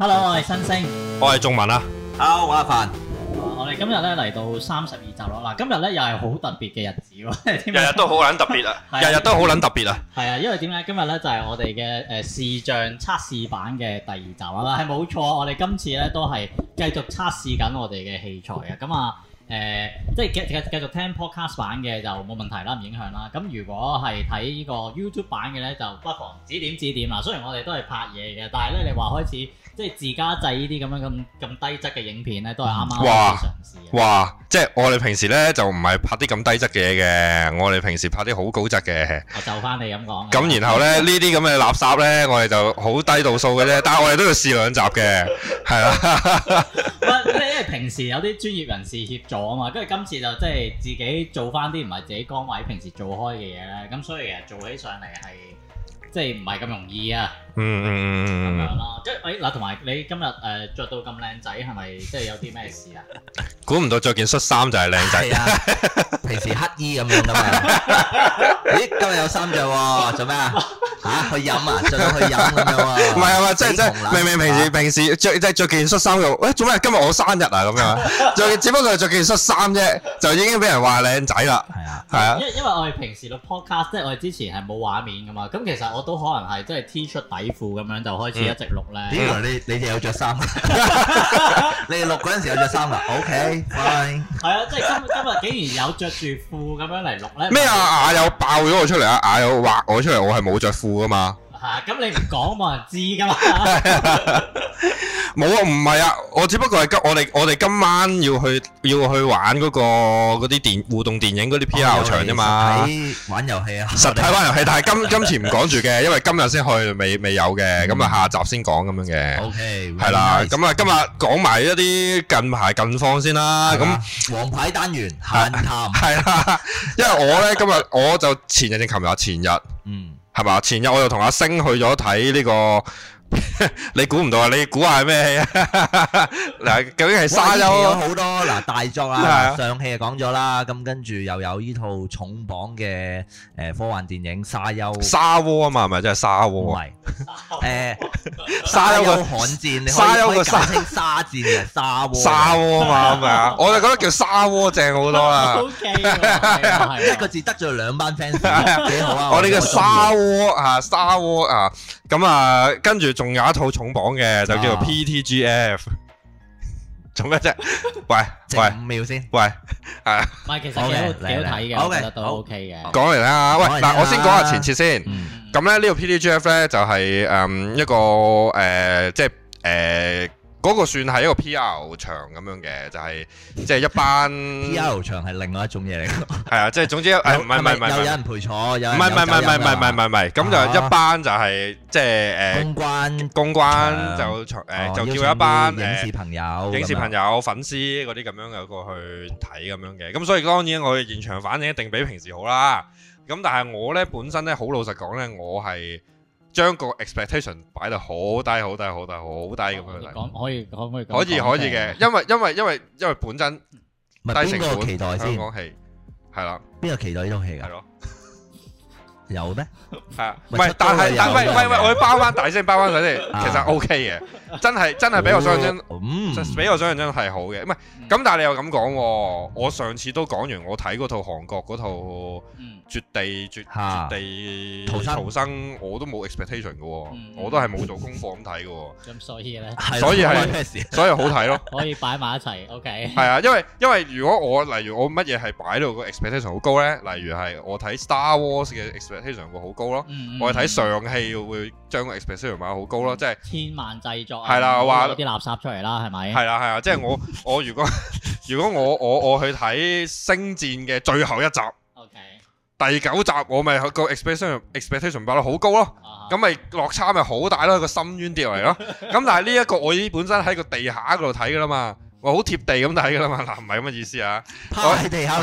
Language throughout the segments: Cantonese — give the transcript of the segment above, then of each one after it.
Hello，我係新星，我係仲文啊，Hello，我阿凡，我哋今日咧嚟到三十二集咯，嗱，今日咧又係好特別嘅日子喎，日日都好捻特別啊，日日都好捻特別啊，係啊，因為點解今日咧就係我哋嘅誒視像測試版嘅第二集啊，係冇錯啊，我哋今次咧都係繼續測試緊我哋嘅器材啊，咁啊誒即係繼繼繼續聽 podcast 版嘅就冇問題啦，唔影響啦，咁如果係睇呢個 YouTube 版嘅咧，就不妨指點指點啦，雖然我哋都係拍嘢嘅，但係咧你話開始。即係自家製呢啲咁樣咁咁低質嘅影片咧，都係啱啱開始嘗試。哇！即係我哋平時咧就唔係拍啲咁低質嘅嘢嘅，我哋平時拍啲好高質嘅，嗯。我就翻你咁講。咁然後咧呢啲咁嘅垃圾咧，我哋就好低度數嘅啫，嗯、但係我哋都要試兩集嘅，係 是啊。唔， 即係因為平時有啲專業人士協助啊嘛，跟住今次就即係自己做翻啲唔係自己崗位平時做開嘅嘢咧，咁所以其實做起上嚟係即係唔係咁容易啊。嗯嗯嗯咁樣咯，跟喂嗱，同埋你今日誒着到咁靚仔，係咪即係有啲咩事啊？估唔到着件恤衫就係靚仔，平時乞衣咁樣噶嘛？咦，今日有衫着喎？做咩啊？吓，去飲啊？着到去飲咁樣喎？唔係啊嘛，即係即係明明平時平時着即係着件恤衫喂，做咩？今日我生日啊咁樣，就只不過着件恤衫啫，就已經俾人話靚仔啦，係啊，係啊。因因為我哋平時錄 podcast，即係我哋之前係冇畫面噶嘛，咁其實我都可能係即係 T 恤底。褲咁樣就開始一直錄咧。咦、嗯？ 你 你哋有着衫？你哋錄嗰陣時有着衫啊？OK，bye。係啊，即係 嗯就是、今今日竟然有着住褲咁樣嚟錄咧。咩麼啊？亞、啊、又爆咗我出嚟啊！亞、啊、又、啊、畫我出嚟，我係冇着褲噶嘛。係啊，咁你唔講冇人知㗎嘛？冇啊，唔係啊，我只不過係今我哋我哋今晚要去要去玩嗰個嗰啲電互動電影嗰啲 P.R. 場啫嘛。玩遊戲啊！實體玩遊戲，但係今今次唔講住嘅，因為今日先去未未有嘅，咁啊下集先講咁樣嘅。O.K. 係啦，咁啊今日講埋一啲近排近況先啦。咁黃牌單元係啦，係啦，因為我呢今日我就前日定琴日前日嗯。前日我又同阿星去咗睇呢個。 你估唔到 啊！你估係咩戲啊？嗱，究竟係沙丘好多嗱大作啦，上戲就講咗啦，咁跟住又有呢套重磅嘅誒科幻電影《沙丘》沙是是。沙窩啊嘛，係咪真係沙窩啊？唔係誒，沙丘個瀚戰，沙丘個沙沙戰啊，沙窩。沙窩啊嘛，係咪啊？我就覺得叫沙窩正多 好多、okay、啊。啊啊 一個字得罪兩班 fans 幾好 啊！我呢個沙窩啊，沙窩啊，咁啊，啊，跟住。仲有一套重磅嘅，就叫做 PTGF，做咩啫？喂，五秒先，喂，係，唔係？其實嘅幾好睇嘅，我覺得都 OK 嘅。講嚟睇下，喂，嗱，我先講下前設先。咁咧呢個 PTGF 咧就係誒一個誒，即係誒。嗰個算係一個 P.R. 場咁樣嘅，就係即係一班 P.R. 場係另外一種嘢嚟。係啊，即係總之唔係唔係唔係，有人陪坐，有唔係唔唔唔唔唔唔唔，咁就一班就係即係誒。公關公關就場誒，就叫一班影視朋友、影視朋友、粉絲嗰啲咁樣有過去睇咁樣嘅。咁所以當然我嘅現場反應一定比平時好啦。咁但係我咧本身咧好老實講咧，我係。將個 expectation 擺到好低、好低、好低、好低、好低、好低咁樣嚟講，可以可唔可以可以可以嘅，因為因為因為因為本身，邊個期待先？香港戲係啦，邊個期待呢種戲㗎？有咩？係啊，唔係，但係，唔係，喂，係，我要，包翻，大聲包翻佢哋，其實 O K 嘅，真係真係比我相信，嗯，比我相信真係好嘅，唔係，咁但係你又咁講，我上次都講完，我睇嗰套韓國嗰套絕地絕絕地逃生，我都冇 expectation 嘅，我都係冇做功課咁睇嘅，咁所以咧，所以係，所以好睇咯，可以擺埋一齊，O K，係啊，因為因為如果我例如我乜嘢係擺到個 expectation 好高咧，例如係我睇 Star Wars 嘅 expectation 會好高咯，嗯、我哋睇上戲會將 expectation 擺好高咯，即係千萬製作係啦，話攞啲垃圾出嚟啦，係咪？係啦係啦，啦 即係我我如果如果我我我去睇《星戰》嘅最後一集，Okay. 第九集我、就是，我咪個 expectation expectation 擺到好高咯，咁咪、啊嗯、落差咪好大咯，喺個深淵跌落嚟咯，咁 但係呢一個我依本身喺個地下嗰度睇噶啦嘛。我好貼地咁睇噶啦嘛，嗱唔係咁嘅意思啊，趴喺地下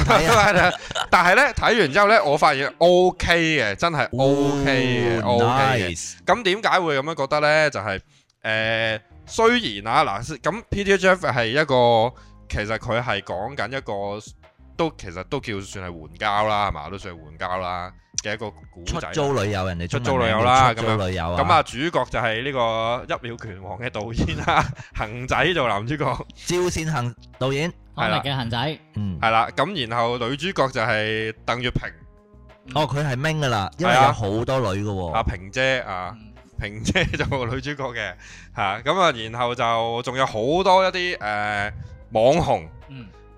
啦、啊， 但係咧睇完之後咧，我發現 OK 嘅，真係 OK 嘅、哦、，OK 嘅的。咁點解會咁樣覺得咧？就係、是、誒、呃，雖然啊嗱，咁 PTGF 係一個其實佢係講緊一個。都其實都叫算係援交啦，係嘛？都算係援交啦嘅一個古仔。出租女友，人哋出租女友啦咁樣。出租女友啊！咁啊，主角就係呢個一秒拳王嘅導演啦、啊，恒 仔做男主角，趙善恆導演，係啦嘅恒仔，嗯，係啦。咁然後女主角就係鄧月平。哦，佢係明㗎啦，因為有好多女嘅喎、啊。阿、啊、平姐啊，平姐做女主角嘅吓，咁啊，然後就仲有好多一啲誒、呃、網紅。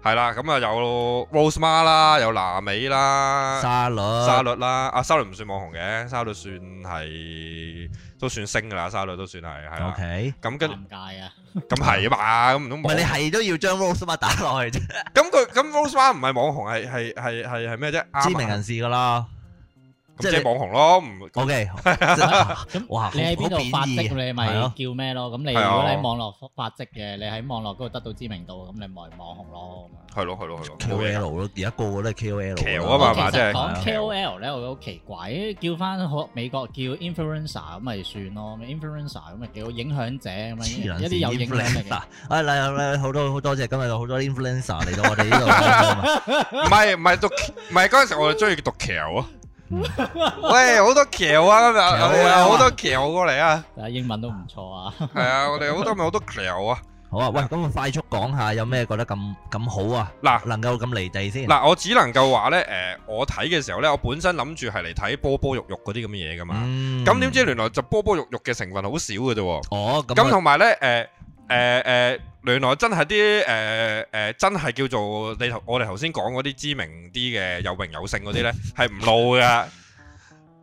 係啦，咁啊有 Rosemar 啦，有南美啦，沙律沙律啦，啊沙律唔算網紅嘅，沙律算係都算升噶啦，沙律都算係係啦。咁跟尷尬啊，咁係啊嘛，咁唔通你係都要將 Rosemar 打落去啫。咁佢咁 Rosemar 唔係網紅，係係係係係咩啫？知名人士噶啦。即係你網紅咯，唔 OK。咁哇，你喺邊度發跡，你咪叫咩咯？咁你如果喺網絡發跡嘅，你喺網絡嗰度得到知名度，咁你咪網紅咯。係咯，係咯，係咯，KOL 咯。而家個個都係 KOL，橋啊嘛嘛，即係。講 KOL 咧，我覺得好奇怪，叫翻好美國叫 influencer 咁咪算咯，influencer 咁咪叫影響者咁樣，一啲有影響力嘅。啊，嚟嚟嚟，好多好多謝，今日好多 influencer 嚟到我哋呢度。唔係唔係讀唔係嗰陣時，我哋中意讀橋啊。 喂，好多橋啊，咁啊，好、嗯、多橋過嚟啊！啊，英文都唔錯啊！係 啊，我哋好多咪好多橋啊！好啊，喂，咁我快速講下有咩覺得咁咁好啊？嗱、啊，能夠咁離地先。嗱、啊，我只能夠話咧，誒、呃，我睇嘅時候咧，我本身諗住係嚟睇波波肉肉嗰啲咁嘅嘢噶嘛。咁點、嗯、知原來就波波肉肉嘅成分好少嘅啫。哦，咁、嗯。咁同埋咧，誒、呃，誒、呃，誒、呃。呃呃呃原來真係啲誒誒，真係叫做你頭我哋頭先講嗰啲知名啲嘅有名有姓嗰啲咧，係唔露噶，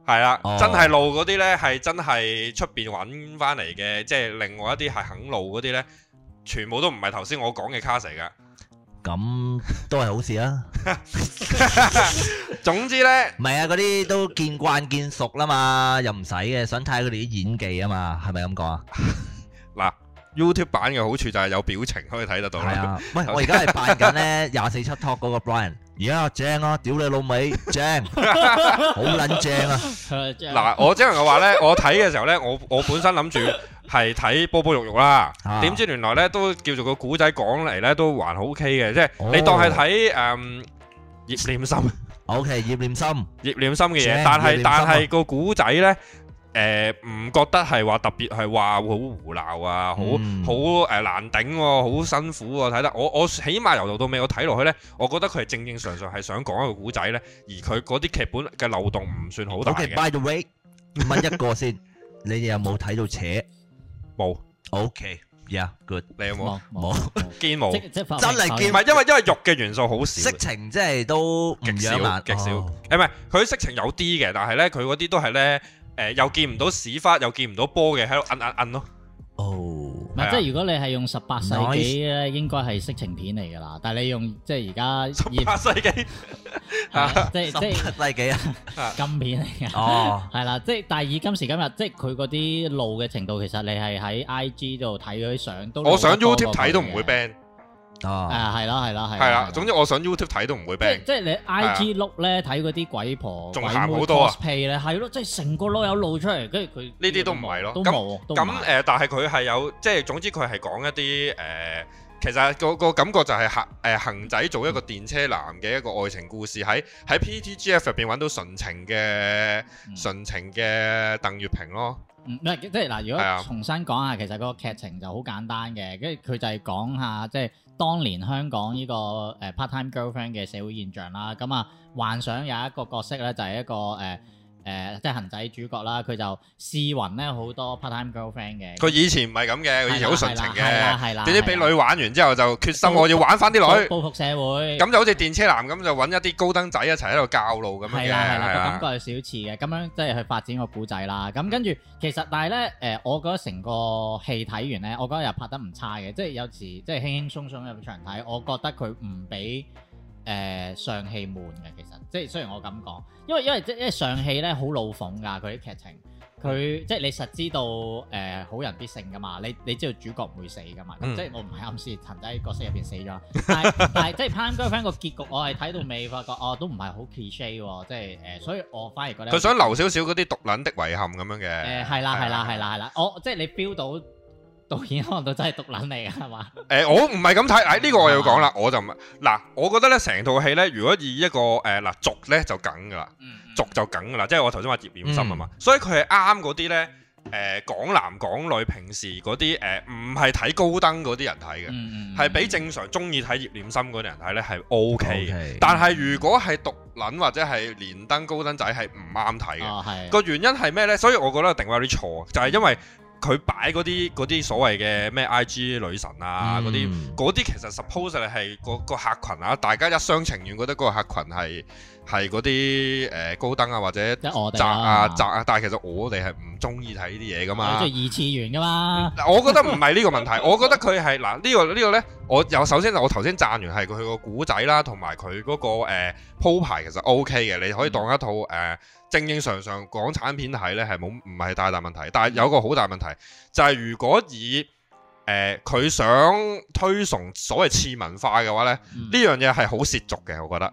係啦，真係露嗰啲咧，係真係出邊搵翻嚟嘅，即係另外一啲係肯露嗰啲咧，全部都唔係頭先我講嘅 cast 噶，咁都係好事啊。總之咧，唔係啊，嗰啲都見慣見熟啦嘛，又唔使嘅，想睇下佢哋啲演技啊嘛，係咪咁講啊？嗱。YouTube 版嘅好處就係有表情可以睇得到咯。係啊，喂，我而家係扮緊咧廿四七 talk 嗰個 Brian，而家阿 Jam 咯，屌你老味，Jam 好撚正啊！嗱，我只能夠話咧，我睇嘅時候咧，我我本身諗住係睇波波肉肉啦，點知原來咧都叫做個古仔講嚟咧都還好 OK 嘅，即係你當係睇誒葉念心，OK，葉念心，葉念心嘅嘢，但係但係個古仔咧。誒，唔覺得係話特別係話會好胡鬧啊，好好誒難頂，好辛苦啊！睇得我我起碼由頭到尾，我睇落去咧，我覺得佢係正正常常係想講一個古仔咧，而佢嗰啲劇本嘅漏洞唔算好大嘅。Okay，by the way，問一個先？你哋有冇睇到扯？冇。Okay，yeah，good。你有冇？冇，見冇，真係見唔係，因為因為肉嘅元素好少，色情即係都極少極少。誒，唔係，佢色情有啲嘅，但係咧佢嗰啲都係咧。誒又見唔到屎忽，又見唔到波嘅喺度摁摁摁咯。哦、oh, 啊，咪即係如果你係用十八世紀咧，應該係色情片嚟㗎啦。Nice. 但係你用即係而家十八世紀， 即係十八世紀啊， 金片嚟㗎。哦，係啦，即係但係以今時今日，即係佢嗰啲露嘅程度，其實你係喺 IG 度睇嗰啲相都，我上 YouTube 睇都唔會 ban。啊，係啦，係啦，係。係啦，總之我上 YouTube 睇都唔會，俾，即係你 IG 碌咧睇嗰啲鬼婆，仲慘好多啊！屁咯，即係成個老有露出嚟，跟住佢呢啲都唔係咯，都冇。咁誒，但係佢係有，即係總之佢係講一啲誒，其實個感覺就係行誒行仔做一個電車男嘅一個愛情故事，喺喺 PTGF 入邊揾到純情嘅純情嘅鄧月平咯。即係嗱，如果重新講下，其實嗰個劇情就好簡單嘅，跟住佢就係講下即係。當年香港呢個 part-time girlfriend 嘅社會現象啦，咁啊幻想有一個角色呢，就係一個、呃誒、呃，即係行仔主角啦，佢就試勻咧好多 part-time girlfriend 嘅。佢以前唔係咁嘅，佢以前好純情嘅，點知俾女玩完之後就決心我要玩翻啲女，報復社會。咁就好似電車男咁，就揾一啲高登仔一齊喺度教路咁樣嘅。係啦係啦，啊啊、感覺係小似嘅，咁樣即係去發展個故仔啦。咁、嗯、跟住其實，但係咧誒，我覺得成個戲睇完咧，我覺得又拍得唔差嘅，即係有時即係輕輕鬆鬆入場睇，我覺得佢唔俾。誒上戲悶嘅其實，即係雖然我咁講，因為因為即係上戲咧好老諷㗎佢啲劇情，佢即係你實知道誒好人必勝㗎嘛，你你知道主角唔會死㗎嘛，即係我唔係暗示，陳仔角色入邊死咗，但係即係潘哥 friend 個結局我係睇到尾，發覺哦都唔係好 cliché 喎，即係誒，所以我反而覺得佢想留少少嗰啲獨撚的遺憾咁樣嘅，誒係啦係啦係啦係啦，我即係你 feel 到。導演可能都真係獨捻嚟噶，係嘛？誒、欸，我唔係咁睇，誒、欸、呢、這個我要講啦，我就唔嗱，我覺得咧成套戲咧，如果以一個誒嗱俗咧就梗噶啦，俗、嗯、就梗噶啦，即係我頭先話葉念琛啊嘛、嗯，所以佢係啱嗰啲咧誒港男港女平時嗰啲誒唔係睇高登嗰啲人睇嘅，係、嗯嗯、比正常中意睇葉念琛嗰啲人睇咧係 O K 嘅，嗯嗯、但係如果係獨捻或者係連登高登仔係唔啱睇嘅，個原因係咩咧？所以我覺得定位有啲錯，就係、是、因為。佢擺嗰啲啲所謂嘅咩 I G 女神啊，嗰啲啲其實 suppose 係個客群啊，大家一廂情願覺得個客群係係嗰啲誒高登啊或者宅啊宅啊，但係其實我哋係唔中意睇呢啲嘢噶嘛、啊，即係二次元噶嘛。我覺得唔係呢個問題， 我覺得佢係嗱呢個呢、呢個呢，我又首先我頭先讚完係佢、嗰個古仔啦，同埋佢嗰個誒鋪排其實 O K 嘅，你可以當一套誒，呃嗯正正常常港產片睇呢，係冇唔係太大問題，但係有個好大問題就係、是、如果以佢、呃、想推崇所謂次文化嘅話呢，呢、嗯、樣嘢係好涉俗嘅，我覺得。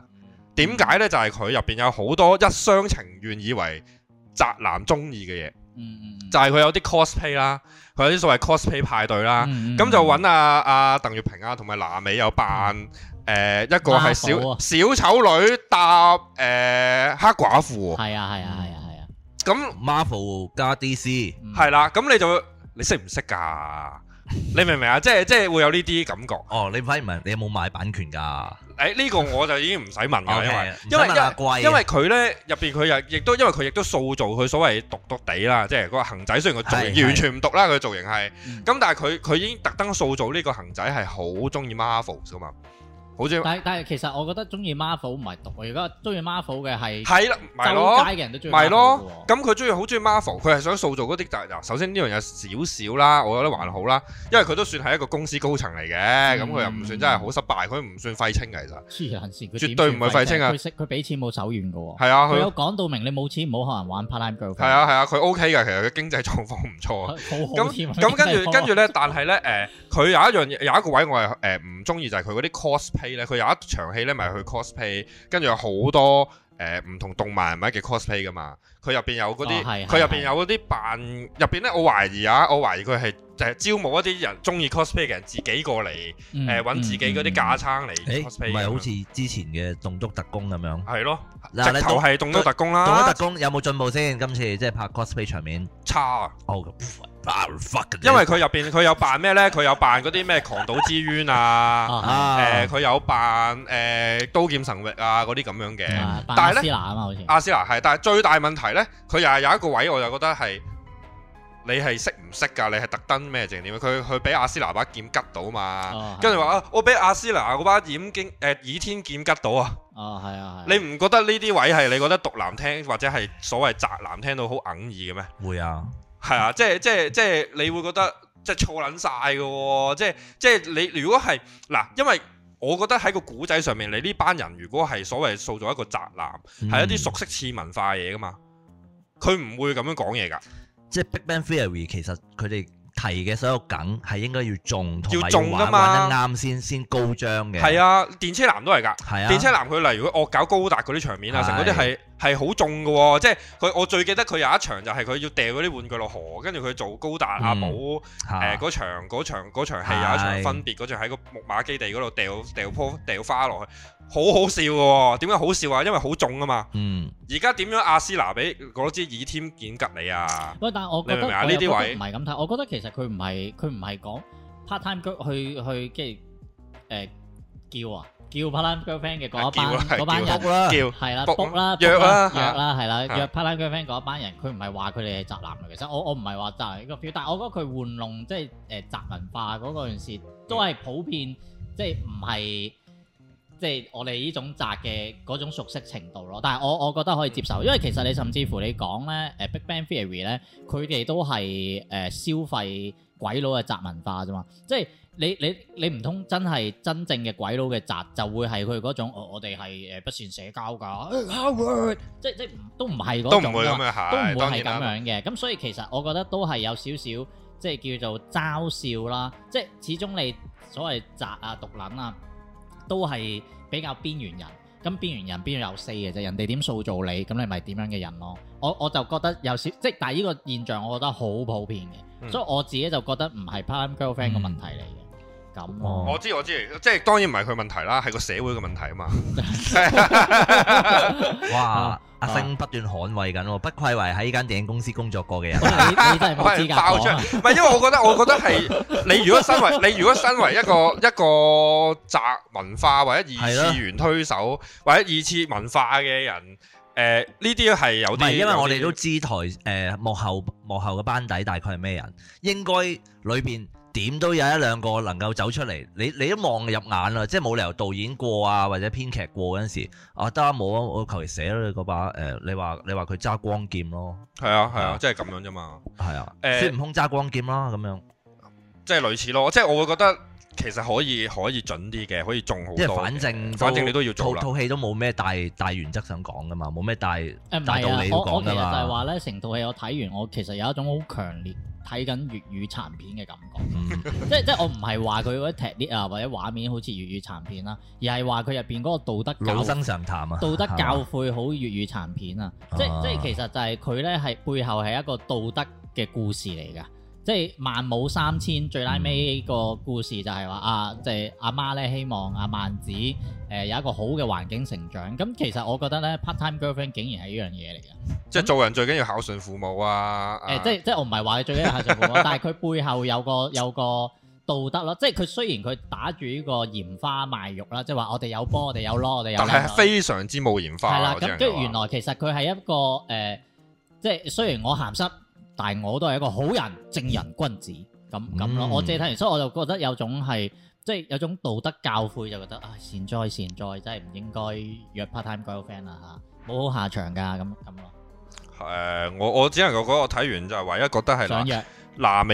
點解呢？就係佢入邊有好多一廂情願以為宅男中意嘅嘢，嗯嗯、就係佢有啲 cosplay 啦，佢有啲所謂 cosplay 派對啦，咁、嗯嗯、就揾阿阿鄧月平啊，同埋娜美有扮。嗯嗯誒，一個係小小丑女搭誒、呃、黑寡婦，係啊係啊係啊係啊，咁、啊啊、那 Marvel 加 DC 係啦，咁、啊、你就你識唔識噶？你，懂懂 你明唔明啊？即係即係會有呢啲感覺。哦，你反而問你有冇買版權噶？誒、欸、呢、這個我就已經唔使問啦， 因為因為因為佢咧入邊佢又亦都因為佢亦都塑造佢所謂「獨獨地」啦，即係個行仔雖然佢造型完全唔獨啦，佢造型係，咁但係佢佢已經特登塑造呢個行仔係好中意 Marvel 噶嘛。但但係其實我覺得中意 Marvel 唔係獨，我而家中意 Marvel 嘅係係啦，周街嘅人都中意 Marvel 咁佢中意好中意 Marvel，佢係想塑造嗰啲，但首先呢樣嘢少少啦，我覺得還好啦，因為佢都算係一個公司高層嚟嘅，咁佢又唔算真係好失敗，佢唔算廢青嘅其實。私人佢絕對唔係廢青啊！佢俾錢冇手軟嘅喎。係啊，佢有講到明，你冇錢唔好可能玩 PTGF 係啊係啊，佢 OK 嘅，其實佢經濟狀況唔錯。咁跟住跟住咧，但係咧誒，佢有一樣有一個位我係誒唔中意，就係佢嗰啲戲咧，佢有一場戲咧，咪去 cosplay，跟住有好多誒唔同動漫咪嘅 cosplay 噶嘛。佢入邊有嗰啲，佢入邊有嗰啲扮入邊咧，我懷疑啊，我懷疑佢係誒招募一啲人中意 cosplay 嘅人自己過嚟，誒揾、嗯呃、自己嗰啲架撐嚟 cosplay，唔係好似之前嘅棟篤特工咁樣。係咯，就你係棟篤特工啦，棟篤特工有冇進步先？今次即係拍 cosplay 場面差，啊 oh, 因為佢入邊佢有扮咩呢？佢有扮嗰啲咩狂賭之淵啊？佢、哦啊呃、有扮誒、呃、刀劍神域啊嗰啲咁樣嘅。嗯、但係呢，阿斯娜啊好似阿斯娜係，但係最大問題呢，佢又係有一個位，我就覺得係你係識唔識噶？你係特登咩正點？佢佢俾阿斯娜把劍吉到嘛？跟住話啊，我俾阿斯娜把劍經倚天劍吉到啊！哦、你唔覺得呢啲位係你覺得毒男聽或者係所謂宅男聽到好硬耳嘅咩？會啊。係 啊，即係即係即係，你會覺得即係錯捻晒噶，即係、哦、即係你如果係嗱，因為我覺得喺個古仔上面，你呢班人如果係所謂塑造一個宅男，係、嗯、一啲熟悉次文化嘢噶嘛，佢唔會咁樣講嘢噶，即係 Big Bang Theory 其實佢哋。提嘅所有梗係應該要中，同埋要玩得啱先先高張嘅。係啊，電車男都係㗎。係啊，電車男佢例如果惡搞高達嗰啲場面啊，成嗰啲係係好中嘅喎。即係佢我最記得佢有一場就係佢要掉嗰啲玩具落河，跟住佢做高達阿寶誒嗰場嗰場嗰場係有一場分別嗰場喺個木馬基地嗰度掉掟樖掟花落去。好好笑喎！點解好笑啊？因為好重啊嘛。嗯。而家點樣阿斯拿俾嗰支倚天劍吉你啊？不過，但我覺得呢啲位唔係咁睇。我覺得其實佢唔係佢唔係講 part time girl 去去即係誒叫啊叫 part time girlfriend 嘅嗰一班班人叫係啦啦約啦約啦係啦約 part time girlfriend 嗰一班人，佢唔係話佢哋係宅男嘅。其實我我唔係話宅，個票。但係我覺得佢玩弄即係誒宅文化嗰個陣時，都係普遍即係唔係。即係我哋呢種宅嘅嗰種熟悉程度咯，但係我我覺得可以接受，因為其實你甚至乎你講咧，誒 Big Bang Theory 咧，佢哋都係誒消費鬼佬嘅宅文化啫嘛。即係你你你唔通真係真正嘅鬼佬嘅宅就會係佢嗰種、哦、我哋係誒不算社交噶 Howard 即即都唔係嗰種咁樣，都唔會係咁樣嘅。咁是所以其實我覺得都係有少少即係叫做嘲笑啦。即係始終你所謂宅啊、毒撚啊。都係比較邊緣人，咁邊緣人邊度有四嘅啫，人哋點塑造你，咁你咪點樣嘅人咯。我我就覺得有少，即係但係呢個現象，我覺得好普遍嘅，嗯、所以我自己就覺得唔係 Part-time Girlfriend 個問題嚟嘅。嗯咁、啊、我知我知，即係當然唔係佢問題啦，係個社會嘅問題啊嘛。 哇！嗯嗯、阿星不斷捍衞緊喎，不愧為喺呢間電影公司工作過嘅人，都唔係冇資格講唔係 來 因為我覺得，我覺得係你如果身為你如果身為，你如果身為一個一個宅文化或者二次元推手或者二次文化嘅人，誒呢啲係有啲因為我哋都知台誒、呃、幕後幕後嘅班底大概係咩人，應該裏邊。點都有一兩個能夠走出嚟，你你都望入眼啦，即係冇理由導演過啊，或者編劇過嗰陣時，我得冇啊，我求其寫啦你嗰把誒，你話、欸、你話佢揸光劍咯，係啊係啊，即係咁樣啫嘛，係啊，誒、欸，孫悟空揸光劍啦咁樣，即係類似咯，即係我會覺得其實可以可以準啲嘅，可以仲好多，因反正反正你都要做套套戲都冇咩大大原則想講噶嘛，冇咩大、呃啊、大道理要講噶嘛我，我我其實就係話咧，成套戲我睇完，我其實有一種好強烈，睇緊粵語殘片嘅感覺， 即即我唔係話佢嗰啲踢啲啊，或者畫面好似粵語殘片啦，而係話佢入邊嗰個道德教，老生常談啊，道德教誨好粵語殘片啊，吧即即其實就係佢咧係背後係一個道德嘅故事嚟㗎。即係孟母三遷，最拉尾個故事就係話啊，即、就、係、是、阿媽咧希望阿孟子誒、呃、有一個好嘅環境成長。咁、嗯、其實我覺得咧，part time girlfriend 竟然係呢樣嘢嚟嘅。即係做人最緊要孝順父母啊！誒、嗯呃，即係即係我唔係話你最緊要孝順父母， 但係佢背後有個有個道德咯。即係佢雖然佢打住呢個鹽花賣肉啦，即係話我哋有波，我哋有攞我哋有。嗯、有但係非常之冇鹽花、啊。係啦的，咁跟住原來其實佢係一個誒，即、呃、係雖，雖然我鹹濕。但係我都係一個好人，正人君子咁咁咯。嗯、我借睇完，所以我就覺得有種係即係有種道德教訓，就覺得啊、哎、善哉善哉，真係唔應該約 part time girlfriend 啊嚇，冇好下場㗎咁咁咯。誒，我我只能夠講我睇完就唯一覺得係嗱，嗱想約，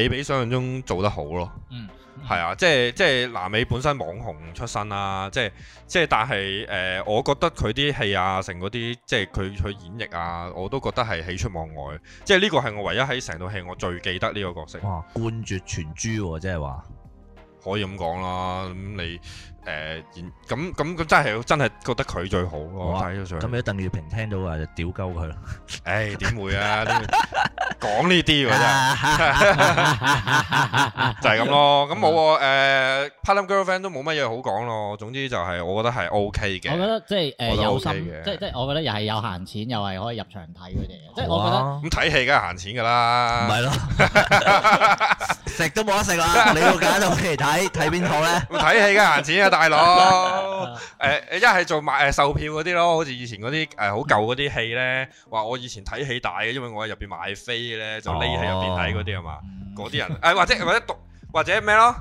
尾比想像中做得好咯。嗯。係啊，即係即係，南美本身網紅出身啦、啊，即係即係，但係誒、呃，我覺得佢啲戲啊，成嗰啲即係佢佢演繹啊，我都覺得係喜出望外，即係呢個係我唯一喺成套戲我最記得呢個角色。哇！冠絕全球，即係話可以咁講啦，咁你。誒，咁咁咁真係真係覺得佢最好咯。咁鄧耀平聽到話就屌鳩佢啦。誒，點會啊？講呢啲嘅真係就係咁咯。咁冇誒，《Part Time Girlfriend》都冇乜嘢好講咯。總之就係我覺得係 OK 嘅。我覺得即係誒，有心嘅。即係即係，我覺得又係有閒錢，又係可以入場睇佢哋。即係我覺得咁睇戲梗係閒錢噶啦。唔係咯，食都冇得食啦。你要揀到嚟，睇睇邊套咧？睇戲梗係閒錢啊！係咯，誒一係做賣誒、呃、售票嗰啲咯，好似以前嗰啲誒好舊嗰啲戲咧，話我以前睇戲大嘅，因為我喺入邊買飛嘅咧，就匿喺入邊睇嗰啲係嘛？嗰啲、oh. 人誒、 呃，或者或者讀或者咩咯？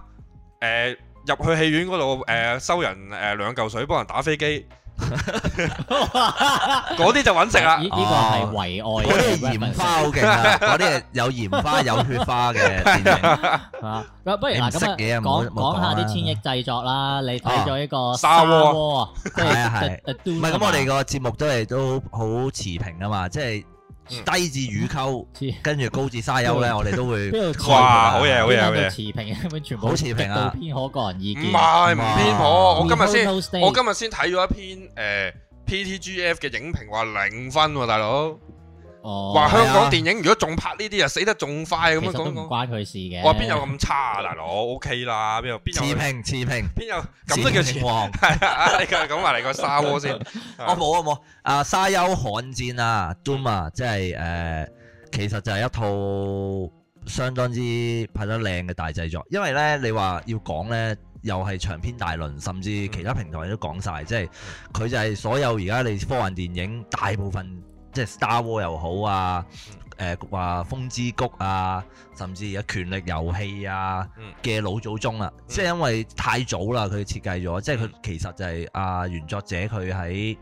誒、呃、入去戲院嗰度誒收人誒、呃、兩舊水，幫人打飛機。嗰啲就揾食啦，呢個係圍外，嗰啲鹽花好勁啊，嗰啲係有鹽花有血花嘅電影。不如嗱咁啊，講講下啲千億製作啦，你睇咗呢個沙窩啊，即係唔係咁我哋個節目都係都好持平啊嘛，即係。低至乳溝，跟住高至沙丘咧， 嗯、我哋都會哇，好嘢，好嘢，好嘢！好持平啊，偏頗個人意見，唔係唔偏頗。啊、我今日先，我今日先睇咗一篇誒、呃、PTGF 嘅影評，話零分喎，啊，大佬。話香港電影如果仲拍呢啲啊，死得仲快咁樣講，唔關佢事嘅。話邊有咁差啊？大佬，O K 啦，邊有？持平持平，邊有咁都叫持平王？係啊，你講埋嚟個沙 WAR 先。我冇啊冇，阿沙丘瀚戰啊，Dune 啊，即係誒，其實就係一套相當之拍得靚嘅大製作。因為咧，你話要講咧，又係長篇大論，甚至其他平台都講晒。即係佢就係所有而家你科幻電影大部分。即係《Star War》又好啊，誒、呃，話《風之谷》啊，甚至有權力遊戲啊嘅老祖宗啊，嗯、即係因為太早啦，佢設計咗，即係佢其實就係、是、阿、呃、原作者佢喺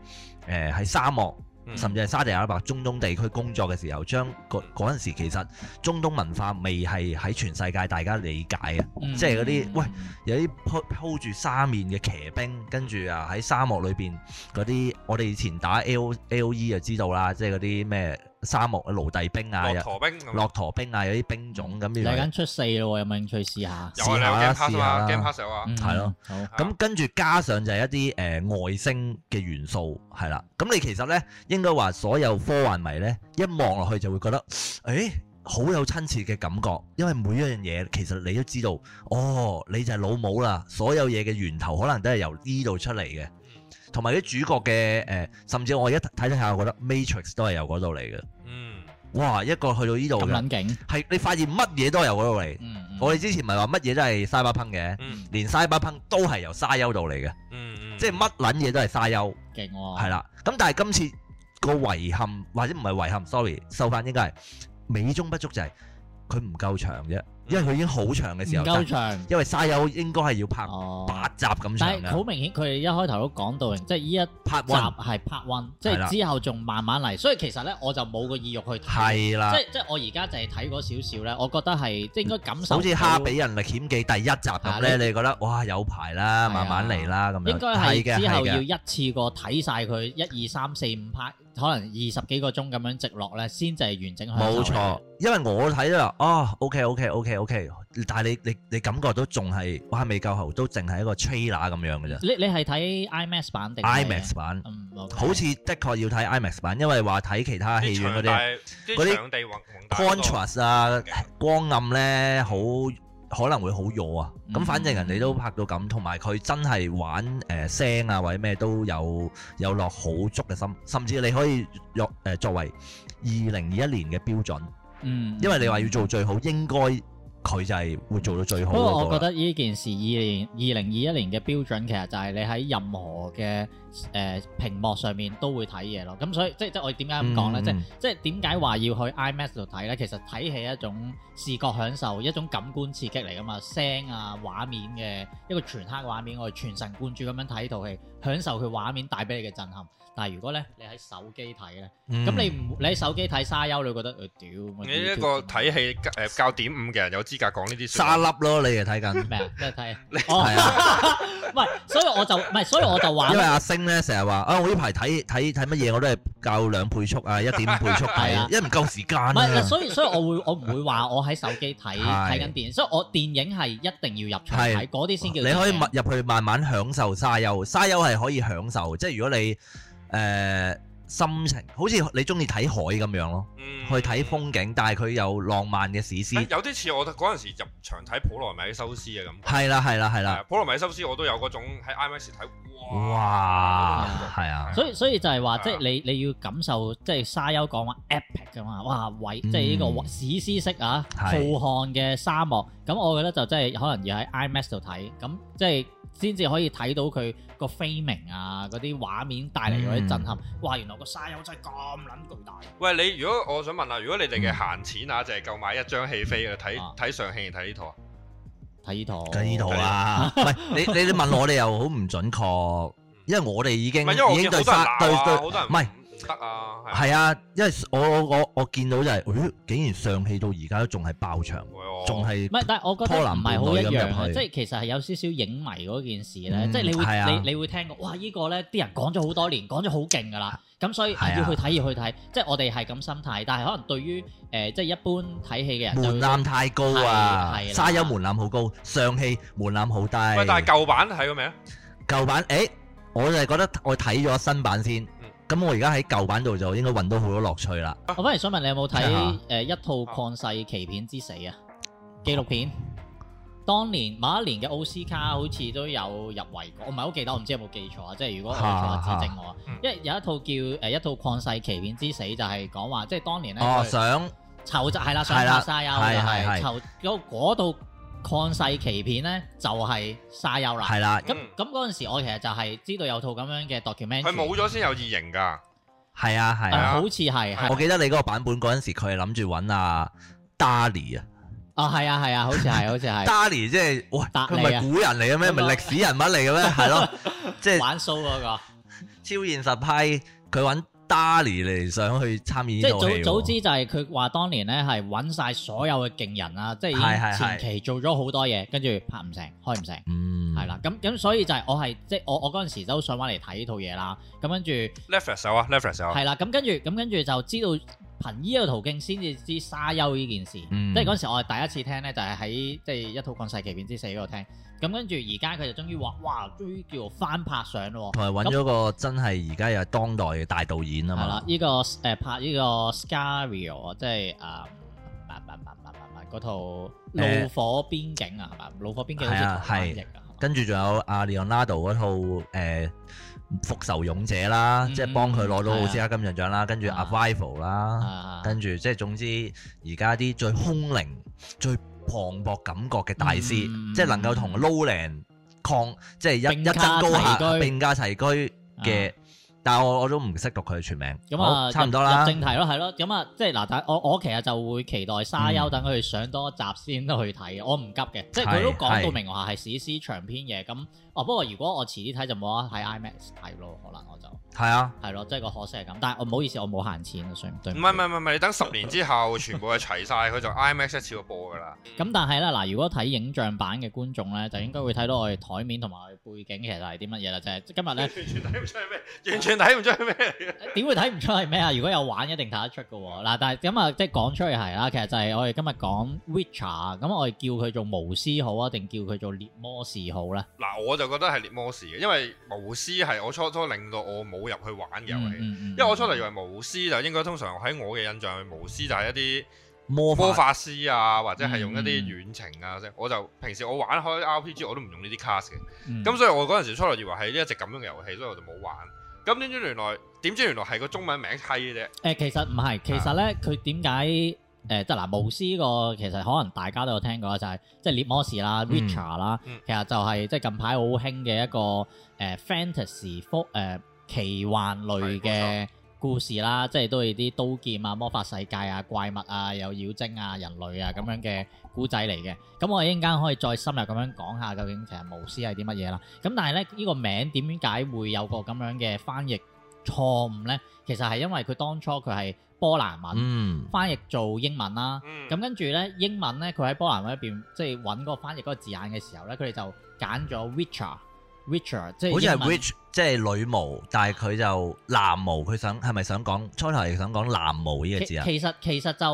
誒喺沙漠。甚至係沙地阿拉伯、中東地區工作嘅時候，將嗰嗰陣時其實中東文化未係喺全世界大家理解嘅，嗯、即係嗰啲喂有啲鋪住沙面嘅騎兵，跟住啊喺沙漠裏邊嗰啲，我哋以前打 LLE 就知道啦，即係嗰啲咩？沙漠嘅奴隸兵啊，駱駝兵，駱駝兵啊，有啲兵種咁。你而家出四咯，有冇興趣試下？試下啦，試下。game pass 有啊。係咯，咁跟住加上就係一啲誒外星嘅元素，係啦。咁你其實咧應該話所有科幻迷咧一望落去就會覺得，誒好有親切嘅感覺，因為每一樣嘢其實你都知道，哦，你就係老母啦，所有嘢嘅源頭可能都係由呢度出嚟嘅。同埋啲主角嘅誒，甚至我一睇睇下，我覺得《Matrix》都係由嗰度嚟嘅。嗯，哇！一個去到呢度咁撚勁，係你發現乜嘢都係由嗰度嚟。我哋之前唔係話乜嘢都係 Cyberpunk 嘅，連 Cyberpunk 都係由沙丘度嚟嘅。嗯嗯，即係乜撚嘢都係沙丘勁喎。係啦，咁但係今次個遺憾或者唔係遺憾，sorry，收翻應該係美中不足就係佢唔夠長啫。因為佢已經好長嘅時候，唔夠長。因為沙丘、哦、應該係要拍八集咁長。但係好明顯，佢一開頭都講到，即係呢一拍集係拍 One 即係之後仲慢慢嚟。所以其實呢，我就冇個意欲去睇。係啦的。即係我而家就係睇過少少呢，我覺得係即係應該感受。好似《哈比人歷險記》第一集咁呢，的你覺得哇有排啦，的慢慢嚟啦咁樣。應該係之後要一次過睇晒佢一二三四五拍。可能二十幾個鐘咁樣直落咧，先就係完整。冇錯，嗯、因為我睇咗啦，嗯、哦，OK OK OK OK，但係你你你感覺都仲係，我係未夠喉，都淨係一個 trailer 咁樣嘅啫。你你係睇 IMAX 版定？IMAX 版，嗯 okay、好似的確要睇 IMAX 版，因為話睇其他戲院嗰啲嗰啲場地宏大嗰個，嗰啲 contrast 啊，光暗咧好。可能會好弱啊，咁、嗯、反正人哋都拍到咁，同埋佢真係玩誒、呃、聲啊或者咩都有有落好足嘅心，甚至你可以作誒、呃、作為二零二一年嘅標準，嗯，因為你話要做最好應該。佢就係會做到最好。不過我覺得呢件事二零二零二一年嘅標準，其實就係你喺任何嘅誒、呃、屏幕上面都會睇嘢咯。咁所以即即我點解咁講咧？即即點解話要去 IMAX 度睇咧？其實睇起一種視覺享受，一種感官刺激嚟㗎嘛。聲啊，畫面嘅一個全黑嘅畫面，我哋全神貫注咁樣睇套戲，享受佢畫面帶俾你嘅震撼。但係如果咧，你喺手機睇咧，咁你唔你喺手機睇沙丘，你覺得誒屌！你一個睇戲誒較點五嘅人，有資格講呢啲沙粒咯？你係睇緊咩啊？咩睇啊？唔係，所以我就唔係，所以我就話。因為阿星咧成日話，啊，我呢排睇睇睇乜嘢我都係較兩倍速啊，一點五倍速睇，因為唔夠時間。唔係，所以所以我會我唔會話我喺手機睇睇緊電影，所以我電影係一定要入去睇，嗰啲先叫。你可以入去慢慢享受沙丘。沙丘係可以享受，即係如果你。誒、呃、心情，好似你中意睇海咁樣咯，嗯、去睇風景，但係佢有浪漫嘅史詩，欸。有啲似我嗰陣時入場睇普羅米修斯嘅咁。係啦係啦係啦，普羅米修斯我都有嗰種喺 IMAX 睇，哇！係啊，所以所以就係話，即係的你你要感受即係沙丘講話 epic 咁嘛，哇喂，即係呢個史詩式啊，浩瀚嘅沙漠。咁的我覺得就真係可能要喺 IMAX 度睇，咁即係。先至可以睇到佢個飛名啊，嗰啲畫面帶嚟嗰啲震撼。嗯、哇！原來個沙丘真係咁撚巨大。喂，你如果我想問下、啊，如果你哋嘅閒錢啊，就係夠買一張戲飛啊，睇睇上戲定睇呢套啊？睇呢套。睇呢套啊？唔係你你你問我，你又好唔準確 因，因為我哋已經已經對好多人。唔係、啊。 得啊，係啊，因為我我我見到就係，咦，竟然上戲到而家都仲係爆場，仲係唔係？但係我覺得唔係好一樣，即係其實係有少少影迷嗰件事咧，即係你會你你會聽過，哇，依個咧啲人講咗好多年，講咗好勁噶啦，咁所以要去睇要去睇，即係我哋係咁心態，但係可能對於誒即係一般睇戲嘅人，門檻太高啊，沙丘門檻好高，上戲門檻好低。喂，但係舊版睇過未啊？舊版誒，我就係覺得我睇咗新版先。咁我而家喺舊版度就應該揾到好多樂趣啦。我反而想問你有冇睇誒一套《曠世奇片之死》啊？紀錄片，當年某一年嘅奧斯卡好似都有入圍過，我唔係好記得，我唔知有冇記錯啊。即係如果我記錯，指正我。因為有一套叫誒一套《曠世奇片之死》，就係講話即係當年咧，想籌集係啦，想拍沙丘，係籌到嗰度。曠世奇片咧就係、是、沙丘啦，係啦、嗯，咁咁嗰陣時我其實就係知道有套咁樣嘅 document，佢冇咗先有異形噶，係啊係啊，啊呃、好似係，啊、我記得你嗰個版本嗰陣時佢係諗住搵啊 Dali 啊，哦，係啊係啊，好似係好似係，Dali 即係，佢唔係古人嚟嘅咩？咪係歷史人物嚟嘅咩？係 咯，即、就、係、是、玩 show 嗰、那個超現實派，佢搵。Dali 嚟想去參與呢套戲，即係早早知就係佢話當年咧係揾晒所有嘅勁人啦，嗯、即係前期做咗好多嘢，跟住拍唔成，開唔成，嗯，係啦，咁咁所以就係我係即係我我嗰陣時都上返嚟睇呢套嘢啦，咁跟住 Netflix 首啊，Netflix 首啊，係啦、嗯，咁跟住咁跟住就知道。憑依個途徑先至知沙丘呢件事，嗯、即係嗰陣時我係第一次聽咧，就係喺即係一套曠世奇片之四嗰度聽。咁跟住而家佢就終於話哇，終於叫翻拍相咯。同埋揾咗個真係而家又係當代嘅大導演啊嘛。係、嗯嗯、啦，呢、呢個誒、呃、拍呢個 Sicario 即係誒嗰套《怒火邊境》啊、呃，係嘛？《怒火邊境》好似係、嗯嗯、啊，係跟住仲有阿 Leonardo 嗰套誒。復仇勇者啦，嗯、即係幫佢攞到奧斯卡金像獎啦，嗯、跟住《Arrival》啦，跟住即係總之而家啲最空靈、嗯、最磅礴感覺嘅大師，嗯、即係能夠同 l o l a n d、嗯、抗，即係一一爭高下並駕齊驅嘅。但我我都唔識讀佢嘅全名，咁啊，差唔多啦。好入正題咯，係咯、嗯，咁啊、嗯，即係嗱，我我其實就會期待沙丘等佢上多一集先去睇，嗯、我唔急嘅，即係佢都講到明話係史詩長篇嘢，咁哦。不過如果我遲啲睇就冇得睇 IMAX 睇咯，可能係是啊，係咯，即係個可惜係咁，但係我唔好意思，我冇閒錢啊，所以唔對。唔係唔係唔係，你等十年之後 全部係齊晒，佢就 IMAX 一次過播噶啦。咁但係啦，嗱，如果睇影像版嘅觀眾咧，就應該會睇到我哋台面同埋背景其實係啲乜嘢啦，就係、是、今日咧完全睇唔出係咩， 完全睇唔出係咩。點 會睇唔出係咩啊？如果有玩一定睇得出噶。嗱，但係咁啊，即係講出去係啦，其實就係我哋今日講《Witcher》咁，我哋叫佢做巫師好啊，定叫佢做獵魔士好咧？嗱，我就覺得係獵魔士嘅，因為巫師係我初初令到我。我冇入去玩嘅遊戲，嗯嗯、因為我初頭以為巫師就應該通常喺我嘅印象，巫師就係一啲魔法師啊，嗯、或者係用一啲遠程啊，即、嗯、我就平時我玩開 RPG 我都唔用呢啲 class 嘅，咁、嗯、所以我嗰陣時初頭以為係一隻咁樣嘅遊戲，所以我就冇玩。咁點知原來點知原來係個中文名批嘅啫。誒、呃，其實唔係，其實咧佢點解誒，即嗱、啊、巫師呢、這個其實可能大家都有聽過，就係、是、即係《獵魔士》啦，嗯《Witcher》啦，嗯、其實就係即係近排好興嘅一個誒 Fantasy 誒。呃呃呃呃呃奇幻類嘅故事啦，即係都係啲刀劍啊、魔法世界啊、怪物啊、有妖精啊、人類啊咁樣嘅古仔嚟嘅。咁我哋一陣間可以再深入咁樣講下，究竟其實巫師係啲乜嘢啦？咁但係咧，呢個名點解會有個咁樣嘅翻譯錯誤咧？其實係因為佢當初佢係波蘭文翻譯做英文啦。咁跟住咧，英文咧佢喺波蘭文入面即係揾嗰個翻譯嗰個字眼嘅時候咧，佢哋就揀咗 Richard。Witcher，即好似係 Witch，即係女巫，但係佢就男巫，佢想係咪想講初頭係想講男巫呢個字啊？其實、呃嗯、其實就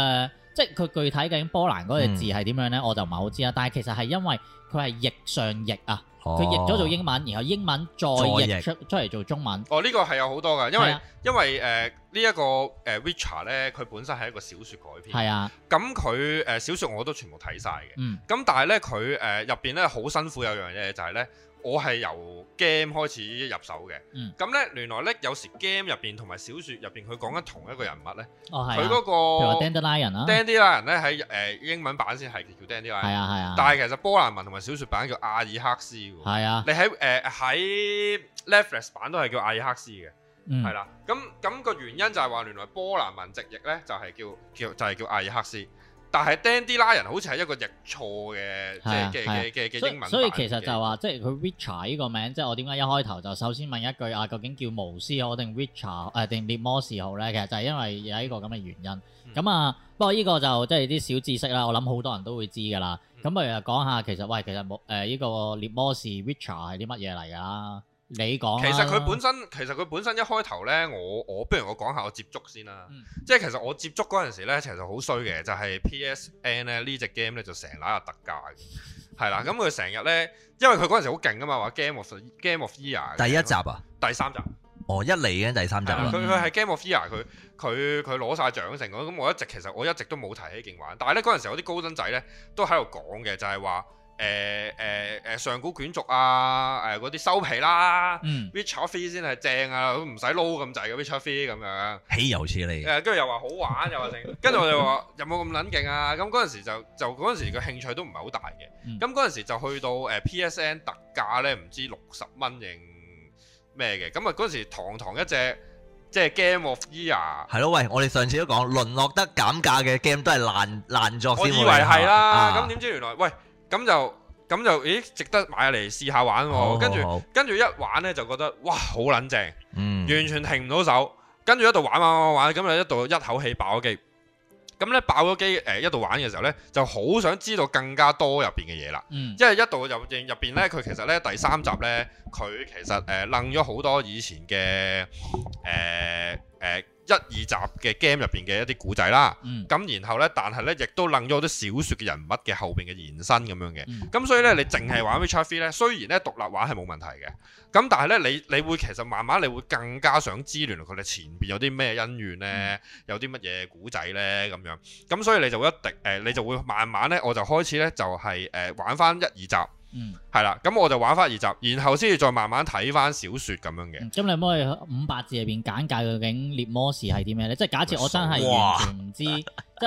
誒，即係佢具體究竟波蘭嗰字係點樣咧，我就唔係好知啦。但係其實係因為佢係譯上譯啊，佢、哦、譯咗做英文，然後英文再譯出出嚟做中文。譯哦，呢、這個係有好多噶，因為、啊、因為誒呢一個誒 Witcher 咧，佢、呃、本身係一個小説改編。係啊，咁佢誒小説我都全部睇晒嘅。咁、嗯、但係咧佢誒入邊咧好辛苦，有樣嘢就係、是、咧。就是就是我係由 game 開始入手嘅，咁咧、嗯、原來咧有時 game 入邊同埋小説入邊佢講緊同一個人物咧，佢嗰、哦啊，那個 Dandelion e 人啦 d a n、啊、d e l i o n 咧喺誒、呃、英文版先係叫 Dandelion，e 係啊係啊，啊但係其實波蘭文同埋小説版叫阿爾克斯喎，啊，你喺誒喺 Netflix 版都係叫阿爾克斯嘅，係啦、嗯，咁咁、啊，那個原因就係話原來波蘭文直譯咧就係、是、叫、就是、叫就係、是、叫阿、就是、爾克斯。但係 Dandelion 好似係一個譯錯嘅即係嘅嘅嘅英文所。所以其實就話，即係佢 Witcher 呢個名，即係我點解一開頭就首先問一句啊，究竟叫巫師好定 Witcher 誒定獵魔士好咧？其實就係因為有呢個咁嘅原因。咁、嗯、啊，不過呢個就即係啲小知識啦，我諗好多人都會知㗎啦。咁不如講下其實喂，其實冇誒呢個獵魔士 Witcher 係啲乜嘢嚟啊？你講，其實佢本身其實佢本身一開頭咧，我我不如我講下我接觸先啦。嗯、即係其實我接觸嗰陣時咧，其實好衰嘅，就係、是、PSN 咧呢隻 game 咧就成日揦下特價嘅，係啦。咁佢成日咧，因為佢嗰陣時好勁噶嘛，話 game of game of Year 第一集啊？第三集。哦，一嚟嘅第三集佢佢係 game of Year，佢佢佢攞晒獎成咁，咁我一直其實我一直，我一直都冇提起勁玩，但係咧嗰陣時有啲高登仔咧都喺度講嘅，就係、是、話。誒誒誒上古卷軸啊，誒嗰啲收皮啦 Witcher 3先係正啊，都唔使撈咁滯嘅 Witcher 3咁樣，豈有此理！誒跟住又話好玩 又話正，跟住我就話有冇咁撚勁啊，咁嗰陣時就就嗰陣時個興趣都唔係好大嘅，咁嗰陣時就去到誒 PSN 特價咧，唔知六十蚊定咩嘅，咁啊嗰陣時堂堂一隻即係 Game of Year，係咯， 喂，我哋上次都講，淪落得減價嘅 game 都係爛爛作，我以為係啦，咁點知原來喂。啊啊咁就咁就，咦值得買嚟試下玩喎。跟住跟住一玩呢，就覺得，哇好撚正，冷靜，嗯、完全停唔到手。跟住一度玩、啊、玩玩、啊、玩，咁就一度一口氣爆咗機。咁、嗯、呢爆咗機誒、呃、一度玩嘅時候呢，就好想知道更加多入邊嘅嘢啦。嗯、因為一度入入邊咧，佢其實呢第三集呢，佢其實誒楞咗好多以前嘅誒誒。呃呃一二集嘅 game 入邊嘅一啲古仔啦，咁、嗯、然後呢，但係呢，亦都楞咗好多小說嘅人物嘅後邊嘅延伸咁樣嘅，咁、嗯、所以呢，你淨係玩 Witcher 3咧，雖然呢獨立玩係冇問題嘅，咁但係呢，你你會其實慢慢你會更加想知原來佢哋前邊有啲咩恩怨呢，嗯、有啲乜嘢古仔呢咁樣，咁、嗯、所以你就一定誒、呃，你就會慢慢呢，我就開始呢、就是，就係誒玩翻一二集。嗯，係啦，咁我就玩翻二集，然後先至再慢慢睇翻小說咁樣嘅。咁、嗯、你可唔可以五百字入邊簡介究竟獵魔士係啲咩咧？即係假設我真係完全唔知， 即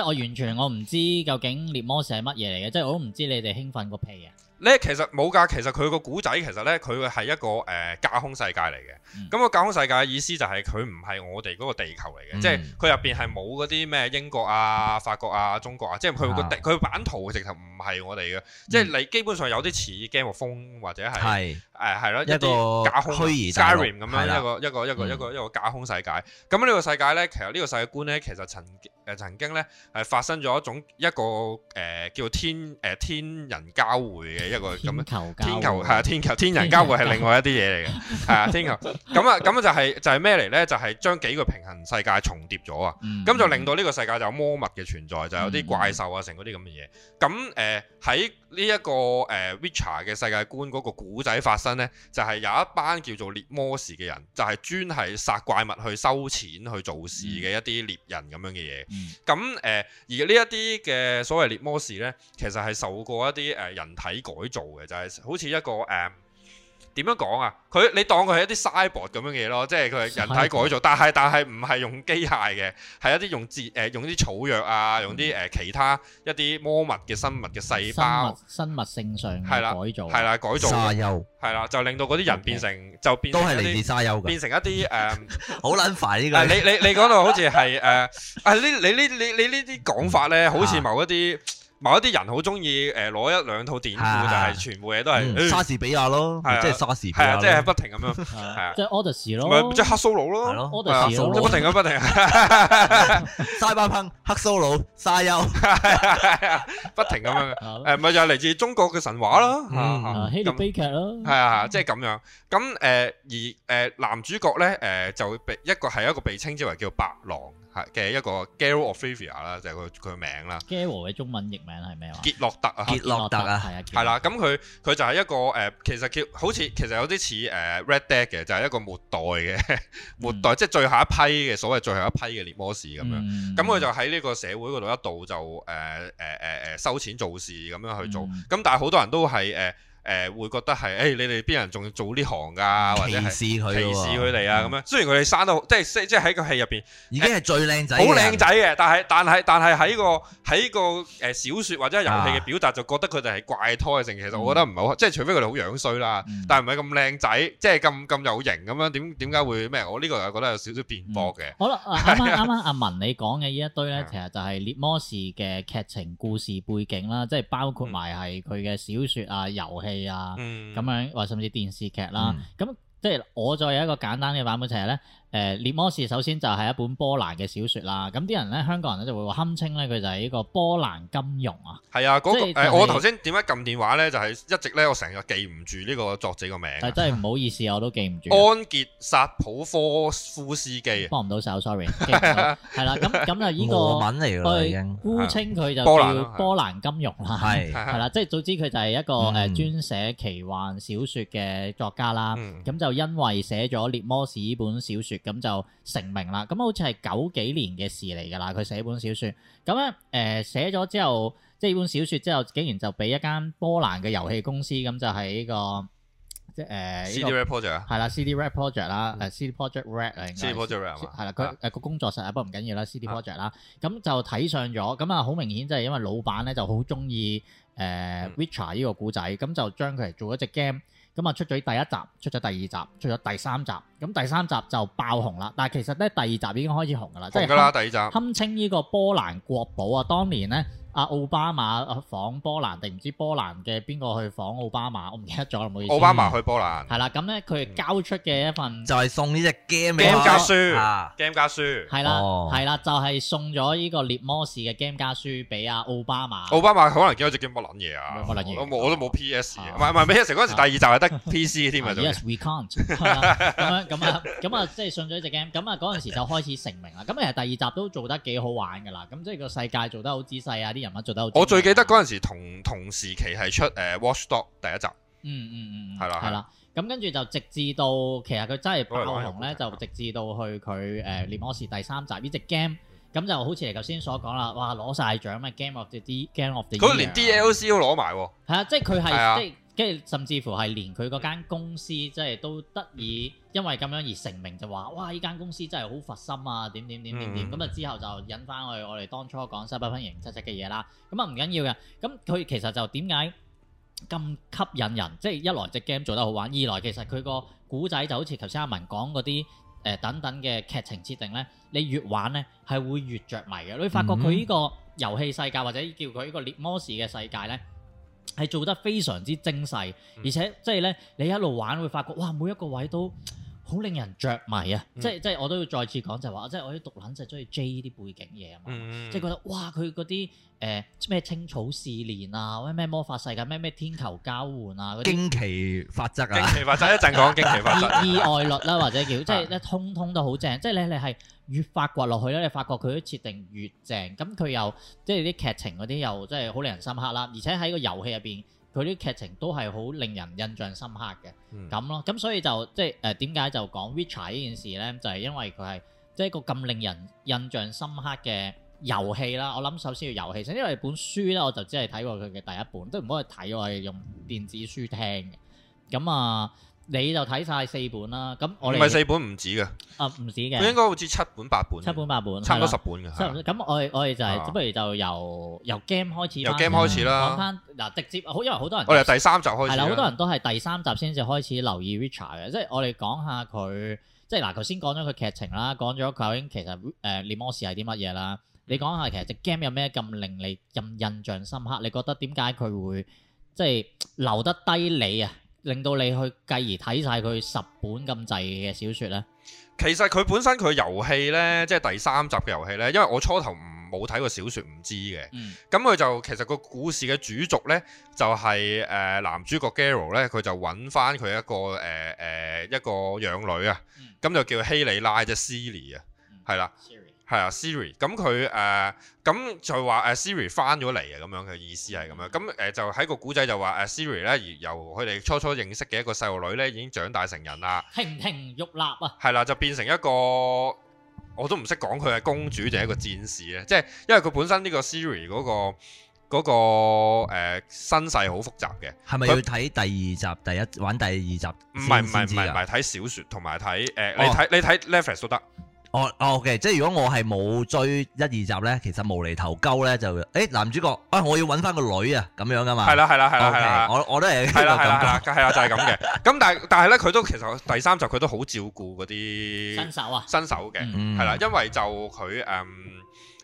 係我完全我唔知究竟獵魔士係乜嘢嚟嘅，即係我都唔知你哋興奮個屁啊！咧其實冇㗎，其實佢個古仔其實咧佢係一個誒架空世界嚟嘅。咁個架空世界嘅意思就係佢唔係我哋嗰個地球嚟嘅，即係佢入邊係冇嗰啲咩英國啊、法國啊、中國啊，即係佢個地佢版圖直頭唔係我哋嘅。即係你基本上有啲似 game o 風或者係誒係咯一個架空虛擬咁樣一個一個一個一個一個架空世界。咁呢個世界咧，其實呢個世界觀咧，其實曾經。誒、呃、曾經咧，係、呃、發生咗一種一個誒、呃、叫天誒、呃、天人交匯嘅一個咁樣天球，係啊，天球、天人交匯係另外一啲嘢嚟嘅，係啊，天球咁 啊，咁就係就係咩嚟咧？就係、是就是、將幾個平衡世界重疊咗啊！咁、嗯嗯、就令到呢個世界就有魔物嘅存在，就有啲怪獸啊，嗯、成嗰啲咁嘅嘢。咁誒喺呢一個誒 Witcher 嘅世界觀嗰個故仔發生咧，就係、是、有一班叫做獵魔士嘅人，就係、是、專係殺怪物去收錢去做事嘅一啲獵人咁樣嘅嘢。咁誒、嗯呃，而呢一啲嘅所謂獵魔士呢，其實係受過一啲誒、呃、人體改造嘅，就係、是、好似一個誒。呃點樣講啊？佢你當佢係一啲 cyborg 咁樣嘢咯，即係佢係人體改造，但係但係唔係用機械嘅，係一啲用自誒、呃、用啲草藥啊，用啲誒、呃、其他一啲魔物嘅生物嘅細胞生，生物性上係啦改造，係啦，啦改造，沙丘係啦，就令到嗰啲人變成 okay，就變成都係嚟自沙丘嘅，變成一啲誒好撚煩呢個。你你你講到好似係誒啊呢？你呢你、uh, uh, 你呢啲講法咧，好似某一啲。某一啲人好中意誒攞一兩套典故，但係全部嘢都係莎士比亞咯，係即係莎士，係啊，即係不停咁樣，係啊，即係 Odysseus 咯，即係黑 Solo 咯，係咯不停咁不停，晒班烹黑 Solo，沙丘，不停咁樣，誒咪就係嚟自中國嘅神話啦，希臘悲劇咯，係啊，即係咁樣，咁誒而誒男主角咧誒就會被一個係一個被稱之為叫白狼。嘅一個 Geralt of Rivia 啦，就係佢佢名啦。Geralt 嘅中文譯名係咩？傑洛特啊，傑洛特啊，係啊，係啦。咁佢佢就係一個誒、呃，其實叫好似其實有啲似誒 Red Dead 嘅，就係、是、一個末代嘅末代，即係最，最後一批嘅所謂最後一批嘅獵魔士咁樣。咁佢、嗯、就喺呢個社會嗰度一度就誒誒誒誒收錢做事咁樣去做。咁、嗯、但係好多人都係誒。呃誒、呃、會覺得係誒、欸、你哋邊人仲要做呢行㗎？或者歧視佢歧視佢哋啊咁樣。嗯、雖然佢哋生得即係即係喺個戲入邊已經係最靚仔，好靚仔嘅。但係但係但係喺個喺個誒小說或者遊戲嘅表達，就覺得佢哋係怪胎性。啊、其實我覺得唔係好即係除非佢哋好樣衰啦，嗯、但係唔係咁靚仔，即係咁咁有型咁樣點點解會咩？我呢個又覺得有少少偏頗嘅。好啦，啱啱阿文你講嘅呢一堆咧，其實就係《獵魔士》嘅劇情故事背景啦，即係、嗯、包括埋係佢嘅小說啊遊戲。係啊，咁樣或甚至電視劇啦，咁、嗯、即係我再有一個簡單嘅版本、就是，就係咧。誒《獵魔士》首先就係一本波蘭嘅小説啦，咁啲人咧，香港人咧，就會話堪稱咧，佢就係呢個波蘭金庸啊。係啊，嗰個誒我頭先點解撳電話咧，就係一直咧，我成日記唔住呢個作者個名。係真係唔好意思，我都記唔住。安傑薩普科夫斯基。幫唔到手，sorry。係啦，咁咁就呢個。文嚟㗎啦，已經。孤稱佢就叫波蘭金庸啦。係係啦，即係早知佢就係一個誒專寫奇幻小説嘅作家啦。咁就因為寫咗《獵魔士》呢本小説。咁就成名啦！咁好似係九幾年嘅事嚟㗎啦，佢寫本小説。咁咧誒寫咗之後，即係本小説之後，竟然就俾一間波蘭嘅遊戲公司，咁就喺呢、呢個即係誒，CD Project Red 啦、嗯，誒，CD Project Red 係啦，佢誒個工作室啊，不過唔緊要啦，CD Project 啦、嗯，咁、嗯、就睇上咗。咁啊，好明顯即係因為老闆咧就好中意誒 Richard 呢個古仔，咁就將佢嚟做一隻 game。咁啊出咗第一集，出咗第二集，出咗第三集。咁第三集就爆紅啦。但係其實咧，第二集已經開始紅㗎啦。了即係堪，堪稱呢個波蘭國寶啊！當年呢。阿奧巴馬啊，Obama, 訪波蘭定唔知波蘭嘅邊個去訪奧巴馬，我唔記得咗啦，唔好意思。奧巴馬去波蘭。係啦，咁咧佢交出嘅一份就係送呢隻 game、mm hmm. Obama, game 加書，game 加書係啦，係啦，就係送咗呢個《獵魔士》嘅 game 加書俾阿奧巴馬。奧巴馬佢可能見到隻 game 乜撚嘢啊？乜撚嘢？我都冇 PS 啊，唔係唔係，PS 嗰陣時第二集係得 PC 添啊。Yes, we can't。咁啊咁啊咁啊，即係送咗隻 game，咁啊嗰陣時就開始成名啦。咁其實第二集都做得幾好玩㗎啦，咁即係個世界做得好仔細啊啲。Hmm. 人物做得好，我最記得嗰陣時同同時期係出誒、呃《Watch Dog》第一集，嗯嗯嗯，係啦係啦，咁跟住就直至到其實佢真係爆紅咧，就直至到去佢誒《獵、呃、魔士》第三集呢隻 game，咁就好似你頭先所講啦，哇攞晒獎咪 game of the game of the，佢連 DLC 都攞埋喎，係啊，即係佢係即係。跟住，甚至乎係連佢嗰間公司，即係都得以因為咁樣而成名，就話：哇！呢間公司真係好佛心啊！點點點點點咁啊！之後就引翻去我哋當初講 Cyberpunk 2077嘅嘢啦。咁啊，唔緊要嘅。咁佢其實就點解咁吸引人？即係一來隻 game 做得好玩，二來其實佢個古仔就好似頭先阿文講嗰啲誒等等嘅劇情設定咧。你越玩咧，係會越著迷嘅。你會發覺佢呢個遊戲世界，或者叫佢呢個獵魔士嘅世界咧。係做得非常之精細，而且即係呢，你一路玩會發覺，嘩，每一個位都，好令人着迷啊！即係即係，我都要再次講就係話，即係我啲毒撚就係中意 J 呢啲背景嘢啊嘛！嗯嗯嗯即係覺得哇，佢嗰啲誒咩青草試煉啊，咩咩魔法世界，咩咩天球交換啊，啲驚奇法則啊，法一陣講驚奇法則，意、啊啊、外率啦、啊、或者叫即係一通通都好正。即係你你係越發掘落去咧，你發覺佢啲設定越正，咁佢又即係啲劇情嗰啲又即係好令人深刻啦。而且喺個遊戲入邊。佢啲劇情都係好令人印象深刻嘅，咁咯，咁所以就即係誒點解就講《Witcher》呢件事咧，就係因為佢係即係一個咁令人印象深刻嘅遊戲啦。我諗首先要遊戲先，因為本書咧我就只係睇過佢嘅第一本，都唔可以睇我係用電子書聽嘅，咁啊。你就睇晒四本啦，咁我哋唔係四本唔止嘅，啊唔止嘅，佢應該好似七本八本，七本八本，差唔多十本嘅。咁我哋我哋就係不如就由由 game 開始，由 game 開始啦。講翻嗱直接好，因為好多人我哋第三集開始，係啦，好多人都係第三集先至開始留意 Witcher 嘅，即係我哋講下佢即係嗱頭先講咗佢劇情啦，講咗佢究竟其實誒獵魔士係啲乜嘢啦？你講下其實隻 game 有咩咁令你印印象深刻？你覺得點解佢會即係留得低你啊？令到你去繼而睇晒佢十本咁滯嘅小説咧？其實佢本身佢遊戲咧，即係第三集嘅遊戲咧，因為我初頭唔冇睇過小説，唔知嘅。咁佢、嗯、就其實個故事嘅主軸咧，就係、是、誒、呃、男主角 Geralt 咧，佢就揾翻佢一個誒誒、呃呃、一個養女啊，咁、嗯、就叫希里拉即 Ciri 啊，係啦。係啊，Siri，咁佢誒咁就話誒 Siri 翻咗嚟啊，咁樣嘅意思係咁樣，咁、呃、誒就喺個古仔就話誒 Siri 咧，由佢哋初初認識嘅一個細路女咧，已經長大成人啦，亭亭玉立啊，係啦，就變成一個我都唔識講佢係公主定一個戰士咧，即、就、係、是、因為佢本身呢個 Siri 嗰、那個嗰、那個、呃、身世好複雜嘅，係咪要睇第二集第一玩第二集？唔係唔係唔係唔係睇小説同埋睇誒，你睇你睇 Netflix 都得。哦，OK，即係如果我係冇追一二集咧，其實無厘頭鳩咧就，誒男主角，啊我要搵返個女啊，咁樣噶嘛。係啦係啦係啦係啦，我我都係呢度咁嘅。係啦就係咁嘅，咁但係但係咧佢都其實第三集佢都好照顧嗰啲新手啊新手嘅，係啦，因為就佢誒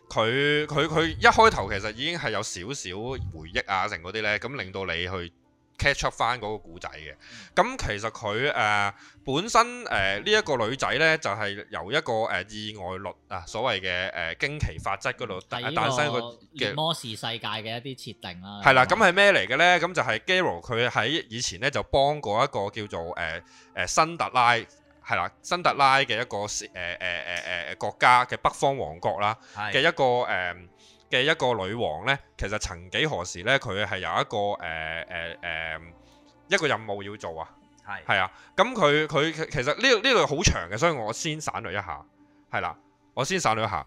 佢佢佢一開頭其實已經係有少少回憶啊成嗰啲咧，咁令到你去 catch up 翻嗰個古仔嘅，咁其實佢誒本身誒呢一個女仔呢，就係由一個誒意外律啊，所謂嘅誒驚奇法則嗰度誕生一個獵魔士世界嘅一啲設定啦。係啦，咁係咩嚟嘅呢？咁就係 Geralt，佢喺以前呢就幫過一個叫做誒誒辛特拉，係啦，辛特拉嘅一個誒誒誒誒國家嘅北方王國啦嘅一個誒。嘅一個女王呢，其實曾幾何時呢，佢係有一個誒誒誒一個任務要做啊，係啊是的，咁佢佢其實呢、呢個呢、呢個好長嘅，所以我先省略一下，係啦，我先省略一下。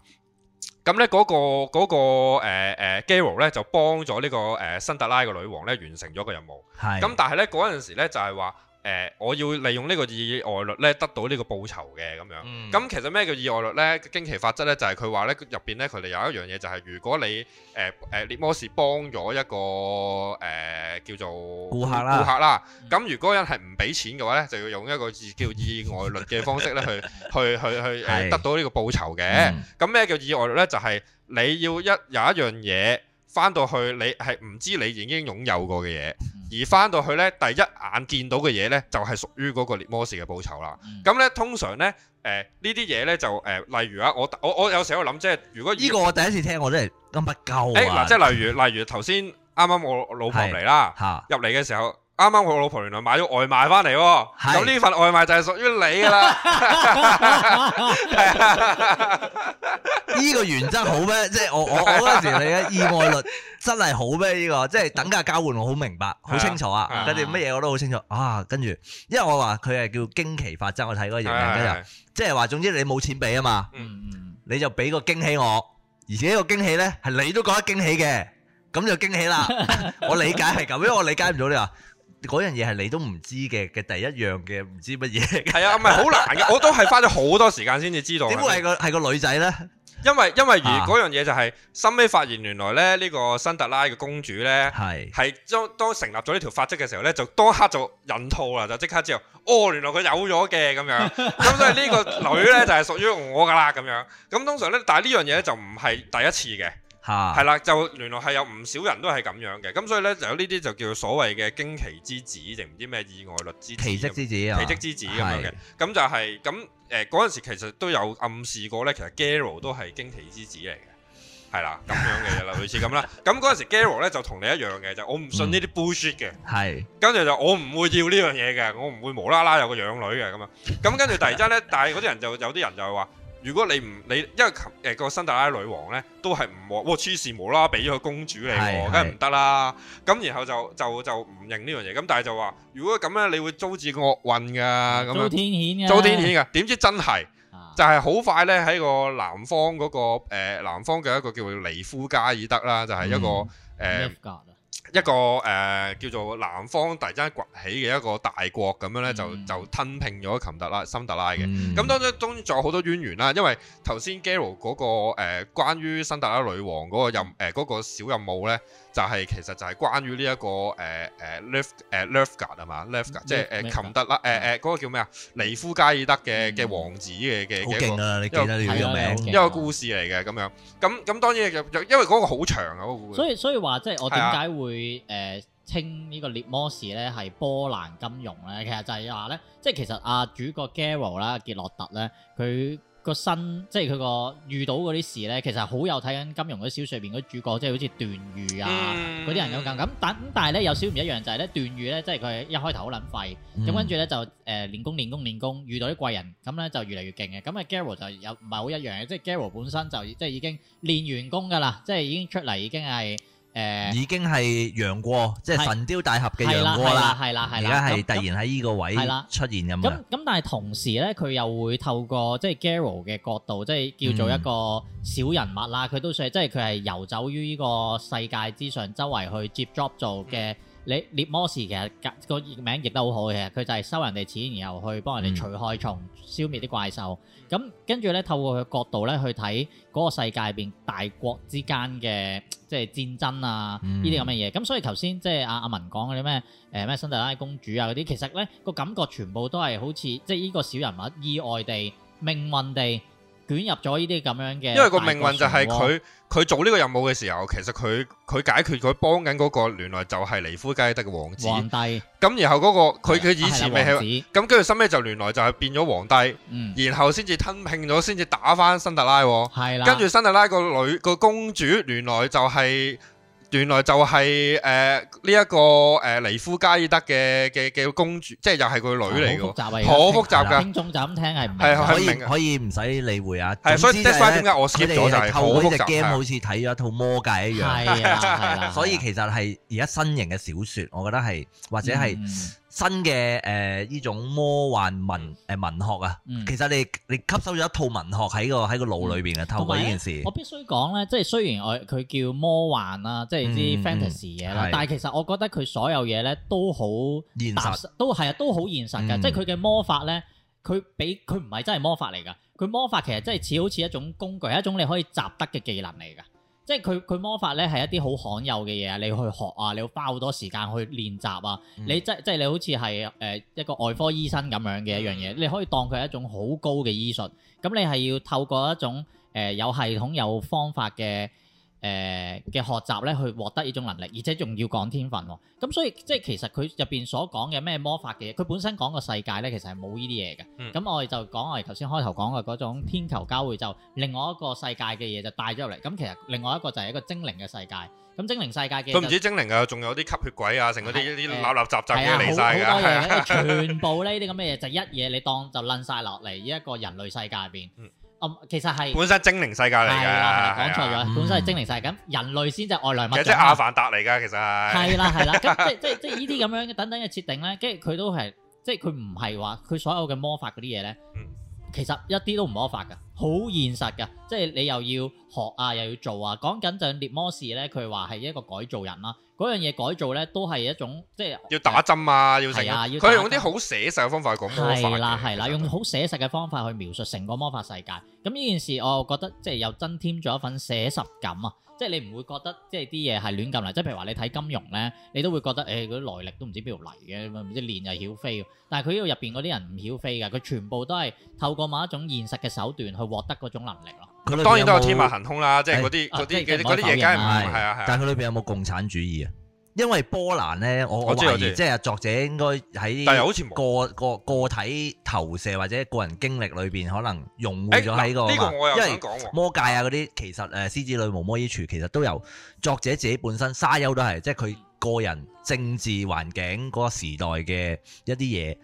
咁、嗯那個那個呃、呢嗰個嗰個 Geralt 咧就幫咗呢、呢個誒辛、呃、特拉嘅女王呢完成咗個任務，係是的、嗯。咁但係呢嗰陣時咧就係、是、話。誒、呃，我要利用呢個意外率咧，得到呢個報酬嘅咁樣。咁、嗯、其實咩叫意外率呢？驚奇法則呢，就係佢話咧入邊呢，佢哋有一樣嘢就係，如果你誒誒，獵、呃呃、魔士幫咗一個誒、呃、叫做顧客啦，顧客啦，咁如果人係唔俾錢嘅話呢就要用一個叫意外率嘅方式咧， 去去去去得到呢個報酬嘅。咁咩、嗯、叫意外率呢？就係、是、你要一有一樣嘢翻到去，你係唔知你已經擁有過嘅嘢。而翻到去咧，第一眼見到嘅嘢咧，就係屬於嗰個獵魔士嘅報酬啦。咁咧，通常咧，誒呢啲嘢咧就誒、呃，例如啊，我我我有時候我諗，即係如果呢個我第一次聽，我真係咁不夠。誒嗱，即係、啊、例如例如頭先啱啱我老婆嚟啦，入嚟嘅時候。啱啱我老婆原來買咗外賣翻嚟，咁呢份外賣就係屬於你噶啦。呢個原則好咩？即係我我我嗰陣時你嘅意外率真係好咩？呢個即係等價交換，我好明白，好清楚啊！佢哋乜嘢我都好清楚。啊，跟住，因為我話佢係叫驚奇法則，我睇嗰個視頻都有，即係話，總之你冇錢俾啊嘛，嗯嗯你就俾個驚喜我，而且個驚喜咧係你都覺得驚喜嘅，咁就驚喜啦。我理解係咁，因為我理解唔到你話。嗰樣嘢係你都唔知嘅嘅第一樣嘅唔知乜嘢，係 啊，唔係好難嘅，我都係花咗好多時間先至知道。點會係個係個女仔呢？因為因為而嗰樣嘢就係收尾發現原來咧呢、呢個辛特拉嘅公主呢，係係當當成立咗呢條法則嘅時候呢，就當刻就孕吐啦，就即刻知道哦，原來佢有咗嘅咁樣。咁 所以呢個女呢，就係、是、屬於我噶啦咁樣。咁通常呢，但係呢樣嘢就唔係第一次嘅。吓，係啦，就、 啊、原來係有唔少人都係咁樣嘅，咁所以咧就有呢啲就叫做所謂嘅驚奇之子，定唔知咩意外律之，之子，奇蹟之子啊，奇蹟之子咁樣嘅，咁就係咁誒嗰陣時其實都有暗示過咧，其實 Geralt 都係驚奇之子嚟嘅，係啦咁樣嘅啦，類似咁啦，咁嗰陣時 Geralt 咧就同你一樣嘅，我 y, 嗯、就我唔信呢啲 bullshit 嘅，係，跟住就我唔會要呢樣嘢嘅，我唔會無啦啦有個養女嘅咁啊，咁跟住突然間咧，但係嗰啲人就有啲人就係話。如果你唔你，因為琴誒個辛黛拉女王呢，都係唔和，哇！出事無啦，俾咗個公主你，梗係唔得啦。咁然後就就就唔認呢樣嘢。咁但係就話，如果咁樣，你會遭致惡運㗎。遭、嗯、樣天譴㗎，遭天譴㗎。點知真係，啊、就係好快呢，喺個南方嗰、那個、呃、南方嘅一個叫做尼夫加爾德啦，就係、是、一個誒。嗯嗯嗯一個誒、呃、叫做南方突然間崛起嘅一個大國咁樣咧，mm hmm. 就就吞併咗琴特拉、森特拉嘅。咁、mm hmm. 當中當然仲有好多淵源啦，因為頭先 Garrow 嗰、那個、呃、關於新特拉女王嗰個任誒嗰、呃那個、小任務咧。就係、是、其實就係關於呢、這、一個誒誒 Lef 誒 Lefgar 係嘛 Lefgar 即係誒琴德啦誒誒嗰個叫咩啊？尼夫加爾德嘅嘅、嗯、王子嘅嘅，好勁啦！你記得呢個名，一個故事嚟嘅咁樣。咁咁當然因為嗰個好長啊嗰個，所以所以話即係我點解會誒是、啊、稱呢個獵魔士咧係波蘭金庸咧？其實就係話咧，即、就、係、是、其實阿主角 Garo 啦傑洛特咧佢。個身即係佢個遇到嗰啲事咧，其實好有睇緊金庸嗰啲小説入邊嗰啲主角，即係好似段譽啊嗰啲人咁咁咁，但係咧有少唔一樣就係、是、咧段譽咧，即係佢一開頭好撚廢，咁跟住咧就誒、呃、練功練功練功，遇到啲貴人，咁咧就越嚟越勁嘅。咁啊 Geralt 就有唔係好一樣嘅，即係 Geralt 本身就即係已經練完功㗎啦，即係已經出嚟已經係。誒已經係楊過，是即係神雕大俠嘅楊過啦，係啦係啦，而家係突然喺呢個位出現咁。咁咁，但係同時咧，佢又會透過即係 Geralt 嘅角度，即係叫做一個小人物啦，佢都算係即係佢係遊走於呢個世界之上，周圍去接 job 做嘅。嗯你獵魔士其實個名亦都好好嘅，佢就係收人哋錢，然後去幫人哋除害蟲、消滅啲怪獸。咁跟住咧，透過佢角度咧去睇嗰個世界入邊，大國之間嘅即係戰爭啊，依啲咁嘅嘢。咁所以頭先即係阿阿文講嗰啲咩，誒咩辛特拉公主啊嗰啲，其實咧個感覺全部都係好似即係依個小人物意外地命運地，捲入咗呢啲咁樣嘅，因為個命運就係佢佢做呢個任務嘅時候，其實佢佢解決佢幫緊嗰、嗰個，原來就係尼夫加德嘅皇，皇子皇帝咁，嗯、然後嗰個佢佢以前咪係，咁跟住後尾就原來就係變咗皇帝，然後先至吞併咗，先至打返辛特拉，係跟住辛特拉個女個公主，原來就係。原來就係誒呢一個誒、呃、尼夫加爾德嘅嘅嘅公主，即係又係個女嚟嘅，好、哦、複雜㗎，輕鬆就咁聽係可以可以唔使理會啊。的所以點解我先嚟就透嗰隻 game 好似睇咗套魔戒一樣？係啊 所以其實係而家新型嘅小説，我覺得係或者係。嗯新嘅誒依種魔幻文誒、呃、文學啊，其實你你吸收咗一套文學喺個喺個腦裏邊啊。嗯、透過呢件事呢。我必須講咧，即係雖然我佢叫魔幻啦、啊，即係啲 fantasy 嘢啦、嗯，但係其實我覺得佢所有嘢咧都好現實都，都係啊，都好現實嘅。嗯、即係佢嘅魔法咧，佢比佢唔係真係魔法嚟噶，佢魔法其實真係似好似一種工具，一種你可以習得嘅技能嚟噶。即係佢佢魔法咧係一啲好罕有嘅嘢啊！你要去學啊，你要花好多時間去練習啊！嗯、你即即係你好似係誒一個外科醫生咁樣嘅一樣嘢，你可以當佢係一種好高嘅醫術。咁你係要透過一種誒、呃、有系統有方法嘅，誒嘅學習咧，去獲得呢種能力，而且仲要講天分喎。咁所以即係其實佢入邊所講嘅咩魔法嘅嘢，佢本身講個世界咧，其實係冇呢啲嘢嘅。咁、嗯、我哋就講我哋頭先開頭講嘅嗰種天球交匯，就另外一個世界嘅嘢就帶咗入嚟。咁其實另外一個就係一個精靈嘅世界。咁精靈世界嘅佢唔止精靈啊，仲有啲吸血鬼啊，成嗰啲垃垃雜雜嘅嚟晒噶，全部呢啲咁嘅嘢就一嘢，你當就冧晒落嚟呢一個人類世界入邊。嗯嗯、其實係本身精靈世界嚟嘅，講錯咗，啊啊、本身係精靈世界，咁、嗯、人類先至係外來物，即係阿凡達嚟噶，其實係。係啦，係啦，即係即係即係呢啲咁樣嘅等等嘅設定咧，跟住佢都係，即係佢唔係話佢所有嘅魔法嗰啲嘢咧，其實一啲都唔魔法噶。嗯好現實㗎，即係你又要學啊，又要做啊。講緊就係獵魔士咧，佢話係一個改造人啦。嗰樣嘢改造咧，都係一種即係要打針啊，要成日。係啊，佢用啲好寫實嘅方法去講魔法嘅。係啦，係啦，用好寫實嘅方法去描述成個魔法世界。咁呢件事，我覺得即係又增添咗一份寫實感啊。即係你唔會覺得，即係啲嘢係亂咁嚟。即係譬如話你睇金融咧，你都會覺得誒，嗰啲來歷都唔知邊度嚟嘅，唔知練就曉飛。但係佢呢度入邊嗰啲人唔曉飛嘅，佢全部都係透過某一種現實嘅手段去獲得嗰種能力咯。當然都有天馬行空啦，即係嗰啲嗰啲嗰啲嘢，梗係唔係？係啊係啊。但係佢裏邊有冇共產主義啊？因為波蘭咧，我我懷疑即係作者應該喺個好個個,個體投射或者個人經歷裏邊，可能融入咗喺個，因為魔界啊嗰啲，其實誒、呃《獅子女巫魔衣櫥》其實都有作者自己本身沙丘都係，即係佢個人政治環境嗰個時代嘅一啲嘢。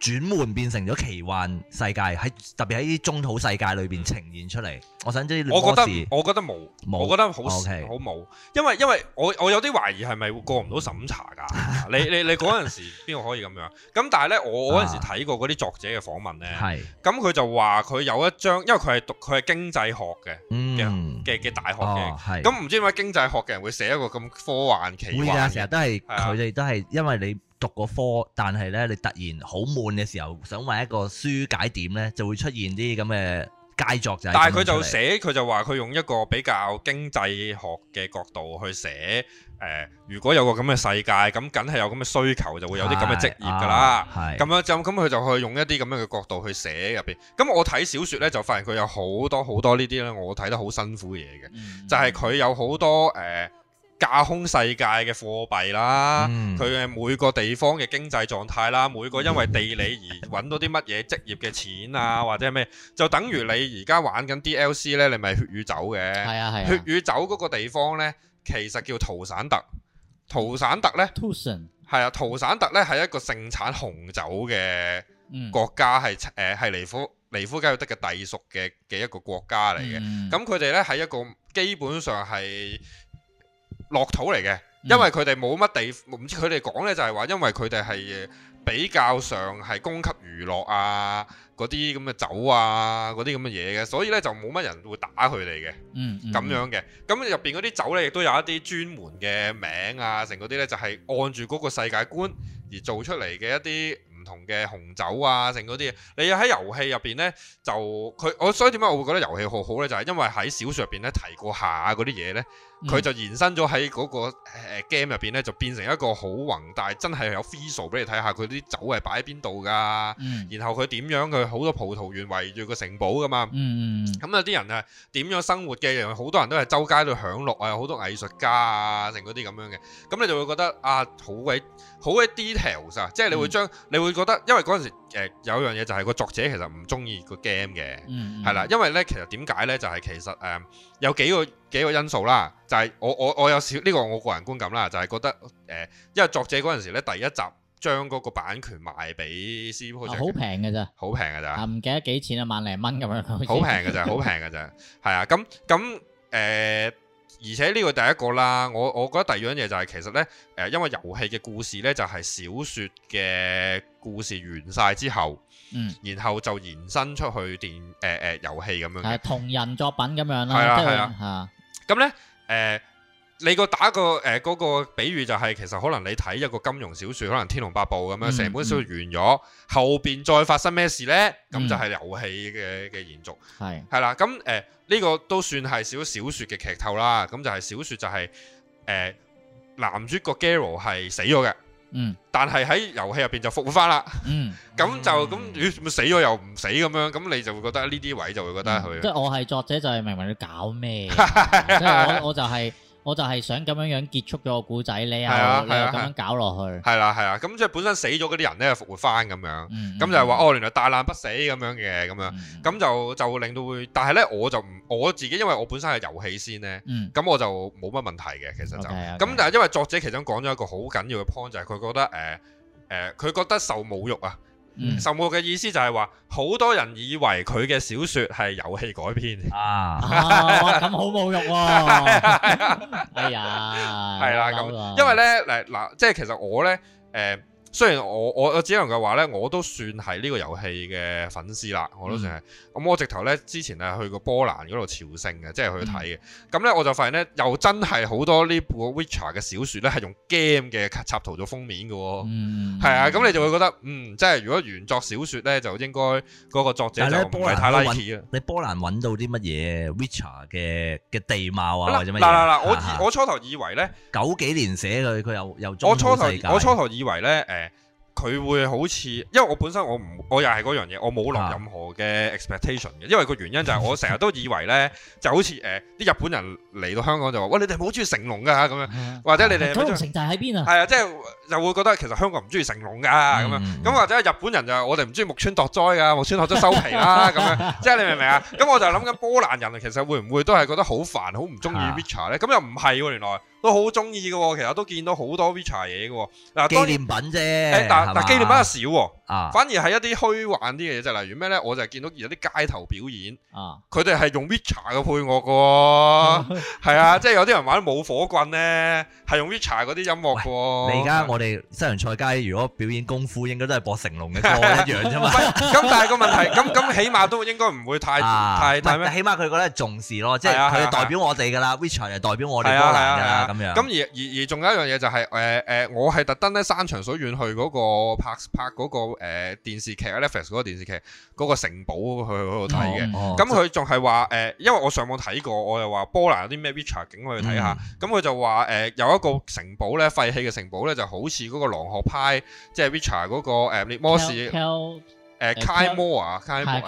轉換變成咗奇幻世界，喺特別喺啲中土世界裏邊呈現出嚟。嗯、我想知，我覺得沒我覺得冇，我覺得好，好、okay. 冇。因為因為我我有啲懷疑係咪過唔到審查㗎、嗯？ 你你你嗰陣時邊個可以咁樣？咁但係咧，我嗰陣時睇過嗰啲作者嘅訪問咧，咁佢、啊、就話佢有一張，因為佢係讀佢係經濟學嘅嘅嘅大學嘅，咁唔、哦、知點解經濟學嘅人會寫一個咁科幻奇幻？會成日都係佢哋都係因為你。讀個科，但係咧，你突然好悶嘅時候，想揾一個疏解點咧，就會出現啲咁嘅佳作就。但係佢就寫，佢就話佢用一個比較經濟學嘅角度去寫。誒、呃，如果有個咁嘅世界，咁梗係有咁嘅需求，就會有啲咁嘅職業㗎啦。係咁、啊、樣、樣就咁，佢就去用一啲咁樣嘅角度去寫入邊。咁我睇小說咧，就發現佢有好多好多呢啲咧，我睇得好辛苦嘅嘢嘅，嗯、就係佢有好多誒。呃架空世界嘅貨幣啦，佢係、嗯、每個地方嘅經濟狀態啦，每個因為地理而揾到啲乜嘢職業嘅錢啊，或者咩，就等於你而家玩緊 DLC 呢。你咪血與酒嘅。嗯、血與酒嗰個地方呢，其實叫圖散特。圖散特呢，係 u、嗯、啊，圖散特呢係一個盛產紅酒嘅國家，係誒係尼夫尼夫加爾德嘅隸屬嘅嘅一個國家嚟嘅。咁佢哋呢，係、嗯、一個基本上係，落土嚟嘅，因為佢哋冇乜地，唔知佢哋講呢就係話，因為佢哋係比較上係供給娛樂啊嗰啲咁嘅酒啊嗰啲咁嘅嘢嘅，所以呢就冇乜人會打佢哋嘅，咁、嗯嗯、樣嘅。咁入邊嗰啲酒呢亦都有一啲專門嘅名啊，成嗰啲呢就係按住嗰個世界觀而做出嚟嘅一啲唔同嘅紅酒啊，成嗰啲嘢。你喺遊戲入邊呢，就佢，我所以點解我會覺得遊戲好好呢？就係、是、因為喺小説入邊呢，提過下嗰啲嘢呢。佢、嗯、就延伸咗喺嗰個誒 game 入邊咧，就變成一個好宏大，真係有 visual 俾你睇下佢啲酒係擺喺邊度噶。然後佢點樣佢好多葡萄園圍住個城堡噶嘛。咁有啲人啊點樣生活嘅？有好多人都係周街度享樂啊，好多藝術家啊，成嗰啲咁樣嘅。咁你就會覺得啊，好鬼好鬼 detail 啊，即係你會將你會覺得，因為嗰陣時。誒、呃、有樣嘢就係個作者其實唔中意個 game 嘅，係啦、嗯，因為咧其實點解咧就係、是、其實誒、呃、有幾個幾個因素啦，就係、是、我我我有少呢、這個我個人觀感啦，就係、是、覺得誒、呃，因為作者嗰陣時咧第一集將嗰個版權賣俾 c i n 好平㗎咋，好平㗎咋，唔、啊、記得幾錢啊萬零蚊咁樣，好平㗎咋，好平㗎咋，係 啊咁咁誒。而且呢個第一個啦，我我覺得第二樣嘢就係其實呢，誒、呃，因為遊戲嘅故事呢，就係、是、小説嘅故事完晒之後，嗯，然後就延伸出去電誒誒、呃呃、遊戲咁樣，係同人作品咁樣啦，係啊係啊嚇。咁咧誒，你個打個誒嗰、呃那個比喻就係、是、其實可能你睇一個金庸小説，可能天龍八部咁樣，成本小説完咗，後邊再發生咩事呢？咁、嗯、就係遊戲嘅嘅延續，係係啦。咁誒、啊。嗯嗯嗯嗯。呢個都算係小小説嘅劇透啦，咁就係小説就係、是、誒、呃、男主角 Geralt 係死咗嘅，嗯，但係喺遊戲入邊就復活翻啦，嗯，咁 就咁、呃，死咗又唔死咁樣，咁你就會覺得呢啲位就會覺得佢，即係我係作者就係明明要搞咩， 我我就係、是。 我就係想咁樣樣結束咗個故仔咧啊，咁、啊啊、樣搞落去。係啦、啊，係啦、啊，咁即係本身死咗嗰啲人咧復活翻咁樣，咁、嗯嗯、就係話、嗯、哦，原來大難不死咁樣嘅，咁樣咁就就令到會，但係咧我就唔我自己，因為我本身係遊戲先咧，咁、嗯、我就冇乜問題嘅，其實就咁。但係、嗯 okay, okay. 因為作者其中講咗一個好緊要嘅 point，就係、是、佢覺得誒誒，佢、呃呃、覺得受侮辱啊。神父嘅意思就係話，好多人以為佢嘅小説係遊戲改編啊！咁好、 啊、侮辱喎！係啊，係啦，咁因為咧，誒嗱，即係其實我咧，誒、呃。雖然我我我只能夠話咧，我都算係呢個遊戲嘅粉絲啦，我都算係。咁我直頭咧之前咧去過波蘭嗰度朝聖嘅，即係去睇嘅。咁咧我就發現咧，又真係好多呢部《Witcher》嘅小説咧，係用 game 嘅插圖做封面嘅。嗯，係啊，咁你就會覺得，嗯，即係如果原作小説咧，就應該嗰個作者就唔係咁。你波蘭揾到啲乜嘢《Witcher》嘅嘅地貌啊，或者乜嘢？嗱嗱嗱，我我初頭以為咧，九幾年寫佢，佢又又裝。我初頭我初頭以為咧，誒。佢會好似，因為我本身我唔，我又係嗰樣嘢，我冇落任何嘅 expectation 嘅，因為個原因就係我成日都以為咧， 就好似誒啲日本人嚟到香港就話，喂，你哋好中意成龍㗎、啊、咁樣，或者你哋成龍城寨喺邊啊？係啊、嗯，即、嗯、係、就係、就會覺得其實香港唔中意成龍㗎、啊、咁樣，咁或者日本人就我哋唔中意木村拓哉㗎，木村學咗收皮啦、啊、咁樣，即係 你明唔明啊？咁 我就諗緊波蘭人其實會唔會都係覺得好煩，好唔中意 Witcher 咧？咁 又唔係原來。都好中意嘅，其實都見到好多 Witcher 嘢嘅，嗱，紀念品啫，但吧但紀念品又少喎、哦。反而係一啲虛幻啲嘅嘢，就例如咩咧？我就係見到有啲街頭表演，啊！佢哋係用 Witcher 嘅配樂嘅，係啊！即係有啲人玩冇火棍咧，係用 Witcher 嗰啲音樂嘅。你而家我哋西洋菜街如果表演功夫，應該都係播成龍嘅歌一樣啫嘛。咁但係個問題，咁咁起碼都應該唔會太太咩？起碼佢覺得重視咯，即係佢代表我哋㗎啦。Witcher 係代表我哋歌迷㗎。咁樣咁而而而仲有一樣嘢就係誒誒，我係特登咧山長水遠去嗰個拍拍嗰個。誒電視劇 Netflix 嗰個電視劇嗰個城堡，去去嗰度睇嘅。咁佢仲係話誒，因為我上網睇過，我又話波蘭有啲咩 Witcher 景，我去睇下。咁佢就話誒有一個城堡咧，廢棄嘅城堡咧，就好似嗰個狼學派，即係 Witcher 嗰個誒獵魔士 Kai Mo 啊，Kai 魔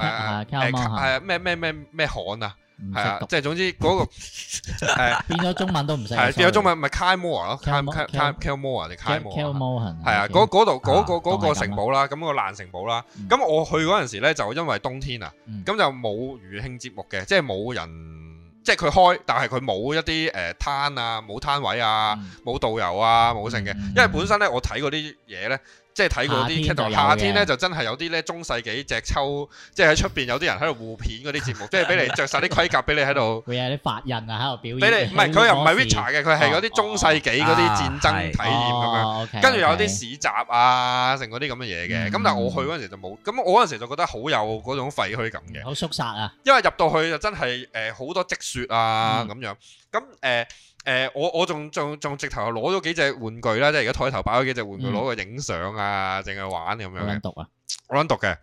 誒誒咩咩咩咩罕啊！係啊，即係總之嗰個係變咗中文都唔使。係變咗中文咪 Kaer Morhen 咯 Kaer Kaer Morhen 定 Kaer Morhen 係啊，嗰度嗰個個城堡啦，咁個爛城堡啦。咁我去嗰陣時咧，就因為冬天啊，咁就冇娛慶節目嘅，即係冇人，即係佢開，但係佢冇一啲誒攤啊，冇攤位啊，冇導遊啊，冇剩嘅。因為本身咧，我睇嗰啲嘢咧。即係睇過啲，夏天咧就，就真係有啲咧中世紀隻抽，即係喺出邊有啲人喺度互片嗰啲節目， 即係俾你着晒啲盔甲俾你喺度，會啊啲法人啊喺度表演，俾你唔係佢又唔係 Witcher 嘅，佢係嗰啲中世紀嗰啲戰爭體驗咁樣，跟住有啲市集啊，成嗰啲咁嘅嘢嘅。咁、嗯、但係我去嗰陣時就冇，咁我嗰陣時就覺得好有嗰種廢墟感嘅，好、嗯、肅殺啊！因為入到去就真係誒好多積雪啊咁樣，咁誒、嗯。嗯嗯嗯嗯誒、呃、我我仲仲仲直頭攞咗幾隻玩具啦，即係而家台頭擺咗幾隻玩具攞去影相啊，淨係玩咁、嗯、樣。我諗讀啊，我諗讀嘅。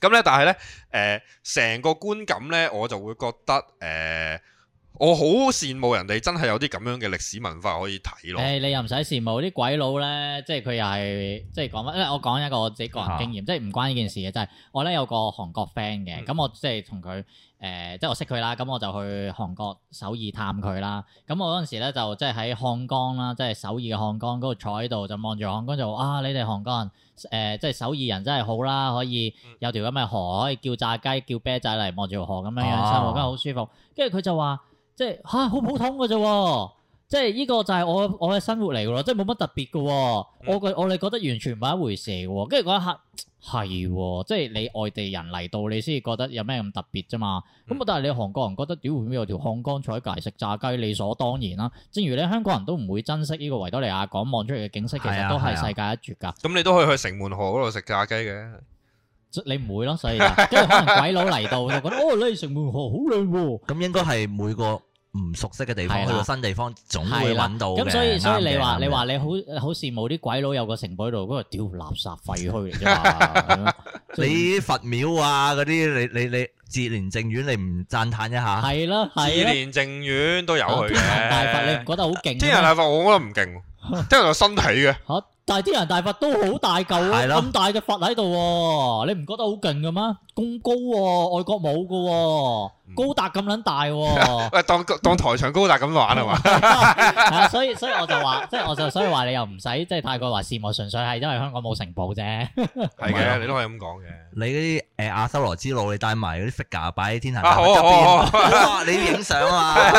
咁咧、 嗯，但係咧，誒、呃、成個觀感咧，我就會覺得誒、呃，我好羨慕人哋真係有啲咁樣嘅歷史文化可以睇咯。誒、呃，你又唔使羨慕啲鬼佬咧，即係佢又係即係講返，因為我講一個我自己個人經驗，啊、即係唔關呢件事嘅，就係、是、我咧有個韓國 friend 嘅，咁、嗯、我即係同佢。誒、呃，即係我識佢啦，咁、嗯、我就去韓國首爾探佢啦。咁、嗯、我嗰陣時咧就即係喺漢江啦，即係首爾嘅漢江嗰度坐喺度就望住漢江就，啊，你哋韓國人誒、呃，即係首爾人真係好啦，可以有條咁嘅河可以叫炸雞、叫啤仔嚟望住河咁樣樣，生活真係好舒服。跟住佢就話，即係嚇、啊、好普通嘅啫，即係呢、這個就係我我嘅生活嚟咯，即係冇乜特別嘅。我我哋覺得完全唔係一回事嘅。跟住嗰一刻。係喎，即係你外地人嚟到，你先至覺得有咩咁特別啫嘛。咁啊，但係你韓國人覺得，屌邊有條漢江坐喺隔籬食炸雞，理所當然啦、啊。正如你香港人都唔會珍惜呢個維多利亞港望出嚟嘅景色，其實都係世界一絕㗎。咁你都可以去城門河嗰度食炸雞嘅，你唔會咯？所以 可能鬼佬嚟到就覺得 哦，呢城門河好靚喎、啊。咁應該係每個。唔熟悉嘅地方，去到的新地方總會揾到嘅。咁的所以吧所以你話吧你話你好好羨慕啲鬼佬有個城堡喺度，嗰度屌垃圾廢墟嚟啫嘛！你佛廟啊嗰啲，你你你，你志蓮淨苑你唔讚歎一下？係啦，志蓮淨苑都有去嘅。天人大佛你唔覺得好勁？天人大佛我覺得唔勁，天人有身體嘅。 但係天壇大佛都好大嚿，咁大嘅佛喺度，你唔覺得好勁嘅咩？咁高喎，外國冇嘅，高達咁撚大，喂，當當台場高達咁玩啊嘛？所以所以我就話，即係我就所以話你又唔使即係太過話羨慕，純粹係因為香港冇城堡啫。係嘅，你都可以咁講嘅。你啲誒阿修羅之路，你帶埋嗰啲 figure 擺喺天壇大佛邊，哇！你影相啊嘛？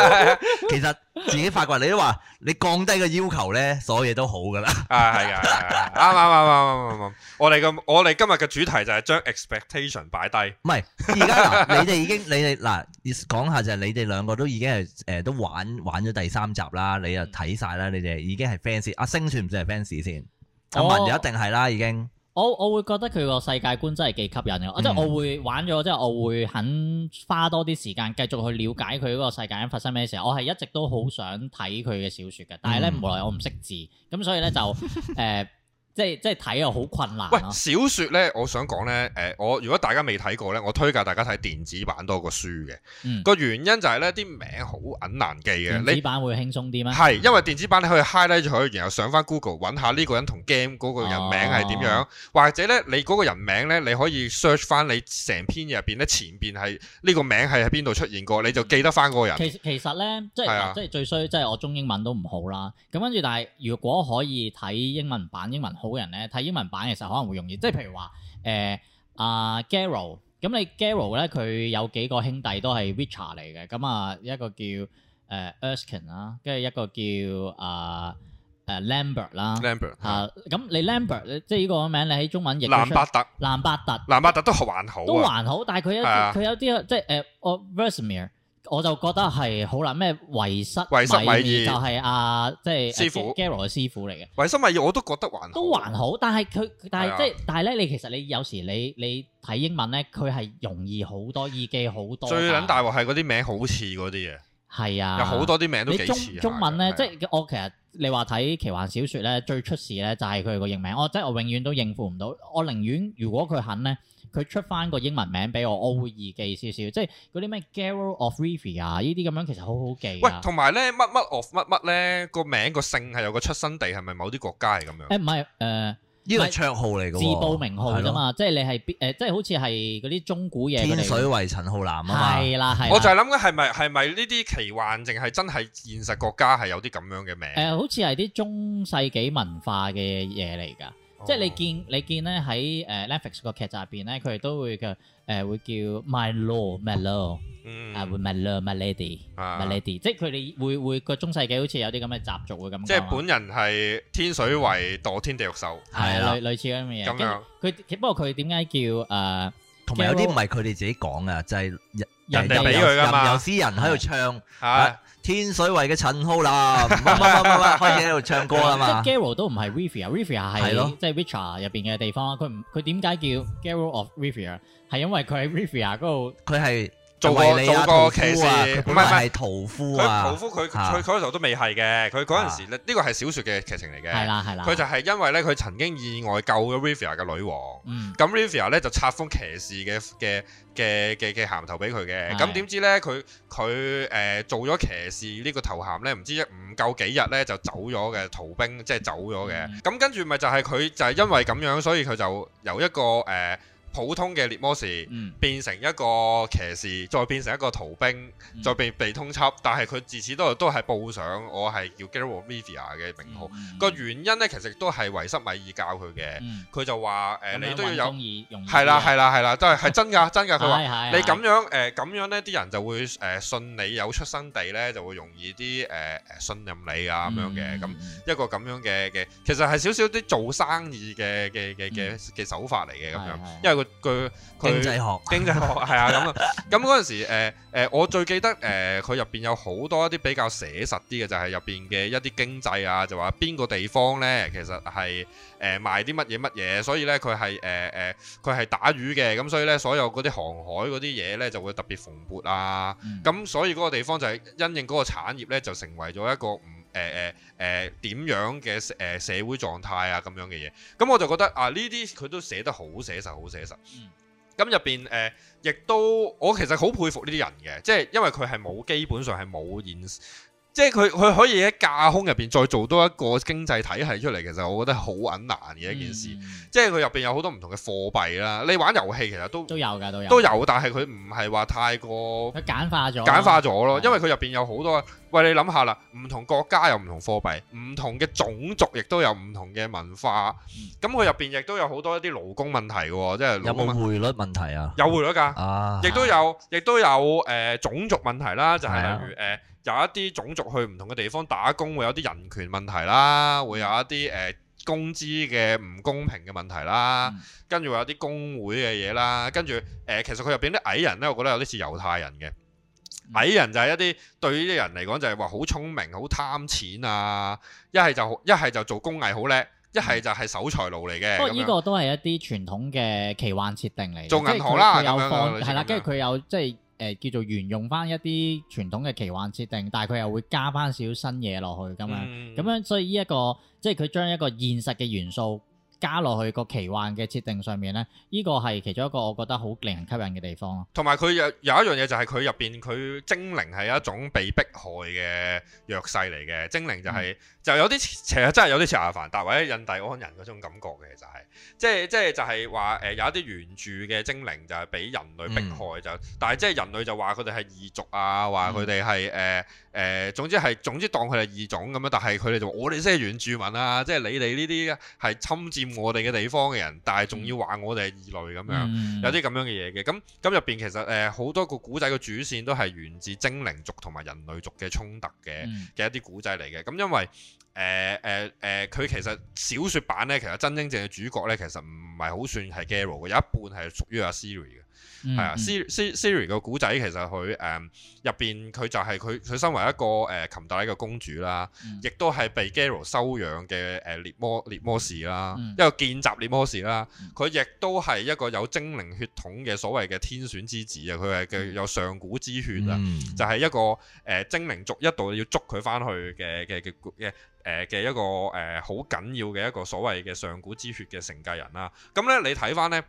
其實。 自己發掘，你都話你降低個要求咧，所有嘢都好噶啦。啊，係啊，係啱啱啱啱啱啱！我哋今我哋今日嘅主題就係將 expectation 擺低。唔係而家嗱，你哋已經你哋嗱，講下就係你哋兩個都已經係誒都玩玩咗第三集啦，你又睇晒啦，你哋已經係 fans，啊。阿星算唔算係 fans 先，啊，阿文就一定係啦，已經。我我會覺得佢個世界觀真係幾吸引嘅，即係、嗯、我會玩咗，即、就、係、是、我會肯花多啲時間繼續去了解佢個世界發生咩事。我係一直都好想睇佢嘅小説嘅，但係咧無奈我唔識字，咁所以咧就誒。呃 即係即係睇又好困難、啊。喂，小説咧，我想講咧，誒、呃，我如果大家未睇過咧，我推介大家睇電子版多過書嘅。個、嗯、原因就係咧，啲名好揾難記嘅。電子版你會輕鬆啲咩？係是，因為電子版你可以 highlight 咗、er，佢，然後上翻 Google 揾下呢個人同 game 嗰、哦、個人名係點樣，或者咧你嗰個人名咧你可以 search 翻你成篇入邊咧前邊係呢個名係喺邊度出現過，你就記得翻嗰個人。其其實咧，即係、啊、即係最衰，即係我中英文都唔好啦。咁跟住，但係如果可以睇英文版英文。英文好人咧睇英文版嘅時候可能會容易，即係譬如話誒阿 Geralt，咁你 Geralt 咧佢有幾個兄弟都係 Witcher 嚟嘅，咁啊一個叫誒 Erskine 啦，跟、呃、住、er 啊、一個叫啊誒 Lambert 啦，嚇咁你 Lambert、嗯、即係呢個名你喺中文譯藍伯特，藍伯特，藍伯特都還好、啊，都還好，但係佢的有佢有啲即係誒 Vesemir。呃我就覺得係好啦，咩維濕維義就係阿，即係 Geralt 嘅師傅嚟嘅。維濕維義我都覺得還好，都還好，但係佢但係即係但係咧，你其實你有時你你睇英文咧，佢係容易好多，易記好多。最撚大鑊係嗰啲名好似嗰啲嘢，係啊是的，有好多啲名都幾似。中文咧，是的 即係我其實你話睇奇幻小説咧，最出事咧就係佢個認名，我即係我永遠都應付唔到，我寧願如果佢肯咧。佢出翻個英文名俾我，我會易記少少，即係嗰啲咩 Geralt of Rivia 啊，依啲咁樣其實好好記啊。喂，同埋咧，乜乜 of 乜乜咧，個名個姓係有個出生地，係咪某啲國家係咁樣？誒唔係誒，依個綽號嚟嘅自報名號啫嘛，即係你係邊誒？即係好似係嗰啲中古嘢嚟。天水圍陳浩南啊，係啦係。我就係諗緊係咪係咪呢啲奇幻淨係真係現實國家係有啲咁樣嘅名？誒，好似係啲中世紀文化嘅嘢嚟㗎。即係你見你見咧喺誒《Netflix、呃》個劇集入邊咧，佢哋都會嘅誒、呃、會叫 my lord 咩 lord my lord，嗯 uh, my lady my lady、啊、即係佢哋會會個中世紀好似有啲咁嘅習俗會咁。即係本人係天水圍墮天地獄獸，係啊、嗯，類似咁嘅嘢。咁佢、啊、不過佢點解叫誒？同埋有啲唔係佢哋自己講、就是、啊，就係人哋俾佢㗎嘛。有詩人喺度唱嚇。天水圍嘅陳浩南，唔唔唔唔唔，可以喺度唱歌啊嘛。Geralt 都唔係 Rivia，Rivia 係即係 Witcher 入邊嘅地方啊。佢唔佢點解叫 Geralt of Rivia？係因為佢喺 Rivia 嗰度。佢係。做過、啊、做騎士、啊，唔係唔係屠夫、啊。佢屠夫，佢佢嗰時候都未係嘅。佢嗰陣時咧，呢、啊、個係小説嘅劇情嚟嘅。係啦係啦。佢、啊、就係因為咧，佢曾經意外救咗 Rivia 嘅女王。咁 Rivia 咧就冊封騎士嘅嘅嘅嘅嘅銜頭俾佢嘅。咁點、嗯、知咧，佢佢誒做咗騎士呢個頭銜咧，唔知唔夠幾日咧就走咗嘅逃兵，即、就、係、是、走咗嘅。咁、嗯嗯、跟住咪就係佢就係因為咁樣，所以佢就由一個誒。呃普通嘅獵魔士變成一個騎士，再變成一個逃兵，再被被通緝，但係佢自此都都係報上我係叫 Geralt of Rivia 嘅名號個原因咧，其實都係維斯米爾教佢嘅。佢就話誒你都要有，係啦係啦係啦，都係係真㗎真㗎。佢話你咁樣誒咁樣咧，啲人就會誒信你有出生地咧，就會容易啲誒誒信任你啊咁樣嘅。咁一個咁樣嘅嘅，其實係少少啲做生意嘅嘅嘅嘅嘅手法嚟嘅咁樣。因為。佢佢經濟學經濟學係 啊咁啊咁，嗰陣時誒、呃呃、我最記得誒佢入邊有好多一啲比較寫實啲嘅，就係入邊嘅一啲經濟啊，就話邊個地方咧，其實係誒、呃、賣啲乜嘢乜嘢，所以咧，佢係誒誒佢係打魚嘅，咁所以咧，所有嗰啲航海嗰啲嘢咧，就會特別蓬勃啊咁、嗯、所以嗰個地方就係因應嗰個產業咧，就成為咗一個誒誒點樣嘅誒社會狀態啊，咁樣嘅嘢，咁我就覺得啊呢啲佢都寫得好寫實，好寫實。嗯。咁入邊誒，亦、呃、都我其實好佩服呢啲人嘅，即係因為佢係冇基本上係冇演，即係佢佢可以喺架空入邊再做多一個經濟體系出嚟。其實我覺得好撚難嘅一件事，嗯、即係佢入邊有好多唔同嘅貨幣啦。你玩遊戲其實都都有㗎，都有都有，但係佢唔係話太過。佢簡化咗。簡化咗咯，對因為佢入邊有好多。喂，你諗下啦，唔同國家有唔同貨幣，唔同嘅種族亦都有唔同嘅文化。咁佢入邊亦都有好多一啲勞工問題嘅，即係有冇匯率問題啊？有匯率㗎，亦、啊、都有，亦都有誒、呃、種族問題啦。就係例如、是、誒、啊呃、有一啲種族去唔同嘅地方打工，會有啲人權問題啦，會有一啲誒工資嘅唔公平嘅問題啦。跟住會有啲工會嘅嘢啦，跟住誒其實佢入邊啲矮人咧，我覺得有啲似猶太人嘅。矮人，就係一啲對於啲人嚟講就係話好聰明、好貪錢啊，一係就一係就做工藝好叻，一係就係守財奴嚟嘅。不過呢個都係一啲傳統嘅奇幻設定嚟。做銀行啦有樣。係啦的，跟住佢有即係誒叫做沿用翻一啲傳統嘅奇幻設定，但係佢又會加翻少少新嘢落去咁、嗯、樣。咁樣所以呢、這、一個即係佢將一個現實嘅元素。加落去個奇幻嘅設定上面咧，呢個係其中一個我覺得好令人吸引嘅地方咯。同埋佢有有，有一樣嘢就係佢入邊佢精靈係一種被迫害嘅弱勢嚟嘅，精靈就係、係、就有啲其實真係有啲似阿凡達或者印第安人嗰種感覺嘅、就係，就係即係即係就係話誒有一啲原住嘅精靈就係俾人類迫害，嗯、但係就但係即係人類就話佢哋係異族啊，話佢哋係誒誒總之係總之當佢哋係異種咁樣，但係佢哋就我哋先係原住民啊，即係你哋呢啲係侵佔。我哋嘅地方嘅人，但係仲要話我哋係異類咁、嗯、樣，有啲咁樣嘅嘢嘅。咁咁入邊其實誒好、呃、多個古仔嘅主線都係源自精靈族同埋人類族嘅衝突嘅嘅、嗯、一啲古仔嚟嘅。咁因為誒誒誒佢其實小說版咧，其實真真正嘅主角咧，其實唔係好算係 Garrow 嘅，有一半係屬於阿 Siri 嘅。係啊，Siri 嘅古仔其實佢誒入邊佢就係佢佢身為一個誒、呃、琴黛嘅公主啦，亦都係被 Geralt 收養嘅誒獵魔獵魔士啦，um, 一個見習獵魔士啦。佢亦都係一個有精靈血統嘅所謂嘅天選之子啊！佢係嘅有上古之血啊，um, 就係一個誒、呃、精靈族一度要捉佢翻去嘅嘅嘅嘅嘅一個誒好緊要嘅一個所謂嘅上古之血嘅承繼人啦。咁咧你睇翻咧。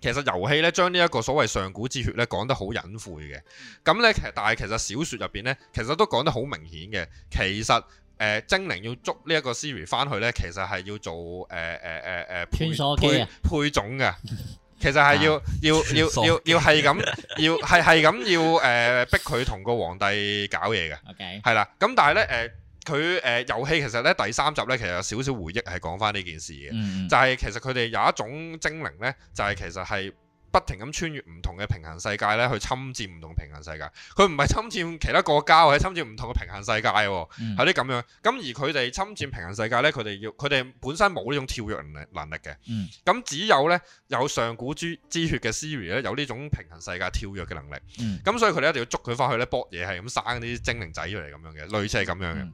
其實遊戲咧將呢一個所謂上古之血咧講得好隱晦嘅，咁咧其實但係其實小説入邊咧其實都講得好明顯嘅，其實誒、呃、精靈要捉呢一個 Ciri 翻去咧，其實係要做誒誒誒誒配配配,配種嘅，其實係要、啊、要要要要係咁，要係係咁要誒索逼佢同個皇帝搞嘢嘅，係啦 Okay.，咁但係咧誒。呃佢誒、呃、遊戲其實咧第三集咧，其實有少少回憶係講翻呢件事嘅，嗯、就係其實佢哋有一種精靈咧，就係、是、其實係不停咁穿越唔同嘅平行世界咧，去侵占唔同平行世界。佢唔係侵占其他國家或者侵占唔同嘅平行世界喎，係啲咁樣。咁而佢哋侵占平行世界咧，佢哋要佢哋本身冇呢種跳躍能力嘅，咁、嗯、只有咧有上古之血嘅 Siri 咧，有呢種平行世界跳躍嘅能力。咁、嗯嗯、所以佢哋一定要捉佢翻去咧，搏嘢係咁生啲精靈仔出嚟咁樣嘅，類似係咁樣嘅。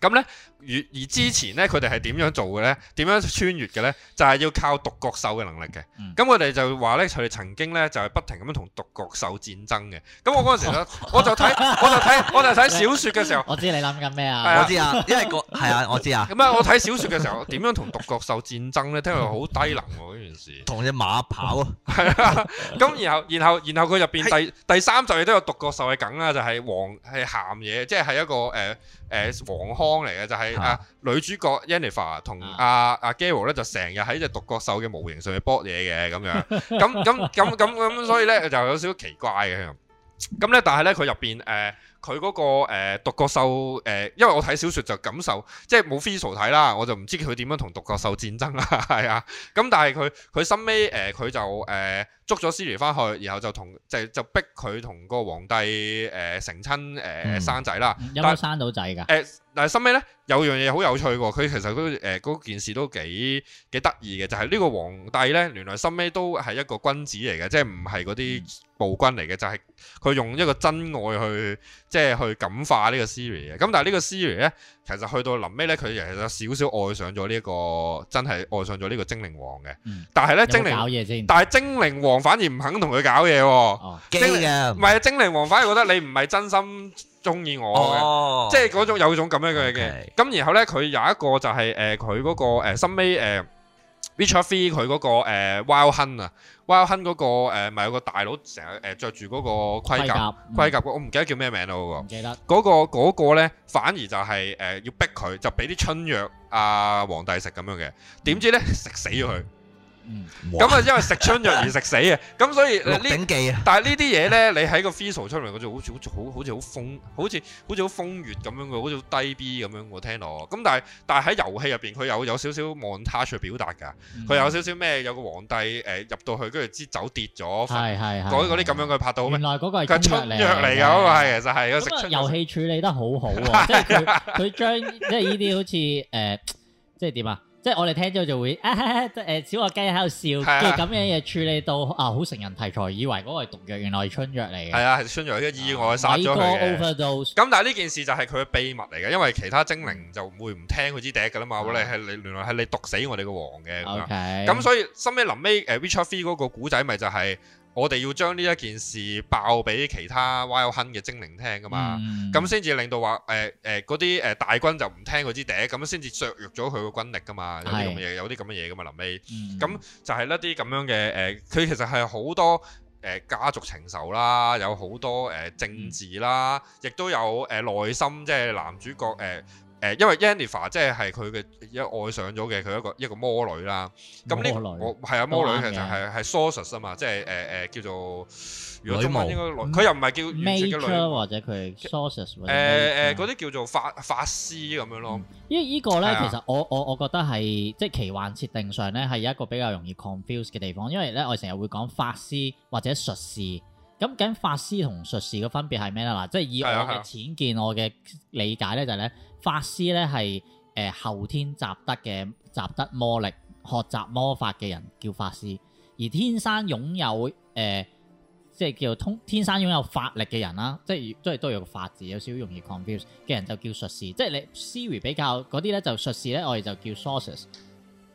咁咧，而而之前咧，佢哋係點樣做嘅咧？點樣穿越嘅咧？就係要靠獨角獸嘅能力嘅。咁我哋就話咧，佢哋曾經咧就係不停咁樣同獨角獸戰爭嘅。咁我嗰陣時咧， 我就睇，我就睇，我就睇小說嘅時候， 我知你諗緊咩啊？我知啊，因為個係啊，我知啊。咁啊，我睇小說嘅時候，點樣同獨角獸戰爭咧？聽佢好低能喎，呢件事。同隻馬跑，係啊。咁然後然後然後佢入邊第第三集亦都有獨角獸嘅梗啦，就係黃係鹹嘢，即係係一個誒。誒王、呃、康嚟嘅就係、是、啊、呃呃、女主角 Yennefer 同阿阿 Geralt 咧就成日喺隻獨角獸嘅模型上面搏嘢嘅咁樣，咁咁咁咁咁，所以咧就有少少奇怪嘅，咁咧但係咧佢入邊誒。佢嗰，那個誒，呃、獨角獸誒，呃，因為我睇小說就感受，即係冇 visual 睇啦，我就唔知佢點樣同獨角獸戰爭啦，係 啊。咁但係佢佢後尾誒佢就誒，呃、捉咗 Siri 返去，然後就同就就逼佢同個皇帝誒，呃、成親誒，呃、生仔啦。嗯、但有冇生到仔㗎？但係心尾咧，有樣嘢好有趣喎。佢其實都，誒嗰件事都幾幾得意嘅，就係、是、呢個皇帝咧，原來心尾都係一個君子嚟嘅，即係唔係嗰啲暴君嚟嘅，嗯、就係佢用一個真愛去即係去感化個個呢個 Ciri 嘅。咁但係呢個 Ciri 咧，其實去到臨尾咧，佢其實有少少愛上咗呢一個真係愛上咗呢個精靈王嘅。嗯、但係咧精靈，但係精靈王反而唔肯同佢搞嘢喎、啊。哦靈啊、精靈唔係啊， 精靈王反而覺得你唔係真心。中意我嘅，oh, okay. 即係嗰種有種咁樣嘅嘢嘅。咁 Okay. 然後咧，佢有一個就係、是、誒，佢、呃、嗰、uh, 那個誒，收尾誒，Witcher、uh, 3佢嗰個誒，Wild Hunt 啊，Wild Hunt 嗰、那個誒，咪、呃、有個大佬成日誒着住嗰個盔甲，盔甲我唔記得叫咩名咯，嗰唔記得嗰、那個嗰、那個咧，反而就係、是、誒、呃、要逼佢，就俾啲春藥啊，皇帝食咁樣嘅。點知咧食死咗佢。嗯，咁 啊，因為食春藥而食死嘅，咁所以，頂記啊！但係呢啲嘢咧，你喺個 f a i z z l 出嚟，我就好似好，好似好風，好似好似好風月咁樣嘅，好似低 B 咁樣，我聽到。咁但係，但係喺遊戲入邊，佢有有少少 montage 表達噶，佢、嗯、有少少咩？有個皇帝誒、呃、入到去，跟住支酒跌咗，係係係，嗰啲咁樣佢拍到。原來嗰個係春藥嚟，嚟噶嗰個係，就係個食春藥。遊戲麼春處理得好好喎、啊，佢佢將即係呢啲好似誒、呃，即係點啊？即係我哋聽咗就會啊哈哈，誒、欸、小學雞喺度笑，即係咁樣嘢處理到、嗯、啊好成人題材，以為嗰、那個係毒藥，原來係春藥嚟嘅。係啊，係春藥，即係意外、嗯、殺咗佢咁。但係呢件事就係佢嘅秘密嚟嘅，因為其他精靈就會唔聽佢支笛嘅啦嘛。我哋係你，原來係你毒死我哋個王嘅。咁 Okay 所以收尾臨尾誒 Witcher 3嗰個古仔咪就係、是。我哋要將呢一件事爆俾其他 Wild Hunt 嘅精靈聽㗎嘛，咁先至令到話誒誒嗰啲誒大軍就唔聽嗰支笛，咁先至削弱咗佢個軍力㗎嘛，有啲咁嘅嘢，有啲咁嘅嘢㗎嘛，臨、呃、尾，咁就係一啲咁樣嘅誒，佢、呃呃呃呃呃、其實係好多誒、呃、家族情仇啦，有好多誒、呃、政治啦，亦、嗯、都有誒內、呃、心即係男主角誒。呃誒，因為 Yennefer 即係佢嘅一愛上咗嘅佢一個一個魔女啦。咁呢個我係啊魔女其實係係 sorceress 啊嘛，即係誒誒叫做如果中文應該女巫。佢又唔係叫 magic 女 Major 或者佢 sorceress 嗰啲叫做法法師咁樣咯。依依、嗯、個咧，是啊、其實我我我覺得係即係奇幻設定上咧係一個比較容易 confuse 嘅地方，因為咧我成日會講法師或者術士。咁緊法師同術士個分別係咩咧？嗱，即係以我嘅淺見，我嘅理解咧就係咧，法師咧係誒後天習得嘅習得魔力，學習魔法嘅人叫法師；而天生擁有誒、呃、即係叫通天生擁有法力嘅人啦，即係都係都用法字，有少少容易 confuse 嘅人就叫術士。即係你 Siri 比較嗰啲咧就術士咧，我哋就叫 sources。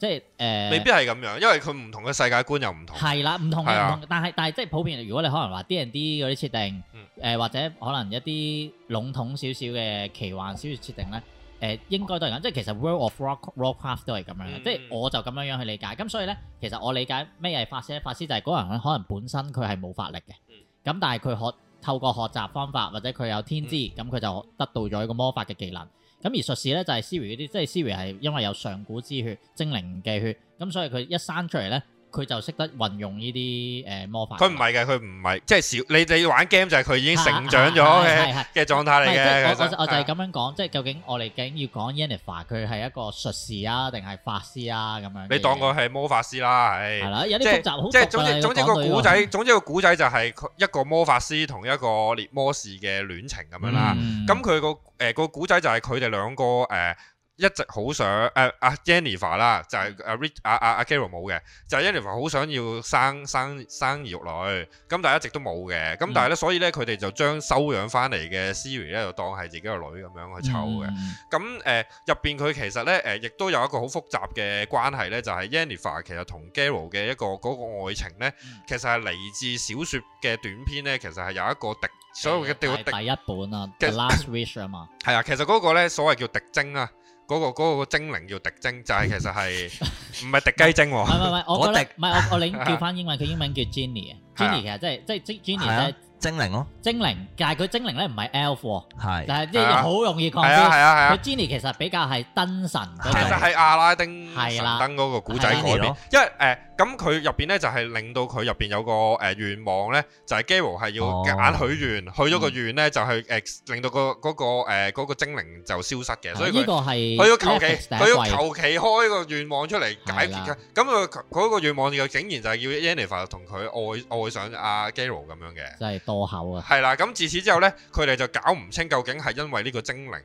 即係誒，呃、未必係咁樣，因為佢唔同嘅世界觀又唔同。係啦，唔同唔是的 但係但係即係普遍，如果你可能話 D&D 嗰啲設定，誒、嗯呃、或者可能一啲籠統少少嘅奇幻少少設定咧，誒、呃、應該都係咁，即係其實 World of War, Warcraft 都係咁樣嘅，嗯、即係我就咁樣樣去理解。咁所以咧，其實我理解咩係法師呢？法師就係嗰人可能本身佢係冇法力嘅，咁、嗯、但係佢學透過學習方法或者佢有天資，咁佢、嗯、就得到咗一個魔法嘅技能。咁而術士呢，就係 Siri 嗰啲，即係 Siri 係因為有上古之血、精靈嘅血，咁所以佢一生出嚟呢，佢就識得運用呢啲誒魔法。佢唔係嘅，佢唔係，即係少你你玩 game 就係佢已經成長咗嘅狀態嚟嘅。我我就係咁樣講，即係究竟我哋究竟要講 Yennefer 佢係一個術士啊，定係法師啊咁樣？你當佢係魔法師啦，係。係啦，有啲複雜，好。即係總之總之個古仔，總之個古仔就係佢一個魔法師同一個獵魔士嘅戀情咁樣啦。咁佢個誒個古仔就係佢哋兩個誒。一直好想誒阿 Yennefer 啦，就係阿 Rit 阿阿阿 Geralt 冇嘅，就係 Yennefer 好想要生生生兒育女，咁但係一直都冇嘅，咁但係咧，所以咧佢哋就將收養翻嚟嘅 Ciri 咧就當係自己個女咁樣去湊嘅。咁誒入邊佢其實咧誒亦都有一個好複雜嘅關係咧，就係 Yennefer 其實同 Geralt 嘅一個嗰個愛情咧，其實係嚟自小說嘅短篇咧，其實係有一個滴，所謂嘅第第一本啊，The Last Wish 啊嘛，係啊，其實嗰個咧所謂叫滴精啊。嗰個嗰個精靈叫迪精，就係其實係唔係迪雞精喎、啊 啊？唔係唔係我覺得唔係我滴 我領叫返英文，佢英文叫 genie j e n n y 其實即係即係 genie。精靈咯，精靈，但係佢精靈咧唔係 elf 喎，係，但係即係好容易講。係啊係啊係啊！佢 Genie 其實比較係燈神嗰，其實係阿拉丁神燈嗰個古仔改變，因為誒咁佢入邊咧就係令到佢入邊有個誒願望咧，就係 Garrow 係要眼許願，許咗個願咧就係誒令到個嗰個誒嗰個精靈就消失嘅。所以呢個係佢要求其，佢要求其開個願望出嚟解決嘅。咁佢嗰個願望又竟然就係要 Yennefer 同佢愛愛上阿 Garrow 咁樣嘅。多口係啦，咁自此之後呢，佢哋就搞唔清究竟係因為呢個精靈誒、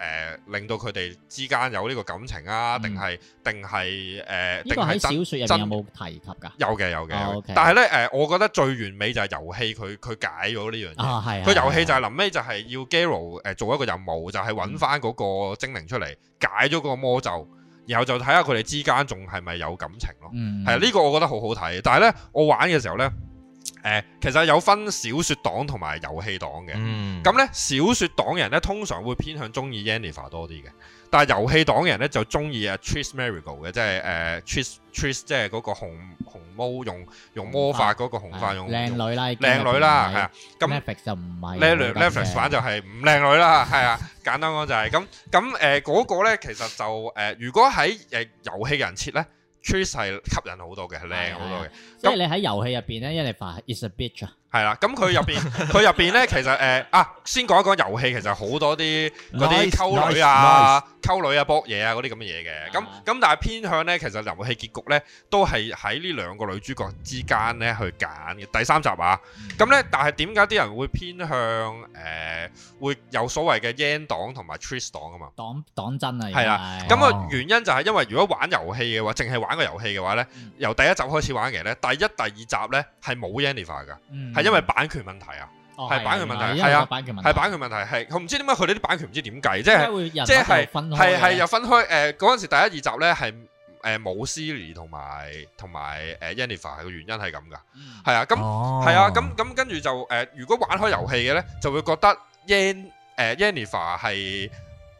呃，令到佢哋之間有呢個感情啊，定係定係誒？呢、呃、這個真小說入有冇提及噶？有嘅，有嘅、哦。Okay. 但係呢，誒、呃，我覺得最完美就係遊戲，佢佢解咗呢樣嘢。佢遊戲就係臨尾就係要 Garrow 誒做一個任務，就係揾翻嗰個精靈出嚟，嗯、解咗個魔咒，然後就睇下佢哋之間仲係咪有感情咯。係呢、嗯這個我覺得好好睇。但係呢，我玩嘅時候呢。誒，其實有分小說黨同埋遊戲黨嘅。嗯。咁咧，小說黨人咧通常會偏向中意 Yennefer 多啲嘅。但係遊戲黨人咧就中意啊，Triss Merigold 嘅，即係誒，Triss Triss 即係嗰個紅紅毛用用魔法嗰個紅髮用。靚女啦，靚女啦，係啊。咁。就唔係。靚女 Netflix 版就係唔靚女啦，係啊。簡單講就係咁。咁誒，嗰個咧其實就誒，如果喺誒遊戲人設咧。趨勢吸引好多嘅，靚好的多嘅。的嗯、即係你喺遊戲入邊咧，一嚟話 it's a bitch 係啦，咁佢入邊佢入邊咧，其實誒、呃、啊，先講一講遊戲，其實好多啲嗰啲溝女啊、溝、nice, nice , nice. 女啊、搏嘢啊嗰啲咁嘅嘢嘅，咁咁、啊、的但係偏向咧，其實遊戲結局咧都係喺呢兩個女主角之間咧去揀嘅第三集啊，咁咧但係點解啲人會偏向誒、呃、會有所謂嘅 Yen 黨同埋 Triss 黨啊嘛？黨黨真啊，係啦，咁啊的、嗯、原因就係因爲如果玩遊戲嘅話，淨係玩個遊戲嘅話咧，由第一集開始玩嘅咧，第一、第二集咧係冇 Yennefer 噶。嗯係因為版權問題啊，係版權問題，係啊，版權問題係版權問題，係佢唔知點解佢哋啲版權唔知點計，即係即係係係又分開，誒嗰陣時第一二集咧係誒冇 Siri 同埋同埋誒 Yennefer 嘅原因係咁噶，係啊，咁係啊，咁咁跟住就誒如果玩開遊戲嘅咧，就會覺得 Yen Yennefer 係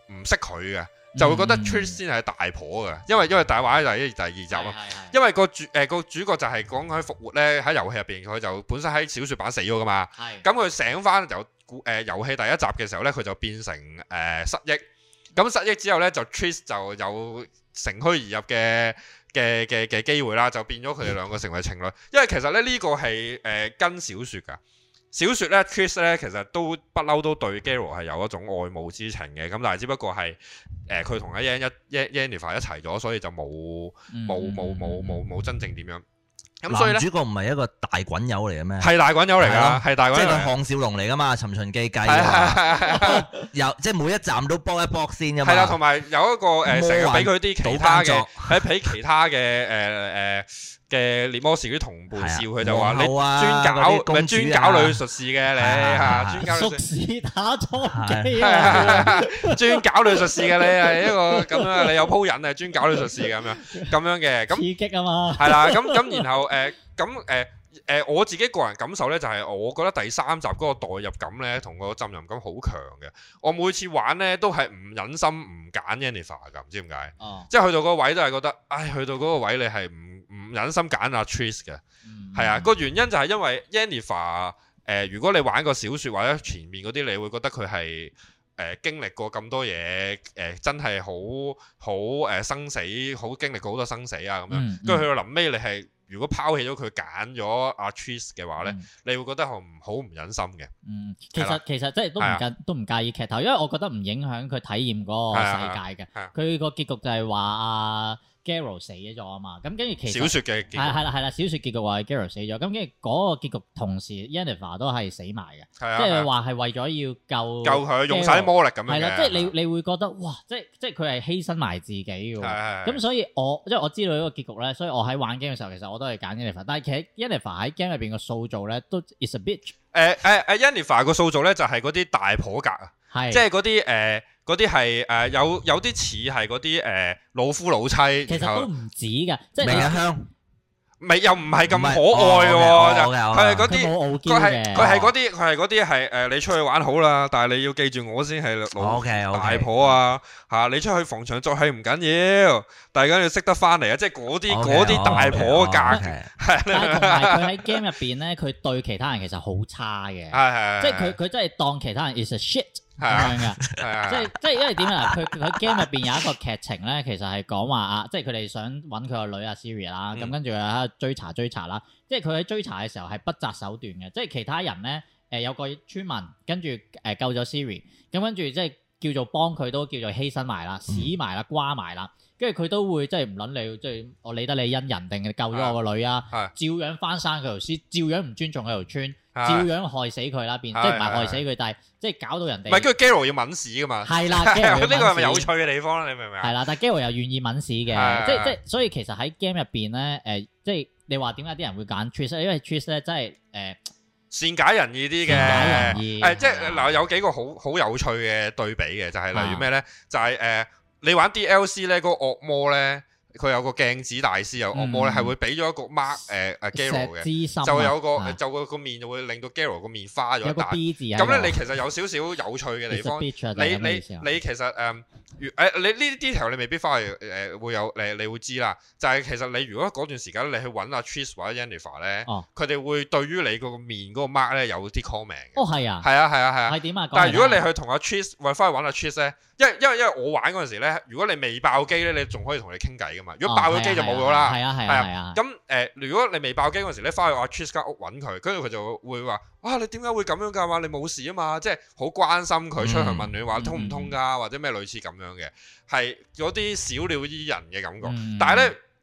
唔識佢嘅。就會覺得 Triss 先係大婆嘅，因為因為大話喺第第二集啊，是是是因為個主誒個、呃、主角就係講佢復活咧，喺遊戲入邊佢就本身喺小説版死咗噶嘛，咁佢是是 醒翻就誒遊戲第一集嘅時候咧，佢就變成誒、呃、失憶，咁失憶之後咧就 Triss 就有乘虛而入嘅嘅嘅嘅機會啦，就變咗佢哋兩個成為情侶， 因為其實咧呢、這個係誒、呃、跟小説噶。小説咧，Triss 咧其實都不嬲都對 Geralt 係有一種愛慕之情嘅，咁但係只不過係誒佢同阿 Yen 一 Yennefer 一齊咗，所以就冇冇冇冇冇冇真正點樣。咁所以男主角唔係一個大滾友嚟嘅咩？係大滾友嚟㗎，係了大滾。即係個項少龍嚟㗎嘛，《尋秦記》計。係係係係。有即係每一站都幫一幫先咁嘛。係啦、啊，同埋有一個成日俾佢啲其他嘅，係俾其他嘅誒誒。嘅獵魔士嗰啲同伴笑佢就話：你專搞你專搞女術士嘅你吓，術士打樁機，專搞女術士嘅你係一個咁樣，你有鋪癮啊，專搞女術士咁樣咁樣嘅，咁刺激啊嘛，係啦，咁咁然後誒，咁誒誒我自己個人感受咧，就係我覺得第三集嗰個代入感咧，同個浸淫感好強嘅，我每次玩咧都係唔忍心唔揀 Yennefer 噶，唔知點解，即係去到嗰個位都係覺得，唉，去到嗰個位你係唔。唔忍心揀阿 Triss 嘅，係啊，個原因就係因為 Yennefer 誒，如果你玩個小說或者前面嗰啲，你會覺得佢係誒經歷過咁多嘢，誒真係好好誒生死，好經歷過好多生死啊咁樣。跟住去到臨尾，你係如果拋棄咗佢揀咗阿 Triss 嘅話咧，你會覺得好唔好唔忍心嘅。嗯，其實其實真係都唔介都唔介意劇透，因為我覺得唔影響佢體驗嗰個世界嘅。佢個結局就係話阿。Geralt 死咗啊嘛，咁跟住其實係係啦係啦，小說結局話 Geralt 死咗，咁跟住嗰個結局同時 Yennefer 都係死埋嘅，即係話係為咗要救 Geralt，救佢用晒啲魔力咁樣嘅。啦、啊，即、就、係、是、你 你會覺得哇，即係即係佢係犧牲埋自己嘅。咁所以我即係我知道呢個結局咧，所以我喺玩 game 嘅時候，其實我都係揀 Yennefer。但係其實 Yennefer 喺 game 入邊嘅塑造咧，都 is a bitch uh, uh, uh。誒誒誒，Yennefer 個塑造咧就係嗰啲大婆格啊，即係嗰啲誒。嗰啲係誒有有啲似係嗰啲誒老夫老妻，其實都唔止㗎，即係米阿香，米又唔係咁可愛喎，就係嗰啲，佢係佢係嗰啲，佢係嗰啲係誒你出去玩好啦，但係你要記住我先係老大婆啊嚇！你出去逢場作戲唔緊要，大家要識得翻嚟啊！即係嗰啲嗰啲大婆嘅格調，但係喺 game 入邊咧，佢對其他人其實好差嘅，即係佢佢真係當其他人 is a shit。咁 樣 即係即係因為點啊？佢佢 game 入邊有一個劇情咧，其實係講話啊，即係佢哋想揾佢個女啊 Siri 啦，咁、嗯、跟住喺追查追查啦。即係佢喺追查嘅時候係不擇手段嘅。即係其他人咧，誒有個村民跟住誒救咗 Siri，咁跟住即係叫做幫佢都叫做犧牲埋啦、死埋啦、瓜埋啦。跟住佢都會即係唔撚你，即、就、係、是、我理得你恩人定救咗我個女啊、嗯嗯嗯嗯嗯，照樣翻生佢條屍，照樣唔尊重佢條村。照樣害死佢啦，變即係唔係害死佢，但係即係搞到人哋。唔係，跟住 Geralt 要揾屎㗎嘛。係啦，呢個係咪有趣嘅地方咧？你明唔明啊？係啦，但係 Geralt 又願意揾屎嘅，即係即係，所以其實喺 game 入邊咧，誒，即係你話點解啲人會揀 Triss 咧？因為 Triss 咧真係誒善解人意啲嘅，善解人意。誒，即係嗱，有幾個好好有趣嘅對比嘅，就係例如咩咧？就係誒，你玩 DLC 咧，嗰個惡魔咧。佢有個鏡子大師有、嗯、我我咧係會俾咗一個 mark 誒、呃、誒 Geralt 嘅，就有個就個個面就會令到 Geralt 個面、啊、花咗一大。咁咧你其實有少少有趣嘅地方，啊、你你、啊、你其實誒誒、呃呃、你呢啲 detail 你未必翻去誒、呃、會有誒你，你會知啦。就係、是、其實你如果嗰段時間你去揾阿 Triss 或者 Yennefer 咧，佢哋、哦、會對於你個面嗰個 mark 咧有啲 comment 嘅。哦係啊，係啊係啊係啊。啊？啊啊但係如果你去同阿 Triss 或翻去揾阿 Triss 咧，因為因為因為我玩嗰陣時咧，如果你未爆機咧，你仲可以同佢哋傾偈嘅。如果爆咗機就冇咗啦，係啊係啊，咁誒，如果你未爆機嗰時、啊，你翻去 Triss 間屋揾佢，跟住佢就會話：哇，你點解會咁樣㗎嘛？你冇事啊嘛，即係好關心佢，出去問你話、嗯嗯、通唔通㗎，或者咩類似咁樣嘅，係嗰啲小鳥依人嘅感覺。嗯、但係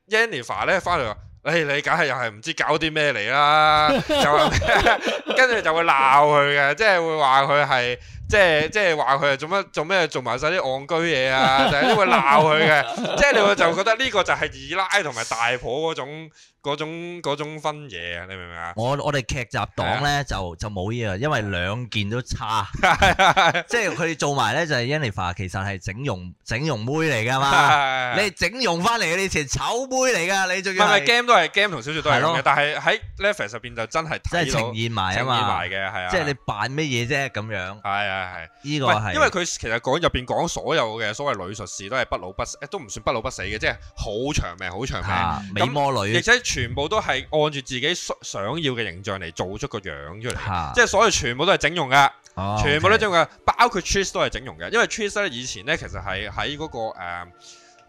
咧，Yennefer 咧翻嚟話：誒、嗯哎，你梗係又係唔知搞啲咩嚟啦，跟住 就會鬧佢嘅，即、就、係、是、會話佢係。即係即係話佢係做乜做咩做埋晒啲戇居嘢啊，就係都會鬧佢嘅， 即係你會就覺得呢個就係二奶同埋大婆嗰種。嗰種嗰種分嘢啊，你明唔明啊？我我哋劇集黨咧就就冇呢樣，因為兩件都差，即係佢哋做埋咧就係 Yennefer 其實係整容整容妹嚟㗎嘛，你整容翻嚟嘅，你以前醜妹嚟㗎，你仲要唔係 game 都係 game 同小説都係，但係喺 Level 上邊就真係即係呈現埋啊嘛，呈現埋嘅係啊，即係你扮乜嘢啫咁樣？係啊係，呢個係因為佢其實講入邊講所有嘅所謂女術士都係不老不死，都唔算不老不死嘅，即係好長命好長命美魔女，全部都係按住自己想要嘅形象嚟做出個樣出嚟，即係所有全部都係整容㗎，哦、全部都整容㗎，哦 okay. 包括 Triss 都係整容嘅，因為 Triss 咧以前咧其實係喺嗰個誒嗰、呃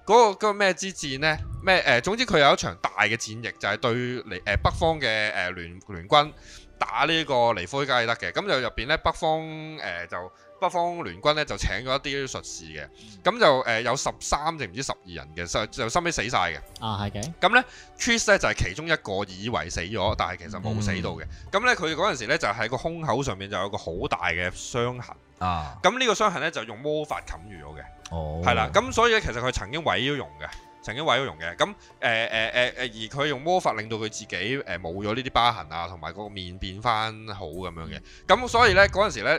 嗰個咩、嗰個、之戰呢？咩誒、呃，總之佢有一場大嘅戰役就係、是、對嚟誒北方嘅誒、呃、聯聯軍打呢個尼夫加爾德嘅，咁就入邊咧北方誒、呃、就。北方聯軍咧就請咗一啲術士嘅，咁、嗯、就誒、呃、有十三定唔知十二人嘅，就就收尾死晒嘅。啊，係嘅。咁咧，Triss 咧就係、是、其中一個以為死咗，但係其實冇死到嘅。咁咧、嗯，佢嗰陣時咧就喺、是、個胸口上面就有個好大嘅傷痕。啊，咁呢個傷痕咧就是、用魔法冚住咗嘅。哦，係啦，咁所以咧其實佢曾經毀咗容嘅。曾經毀咗容嘅。咁誒誒誒誒，而佢用魔法令到佢自己誒冇咗呢啲疤痕啊，同埋個面變翻好咁樣嘅。咁所以咧嗰陣時咧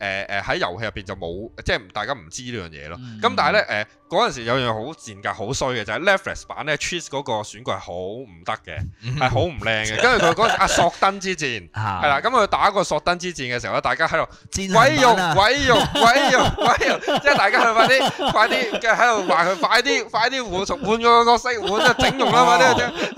誒誒誒喺遊戲入邊就冇，即係大家唔知呢樣嘢咯。咁但係咧誒嗰陣時有樣好賤格好衰嘅就係 Netflix 版咧 Triss 嗰個選角係好唔得嘅，係好唔靚嘅。跟住佢嗰個阿索登之戰係 啦，咁佢打個索登之戰嘅時候咧，大家喺度毀容毀容毀容毀容，即係大家喺快啲 快啲，跟喺度話佢快啲快啲換個個色，換啊整容啊嘛，即係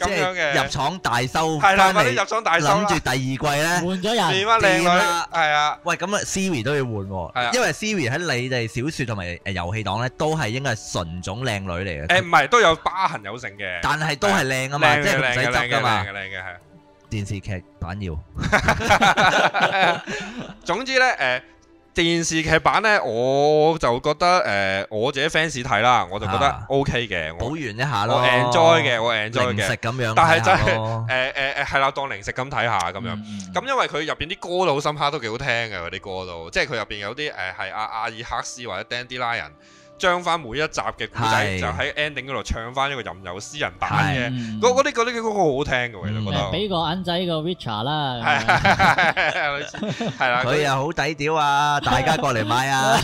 咁樣嘅入廠大修。係啦，或者入廠大修，諗住第二季咧換咗人變翻靚女，係啊。喂，咁啊 Siri 都要換喎，因為 Siri 喺你哋小說同埋誒遊戲黨咧，都係應該係純種靚女嚟嘅。誒唔係都有疤痕有剩嘅，但係都係靚啊嘛，即係唔使執㗎嘛，靚嘅靚嘅係。電視劇版要，總之咧誒。電視劇版呢，我就覺得誒、呃，我自己 fans 睇啦，我就覺得 OK 嘅，啊、我補完一下咯，我 enjoy 嘅，我 enjoy 嘅，咁樣看看，但係真係誒誒誒係啦，當零食咁睇下咁樣看看，咁、嗯嗯、因為佢入邊啲歌都好深刻，都幾好聽嘅嗰啲歌都，即係佢入邊有啲誒係阿阿爾克斯或者 Dandelion。將翻每一集嘅古仔就喺 ending 嗰度唱翻一個吟遊詩人版嘅，我我呢個呢個好好聽嘅覺得俾個銀仔個 Witcher 啦，係啦，佢又好底屌啊，大家過嚟買啊，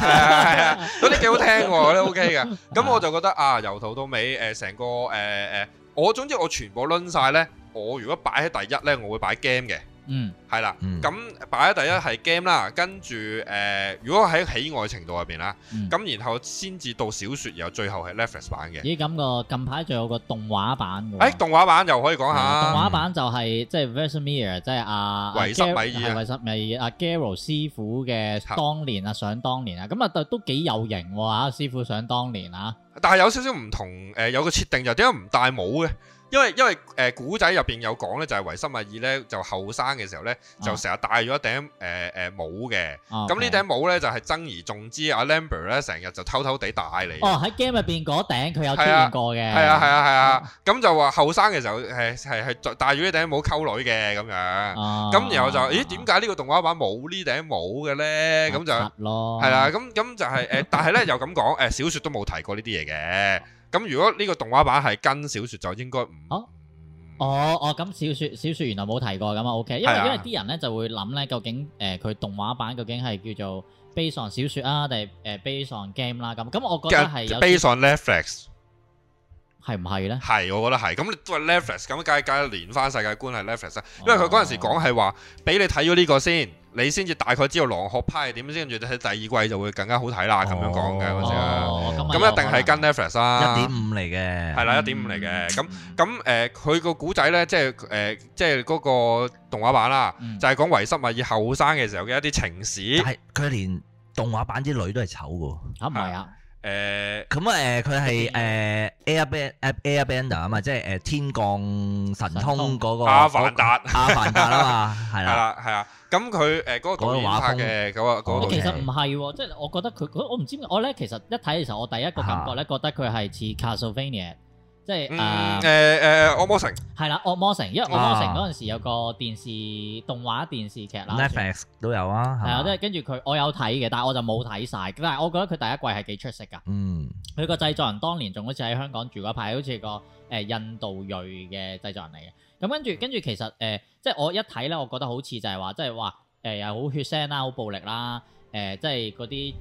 嗰啲幾好聽喎，覺得 OK 嘅。咁我就覺得啊，由頭到尾誒，成個誒誒，我總之我全部輪晒咧，我如果擺喺第一咧，我會擺 game 嘅。嗯，係啦，咁擺喺第一係 game 啦，跟住誒、呃，如果喺喜愛程度入邊啦，咁、嗯、然後先至到小說，然後最後係 Netflix 版嘅。咦，咁個近排仲有個動畫版嘅？誒，動畫版又可以講下。嗯、動畫版就係即係 Vesemire、啊、Vesemire 即係阿維什米爾、維什米爾阿 Geralt 師傅嘅當，是當，啊、當年啊，想當年啊，咁啊都都幾有型喎吓，師傅想當年啊。但係有少少唔同，誒、呃，有個設定就點解唔戴帽嘅？因為因為誒古仔入邊有講咧，就係維森密爾咧就後生嘅時候咧，就成日戴咗一頂誒誒帽嘅。咁呢頂帽咧就係爭而眾之。阿 Lambert 咧成日就偷偷地戴嚟。哦，喺 game 入邊嗰頂佢有出現過嘅。係啊係啊係啊，咁就話後生嘅時候係係係戴住呢頂帽溝女嘅咁樣。咁然後就咦點解呢個動畫版冇呢頂帽嘅咧？咁就係啦。咁咁就係誒，但係咧又咁講誒，小説都冇提過呢啲嘢嘅。咁如果呢個動畫版係跟小説，就應該唔哦哦哦。咁、哦、小説小説原來冇提過咁啊。O、OK、K，因為是、啊、因為啲人咧就會諗咧，究竟誒佢、呃、動畫版究竟係叫做 based on 小説啊，定誒 based on game 啦、啊、咁。咁我覺得係 based on Netflix，係唔係咧？係 on 我覺得係咁，你都係 Netflix 咁，梗係梗係連翻世界觀係 Netflix 因為佢嗰陣時講係話俾你睇咗呢個先。你先至大概知道狼學派係點先，跟住睇第二季就會更加好睇啦。咁樣講嘅嗰陣，咁一定係跟 Netflix 啦，一點五嚟嘅，係啦，一點五嚟嘅。咁咁誒，佢個古仔咧，即係誒，即係嗰個動畫版啦，就係講維瑟米爾後生嘅時候嘅一啲情史。但佢連動畫版啲女都係醜嘅。嚇唔係啊？誒咁啊佢係誒 Air Band Airbender 啊嘛，即係誒天降神通嗰個阿凡達，阿凡達啊嘛，係啦係啊。咁佢誒嗰個畫風嘅嗰個嗰，其實唔係喎，即係我覺得佢，我唔知，我咧其實一睇嘅時候，我第一個感覺咧，覺得佢係似 Castlevania 即係誒誒誒惡魔城，係啦，惡魔城，因為惡魔城嗰陣時有個電視動畫電視劇啦，Netflix 都有啊，係啊，即係跟住佢，我有睇嘅，但係我就冇睇曬，但係我覺得佢第一季係幾出色噶，嗯，佢個製作人當年仲好似喺香港住嗰排，好似個誒印度裔嘅製作人嚟嘅。咁跟住，跟住其實誒、呃，即係我一睇咧，我覺得好似就係、是、話、呃呃，即係話誒，又好血腥啦，好暴力啦，誒，即係嗰啲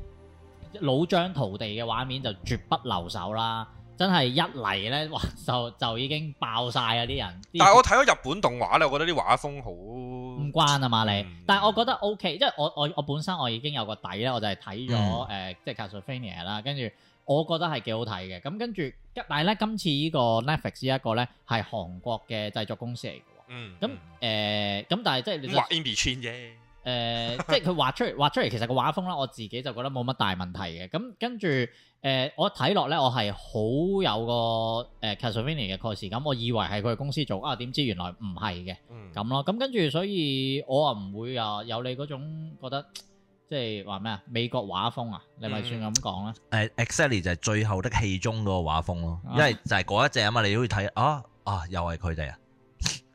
老張屠地嘅畫面就絕不留手啦，真係一嚟咧，哇，就就已經爆晒啊啲人。但係我睇咗日本動畫咧，我覺得啲畫風好唔慣啊嘛你。嗯、但係我覺得 O、OK, K，因為我我我本身我已經有個底咧，我就係睇咗誒，即係《Castlevania》啦，跟住。我覺得係幾好睇嘅，咁跟住，但係咧今次呢個呢個 Netflix 一個咧係韓國嘅製作公司嚟嘅喎。嗯。咁誒，咁、呃、但係即係畫 image 嘅。誒，即係佢畫出嚟，畫出嚟其實個畫風啦，我自己就覺得冇乜大問題嘅。咁跟住誒，我睇落咧，我係好有個誒 Castlevania 嘅蓋事，咁我以為係佢公司做啊，點知原來唔係嘅，咁、嗯、咯。咁跟住，所以我啊唔會啊有，有你嗰種覺得。即係話咩啊？美國畫風啊？你咪算咁講啦。誒，Exactly 就係最後的戲中嗰個畫風咯、啊，啊、因為就係嗰一隻啊嘛，你都要睇啊啊，又係佢哋啊。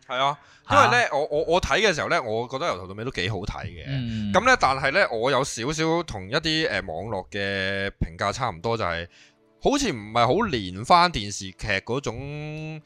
係啊，因為咧，我我我睇嘅時候咧，我覺得由頭到尾都幾好睇嘅。咁咧、嗯，但係咧，我有少少同一啲誒網絡嘅評價差唔多、就是，就係好似唔係好連翻電視劇嗰種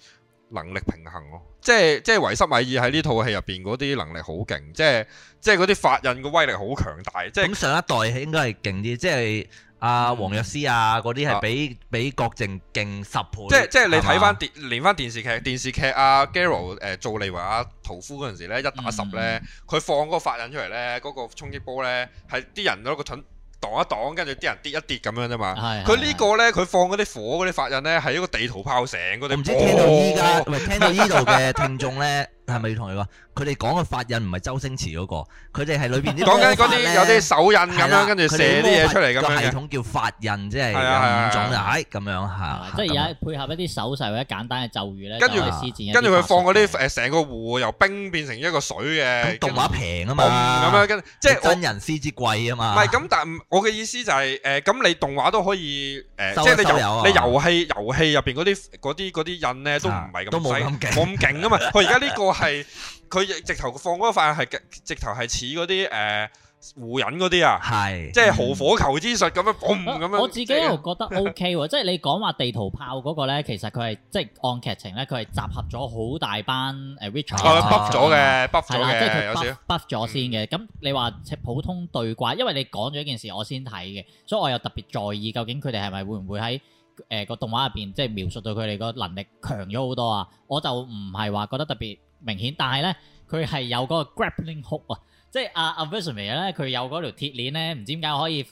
能力平衡咯、啊。即係即係維斯米爾喺呢套戲入邊嗰啲能力好勁，即係即係嗰啲法印嘅威力好強大。即係咁、嗯、上一代戲應該係勁啲，嗯、即係阿黃藥師啊嗰啲係比比郭靖勁十倍。即係是吧即係你睇翻電連翻電視劇，電視劇阿、啊、Geralt 誒、呃、做利維亞屠、啊、夫嗰陣時咧，一打十咧，佢、嗯、放個法印出嚟咧，嗰、那個衝擊波咧係啲人都蠢，擋一擋，跟住啲人跌一跌咁樣啫嘛。佢是呢個咧，佢放嗰啲火嗰啲法印咧，係一個地圖炮醒。嗰啲。唔知聽到依家，唔係聽到依度嘅聽眾咧，係咪要同你話佢哋講嘅法印唔係周星馳嗰個？佢哋係裏邊啲講緊嗰啲有啲手印咁樣，跟住射啲嘢出嚟，咁系統叫法印，即係五種唉咁樣吓。即係而家配合一啲手勢或者簡單嘅咒語咧。跟住跟住佢放嗰啲誒，成個湖由冰變成一個水嘅。咁動畫平啊嘛，咁樣跟即係真人師之貴啊嘛。唔係咁，但係我嘅意思就係誒，咁你動畫都可以誒，即係你遊你遊戲遊戲入邊嗰啲嗰啲嗰啲印咧都唔係咁都冇咁冇咁勁啊嘛。佢而家呢個。係佢直頭放嗰塊係直頭係似嗰啲誒胡人嗰啲啊，係、呃、即係豪火球之術咁樣 boom 咁樣我。我自己又覺得 OK 喎、啊，即係你講話地圖炮嗰個咧，其實佢係即係按劇情咧，佢係集合咗好大班誒 richard。佢、呃哦、buff 咗嘅 buff 咗嘅，即係佢 buff 咗先嘅。咁、嗯、你話普通對怪，因為你講咗一件事，我先睇嘅，所以我又特別在意究竟佢哋係咪會唔會喺誒個動畫入邊即係描述到佢哋個能力強咗好多啊？我就唔係話覺得特別。明顯，但係咧佢係有嗰個 grappling hook 啊，即係阿阿 Vesemir 咧佢有嗰條鐵鏈咧，唔知點解可以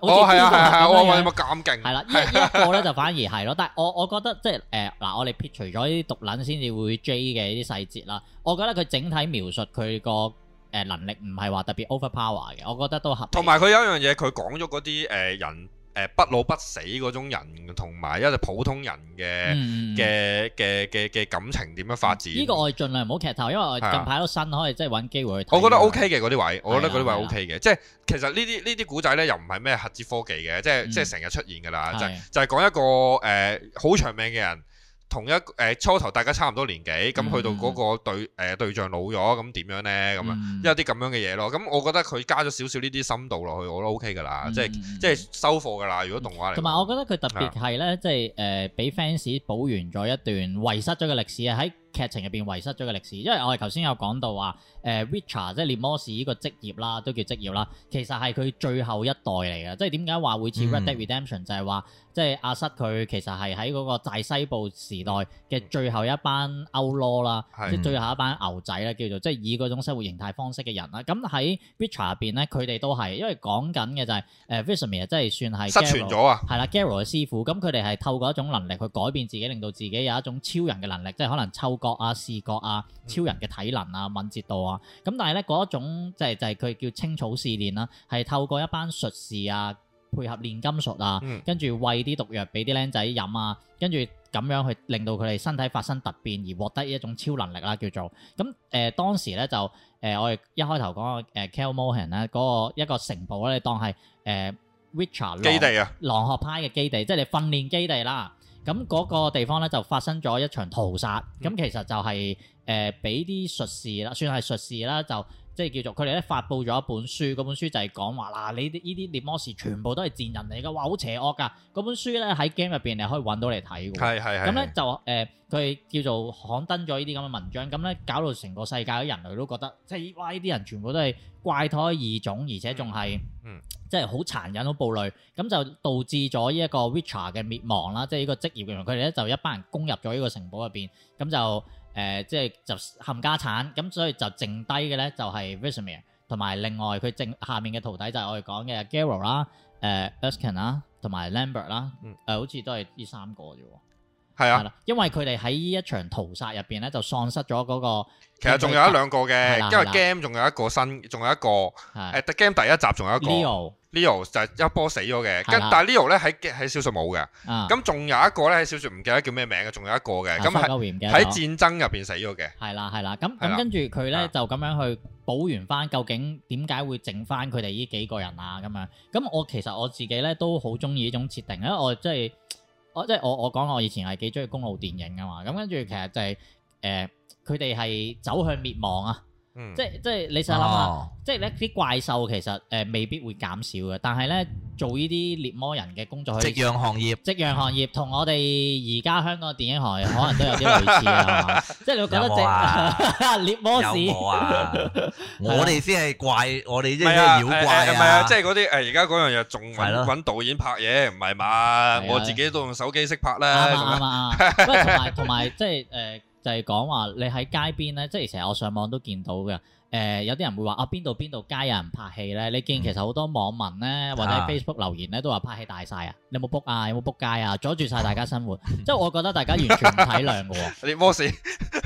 好似蝙蝠咁樣。我係啊，我問乜咁勁？係啦，依依一個咧就反而係咯，但係我我覺得即係誒嗱，我哋撇除咗啲毒撚先至會 J 嘅啲細節啦，我覺得佢整體描述佢個誒能力唔係話特別 overpower 嘅，我覺得都合理。同埋佢有一樣嘢，佢講咗嗰啲誒人。誒、呃、不老不死嗰種人，同埋一隻普通人嘅嘅嘅嘅嘅感情點樣發展？呢、嗯這個我盡量唔好劇透，因為我近排都新可以即係揾機會去睇、啊。我覺得 OK 嘅嗰啲位，啊、我覺得嗰啲位 OK 嘅、啊，即係其實呢啲呢啲古仔咧，又唔係咩核子科技嘅，即係即係成日出現㗎啦、啊啊，就就係講一個誒好、呃、長命嘅人。同一誒、呃、初頭大家差唔多年紀，咁、嗯、去到嗰個對誒、呃、對象老咗，咁點樣咧？咁啊，有啲咁樣嘅嘢咯。咁我覺得佢加咗少少呢啲深度落去，我都 OK 㗎啦、嗯，即係即係收貨㗎啦。如果動畫嚟，同埋、嗯、我覺得佢特別係咧，即係誒俾 fans 補完咗一段遺失咗嘅歷史啊！喺劇情入邊遺失咗嘅歷史，因為我哋頭先有講到話誒、呃、Witcher 即係獵魔士呢個職業啦，都叫職業啦。其實係佢最後一代嚟㗎，即係點解話會似 Red Dead Redemption 就係話？即係阿塞佢其實係喺嗰個大西部時代嘅最後一班歐羅啦，即係最後一班牛仔啦，叫做即係以嗰種生活形態方式嘅人啦。咁喺 Witcher 入邊咧，佢、嗯、哋、er、都係因為講緊嘅就係誒 Vesemir 即係算係失傳咗啊。係啦，Geralt 嘅師傅咁，佢哋係透過一種能力去改變自己，令到自己有一種超人嘅能力，即係可能嗅覺啊、視覺啊、超人嘅體能啊、敏捷度啊。咁但係咧嗰一種即係就係、是、佢、就是、叫青草試練啦，係透過一班術士啊。配合煉金術啊，跟住餵啲毒藥俾啲僆仔飲啊，跟住咁樣去令到佢哋身體發生突變而獲得一種超能力啦，叫做咁誒、呃。當時咧就誒、呃，我哋一開頭講嘅誒 Kaer Morhen 咧，嗰個一個城堡咧，當係誒 Richard 基地啊，狼學派嘅基地，即係訓練基地啦。咁、那、嗰個地方咧就發生咗一場屠殺，咁、嗯、其實就係誒俾啲術士啦，算係術士啦，就。即係叫做佢哋咧發布咗一本書，嗰本書就係講話嗱，你呢啲獵魔士全部都係賤人嚟噶，嗯、哇，好邪惡噶！嗰本書咧喺 game 入面你可以揾到嚟睇嘅。係係咁咧就誒，佢、呃、哋叫做刊登咗呢啲咁嘅文章，咁咧搞到成個世界嘅人類都覺得，即係哇，呢啲人全部都係怪胎異種，而且仲係，嗯、即係好殘忍、好暴戾，咁就導致咗呢一個 Witcher 嘅滅亡啦。即係呢個職業人員，佢哋咧就一班人攻入咗呢個城堡入邊，咁就。誒、呃、即係就冚家產，咁所以就剩低嘅咧就係、是、Vesemir 同埋另外佢剩下面嘅徒弟就係我哋講嘅 Gerald 啦、誒、er、Eskel 啦、同埋 Lambert 啦，誒好似都係呢三個啫喎。係啊、嗯，因為佢哋喺呢一場屠殺入邊咧就喪失咗嗰、那個。其實仲有一兩個嘅，因為 game 仲有一個新，仲有一個，誒 game 第一集仲有一個 Leo，Leo 就係一波死咗嘅，跟但係 Leo 咧喺喺小說冇嘅，咁仲有一個咧喺小說唔記得叫咩名嘅，仲有一個嘅，咁喺戰爭入邊死咗嘅，係啦係啦，咁咁跟住佢咧就咁樣去補完翻，究竟點解會剩翻佢哋呢幾個人啊？咁樣，咁我其實我自己咧都好中意呢種設定，因為我即係我即係我我講我以前係幾中意公路電影噶嘛，咁跟住其實就係誒。佢哋係走向滅亡啊！即即係你想諗下！即係咧啲怪獸其實誒未必會減少嘅，但係咧做呢啲獵魔人嘅工作，夕陽行業，夕陽行業同我哋而家香港電影行業可能都有啲類似啊！即係你會覺得獵魔士有我啊！我哋先係怪，我哋即係妖怪啊！即係嗰啲誒，而家嗰樣嘢仲揾揾導演拍嘢，唔係嘛？我自己都用手機識拍啦。同埋同埋即係誒。就係講話你喺街邊咧，即係成日我上網都見到嘅。誒、呃、有啲人會話啊邊度邊度街有人拍戲咧？你見其實好多網民咧或者 Facebook 留言咧都話拍戲大晒啊！你有冇 book 啊？有冇 book 街啊？阻住晒大家生活。哦、 即係我覺得大家完全唔體諒嘅喎 沒事。你冇事，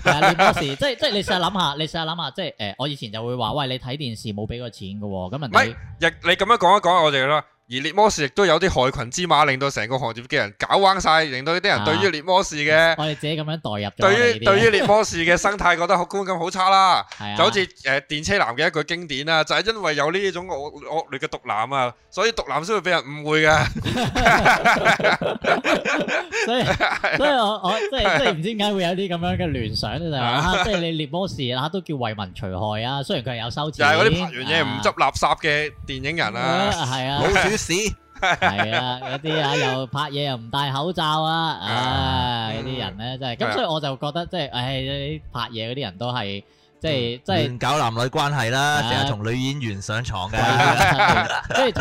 係啊， 你冇事。即係即係你試下諗下，你試下諗下，即係誒我以前就會話喂，你睇電視冇俾過錢嘅喎。咁人哋，日你咁樣講一講我哋啦。而獵魔士亦都有啲害群之馬，令到成個行業嘅人搞彎晒，令到呢啲人對於獵魔士嘅我哋自己咁樣代入。對於對於獵魔士嘅生態，覺得好觀感好差啦。就好似誒電車男嘅一句經典啦，就係因為有呢種惡劣嘅毒男啊，所以毒男先會俾人誤會嘅。所以所以，我我即係即係唔知點解會有啲咁樣嘅聯想就係話，即係你獵魔士啊都叫為民除害啊，雖然佢係有收錢。但係嗰啲拍完嘢唔執垃圾嘅電影人啊，係啊，係啊，嗰啲啊又拍嘢又唔戴口罩啊，唉、啊，嗰啲人咧真係，咁、啊、所以我就覺得即係，唉、哎，拍嘢嗰啲人都係即係即係亂搞男女關係啦，成日同女演員上床嘅，跟住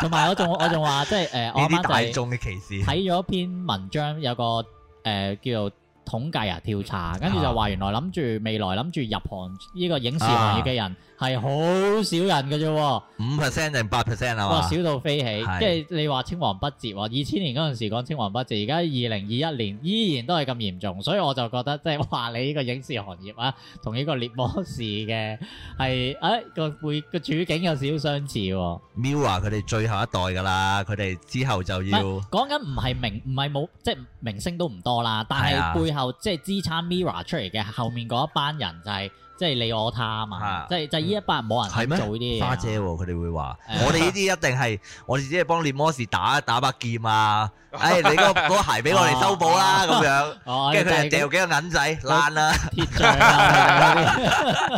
同埋我仲我仲話即係誒，我啱睇咗一篇文章，有個誒、呃、叫做統計啊調查，跟住就話原來諗住未來諗住入行呢、這個影視行業嘅人。啊啊啊係好少人嘅啫，五 percent 定八 percent 啊嘛？哇，少到飛起！即係是你話青黃不接啊，二千年嗰陣時講青黃不接，而家二零二一年依然都係咁嚴重，所以我就覺得即係，哇！你呢個影視行業啊，同呢個，哎、個《獵魔士》嘅係誒個背個處境有少少相似、啊。Mirror 佢哋最後一代噶啦，佢哋之後就要講緊唔係明唔係冇，即係明星都唔多啦，但係背後即係、啊、支撐 Mirror 出嚟嘅後面嗰一班人就係、是。即係你我他嘛啊嘛，即係即係呢一班冇人，人做呢啲嘢，啊、花姐佢、啊、哋會話， 我哋呢啲一定係我哋只係幫獵魔士打打把劍啊。哎，你嗰嗰鞋俾我嚟收補啦，咁樣，跟住佢掉幾個銀仔，爛啦，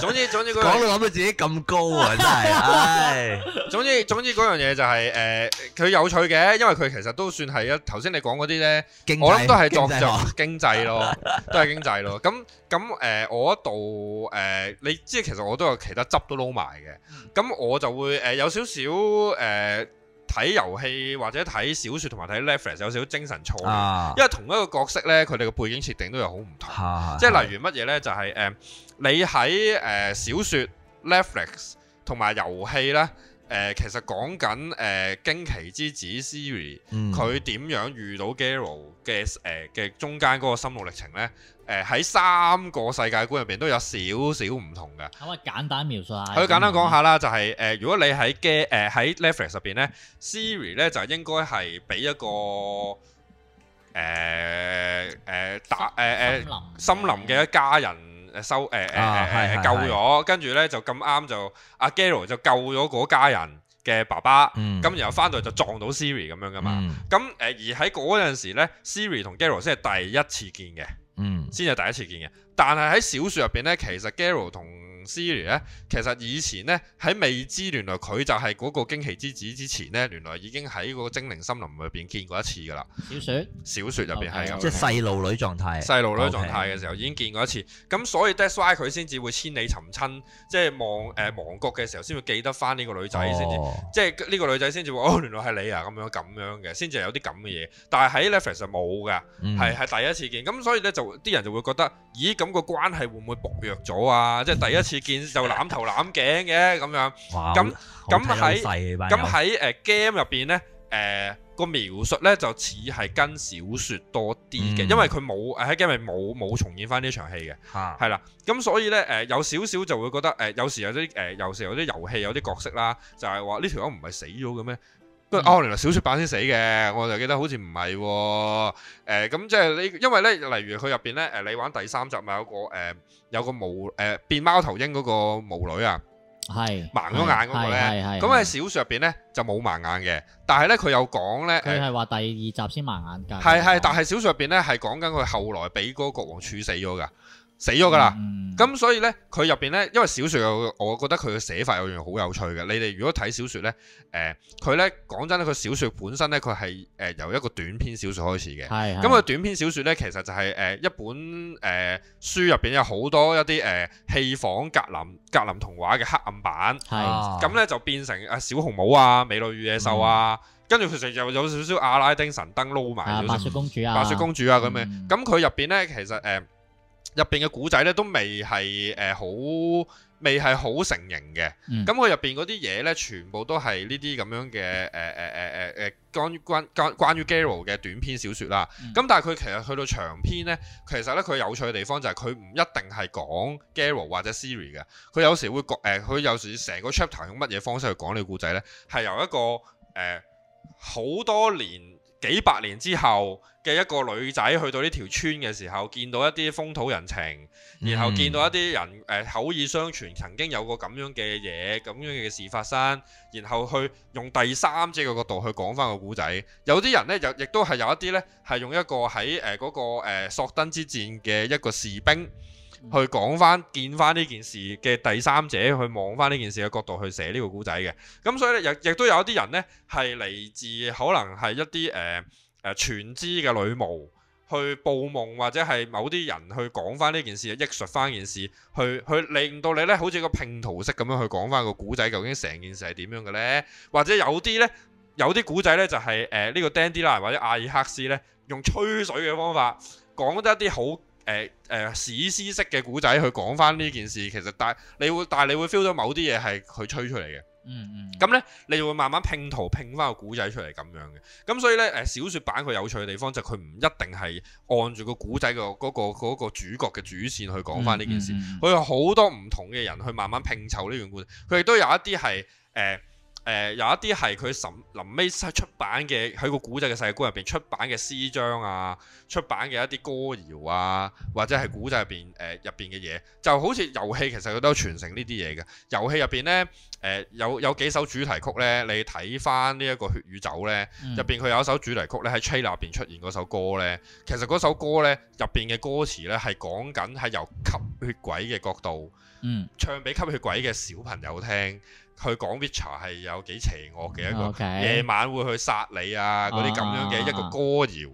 總之總之佢講到諗到自己咁高啊，真係，總之總之嗰樣嘢就係，誒，佢有趣嘅，因為佢其實都算係呀頭先你講嗰啲咧，我諗都係作作經濟咯，都係經濟咯，咁咁誒，我一度誒，你即係其實我都有其他執都撈埋嘅，咁我就會誒有少少誒。睇遊戲或者睇小説同埋睇 Netflix 有少少精神錯嘅，啊、因為同一個角色呢，佢哋嘅背景設定都有好唔同，啊、即係例如乜嘢呢？就係、是、誒、呃、你喺誒、呃、小説 Netflix 同埋遊戲呢，誒、呃，其實講緊誒驚奇之子 Siri 佢點樣遇到 Geralt 嘅誒嘅中間嗰個心路歷程呢？誒喺三個世界觀入邊都有少少唔同嘅，可唔可以簡單描述下？可以這樣 簡單講下啦、就是，就係誒，如果你喺嘅誒、er, 喺、呃、Netflix 上邊咧，Siri 咧就應該係俾一個誒誒、呃呃、打誒誒、呃、森林嘅一家人誒收誒誒誒救咗，跟住咧就咁啱、啊、就阿 Geralt 就救咗嗰家人嘅爸爸，咁、嗯、然後翻到嚟就撞到 Siri 咁、嗯、樣噶嘛，咁誒、嗯、而喺嗰陣時咧，Siri 同 Geralt 先係第一次見嘅。嗯，先係第一次見嘅，但係喺小說入邊咧，其實 Geralt 同。Ciri 咧，其實以前咧喺未知，原來佢就係嗰個驚奇之子之前咧，原來已經喺嗰個精靈森林入邊見過一次噶啦。小説，小説入邊係咁，即係細路女狀態。細路女狀態嘅時候已經見過一次，咁所以 that's why 佢先至會千里尋親，即係望誒亡國嘅時候先會記得返呢個女仔先至，即係呢個女仔先至會哦，原來係你啊咁樣咁樣嘅，先至有啲咁嘅嘢。但係喺 Levi 就冇噶，係係、嗯、第一次見，咁所以咧就啲人就會覺得，咦咁個關係會唔會薄弱咗啊？即係第一次，嗯見就攬頭攬頸嘅咁樣，咁咁喺咁喺誒 game 入邊咧，誒個偶、呃、描述咧就似係跟小説多啲嘅。嗯、因為佢冇誒喺 game 咪冇冇重演翻呢場戲嘅，係啦、啊，咁所以咧誒有少少就會覺得誒有時有啲誒有時有啲遊戲有啲角色啦，嗯、就係話呢條友唔係死咗嘅咩？嗯、哦，原來小説版先死嘅，我就記得好似唔係喎。咁即係你，因為咧，例如佢入邊咧，誒你玩第三集咪有個誒、呃、有個巫誒、呃、變貓頭鷹嗰個巫女啊，係盲咗眼嗰個咧。咁喺小説入邊咧就冇盲眼嘅，但係咧佢有講咧，佢係話第二集先盲眼㗎。係係，但係小説入邊咧係講緊佢後來俾嗰個國王處死咗㗎。死咗噶啦，咁、嗯、所以呢，佢入邊呢，因為小說嘅，我覺得佢嘅寫法有樣好有趣嘅。你哋如果睇小說、呃、呢，誒，佢呢講真咧，佢小說本身呢，佢係誒由一個短篇小說開始嘅。係。咁佢短篇小說呢，其實就係誒一本誒書入邊有好多一啲誒戲仿格林格林童話嘅黑暗版。係。咁咧就變成啊小紅帽啊，美女與野獸啊，嗯、跟住其實又有少少阿拉丁神燈撈埋。白雪、啊、白雪公主啊。白雪公主啊咁樣、嗯嗯，咁佢入邊呢，其實誒。呃呃入邊嘅故仔咧都未係誒、呃、好，未係好成型嘅。咁佢入邊啲嘢咧，全部都係呢啲咁樣嘅誒誒誒誒誒，關關關關於 Geralt 嘅短篇小說啦。咁、嗯、但係佢其實去到長篇咧，其實咧佢有趣嘅地方就係佢唔一定係講 Geralt 或者 Siri 嘅，佢有時會講誒，佢、呃、有時成個 chapter 用乜嘢方式去講呢個故仔咧，係由一個誒好、呃、多年。幾百年之後嘅一個女仔去到呢條村嘅時候，見到一啲風土人情，然後見到一啲人誒、呃、口耳相傳曾經有過咁樣嘅嘢，咁樣嘅事發生，然後去用第三者嘅角度去講翻個古仔。有啲人呢，又亦都係有一啲呢，係用一個喺誒嗰個、呃、索登之戰嘅一個士兵。去講翻見翻呢件事嘅第三者去望翻呢件事嘅角度去寫呢個古仔嘅，咁所以咧，亦亦都有一啲人呢，係嚟自可能係一啲誒誒全知嘅女巫去報夢或者係某啲人去講翻呢件事，益述翻件事，去事去，去令到你呢好似個拼圖式咁樣去講翻個古仔究竟成件事係點樣嘅呢？或者有啲呢，有啲古仔呢，就係誒呢個 Dandelion 或者艾爾克斯呢，用吹水嘅方法講得一啲好。呃、史詩式嘅古仔去講翻呢件事，其實但係你會，但係你會 feel 到某啲嘢係佢吹出嚟嘅、嗯。嗯嗯。咁呢，你就會慢慢拼圖拼翻個古仔出嚟咁樣嘅。咁所以呢，呃、小說版佢有趣嘅地方就係佢唔一定係按住個古仔嘅嗰個主角嘅主線去講翻呢件事，佢、嗯嗯嗯、有好多唔同嘅人去慢慢拼湊呢段故事。佢亦都有一啲係誒、呃、有一啲係佢審臨尾出版嘅，喺個古仔嘅世界觀入邊出版嘅詩章啊，出版嘅一啲歌謠啊，或者係古仔入邊誒入邊嘅嘢，就好似遊戲其實佢都有傳承呢啲嘢嘅。遊戲入邊呢，誒、呃、有有幾首主題曲呢，你睇翻呢一個血與酒呢。入邊佢有一首主題曲呢，喺 c h a 入邊出現嗰首歌呢。其實嗰首歌呢，入邊嘅歌詞呢，係講緊係由吸血鬼嘅角度，嗯、唱俾吸血鬼嘅小朋友聽。去講 Witcher 係有幾邪惡嘅一個，夜晚會去殺你啊！嗰啲咁樣嘅一個歌謠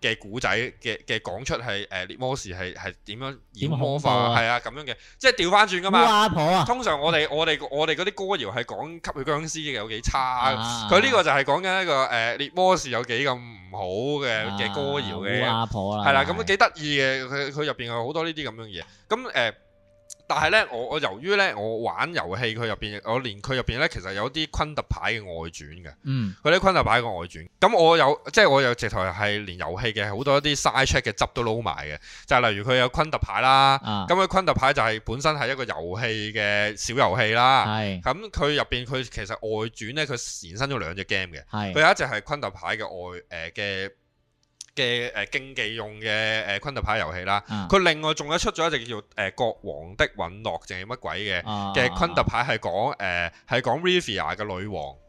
嘅古仔嘅嘅講出係誒，獵魔士係係點樣演魔法？係啊，咁樣嘅，即係掉返轉㗎嘛。姑阿婆啊！通常我哋我哋我哋嗰啲歌謠係講吸血殭屍有幾差，佢呢個就係講緊一個誒，獵魔士有幾咁唔好嘅嘅歌謠嘅。姑阿婆啊！係啦，咁幾得意嘅，佢佢入邊有好多呢啲咁樣嘢。咁誒。但係咧，我我由於咧，我玩遊戲佢入邊，我連佢入邊咧，其實有啲昆特牌嘅外傳嘅，嗯，佢啲昆特牌嘅外傳，咁我有即係我有直頭係連遊戲嘅，好多一啲 side check 嘅執都撈埋嘅，就係、是、例如佢有昆特牌啦，咁佢、啊嗯、昆特牌就係本身係一個遊戲嘅小遊戲啦，係是，咁佢入邊佢其實外傳咧，佢延伸咗兩隻 game 嘅，佢是有一隻係昆特牌嘅外誒嘅。呃嘅誒競技用嘅誒、呃、昆特牌遊戲啦，佢、嗯、另外仲有出咗一隻叫做誒、呃、《國王的隕落》定係乜鬼嘅嘅昆特牌，係、呃、講誒係講 Rivia 嘅女王。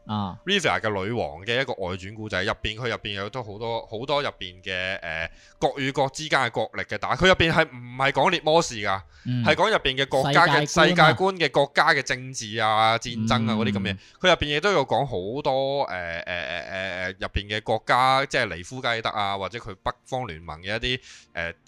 Rivia 嘅女王嘅一個外傳故仔入邊，佢入邊有都好多好多入邊嘅誒國與國之間嘅角力嘅，但係佢入邊係唔係講獵魔士㗎？係講入邊嘅國家嘅世界觀嘅國家嘅政治啊、戰爭啊嗰啲咁嘅。佢入邊亦都有講好多誒誒誒誒入邊嘅國家，即係尼夫加德啊，或者佢北方聯盟嘅一啲誒誒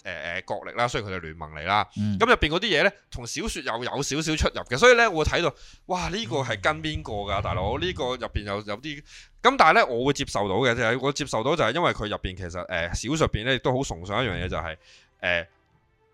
誒角力啦，雖然佢哋聯盟嚟啦。咁入邊嗰啲嘢咧，同小説又有少少出入嘅，所以咧我睇到，哇呢個係跟邊個㗎，大佬呢個？入邊有有啲咁，但係咧我會接受到嘅就係、是、我接受到就係因為佢入邊其實誒、呃、小說入邊咧亦都好崇尚一樣嘢，就係誒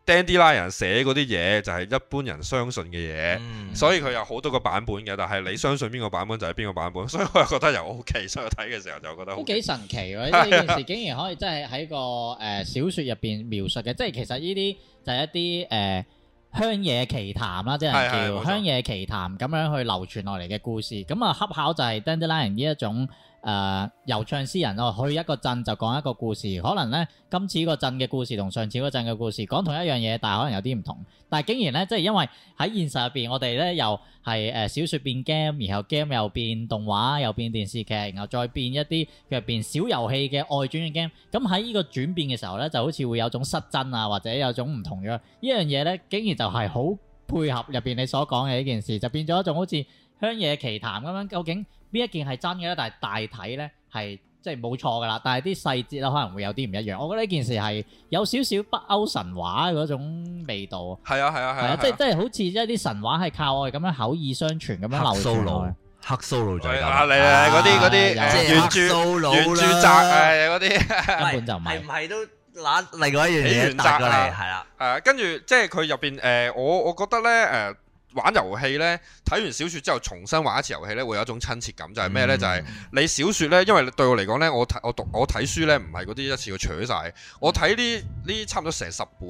Dandelion 寫嗰啲嘢就係一般人相信嘅嘢，嗯、所以佢有好多個版本嘅，但係你相信邊個版本就係邊個版本，所以我又覺得又 OK。所以睇嘅時候就覺得好幾神奇喎，呢 件事竟然可以真係喺個誒、呃、小說入邊描述嘅，即係其實呢啲就係一啲誒。呃鄉野奇談啦，即係叫鄉野奇談咁樣去流傳落嚟嘅故事，咁啊恰巧就係《Dandelion》呢一種。誒遊唱詩人哦，去一個鎮就講一個故事，可能咧今次個鎮嘅故事同上次嗰鎮嘅故事講同一樣嘢，但係可能有啲唔同。但係竟然咧，即係因為喺現實入邊，我哋咧又係誒小說變 game，然後 game 又變動畫，又變電視劇，然後再變一啲入邊小遊戲嘅外傳嘅 game。咁喺呢個轉變嘅時候咧，就好似會有種失真啊，或者有種唔同樣。呢樣嘢咧，竟然就係好配合入邊你所講嘅呢件事，就變咗一種好似鄉野奇談咁樣。究竟？邊一件係真嘅咧？但係大體咧，係即係冇錯噶啦。但係啲細節咧，可能會有啲唔一樣。我覺得呢件事係有少少北歐神話嗰種味道。係啊係啊係啊！即即係好似一啲神話係靠我哋咁樣口耳相傳咁樣流傳落去。黑 solo 就係啊嚟嚟，嗰啲嗰啲原著原著集係根本就唔係。唔係都攞另外一樣嘢帶過嚟？係啦。係啊，跟住即係佢入邊誒，我我覺得咧誒。玩遊戲呢，睇完小説之後重新玩一次遊戲呢，會有一種親切感。就係咩呢？嗯、就係你小説呢，因為對我嚟講呢，我睇我讀我睇書呢唔係嗰啲一次過鋤晒。我睇啲呢差唔多成十本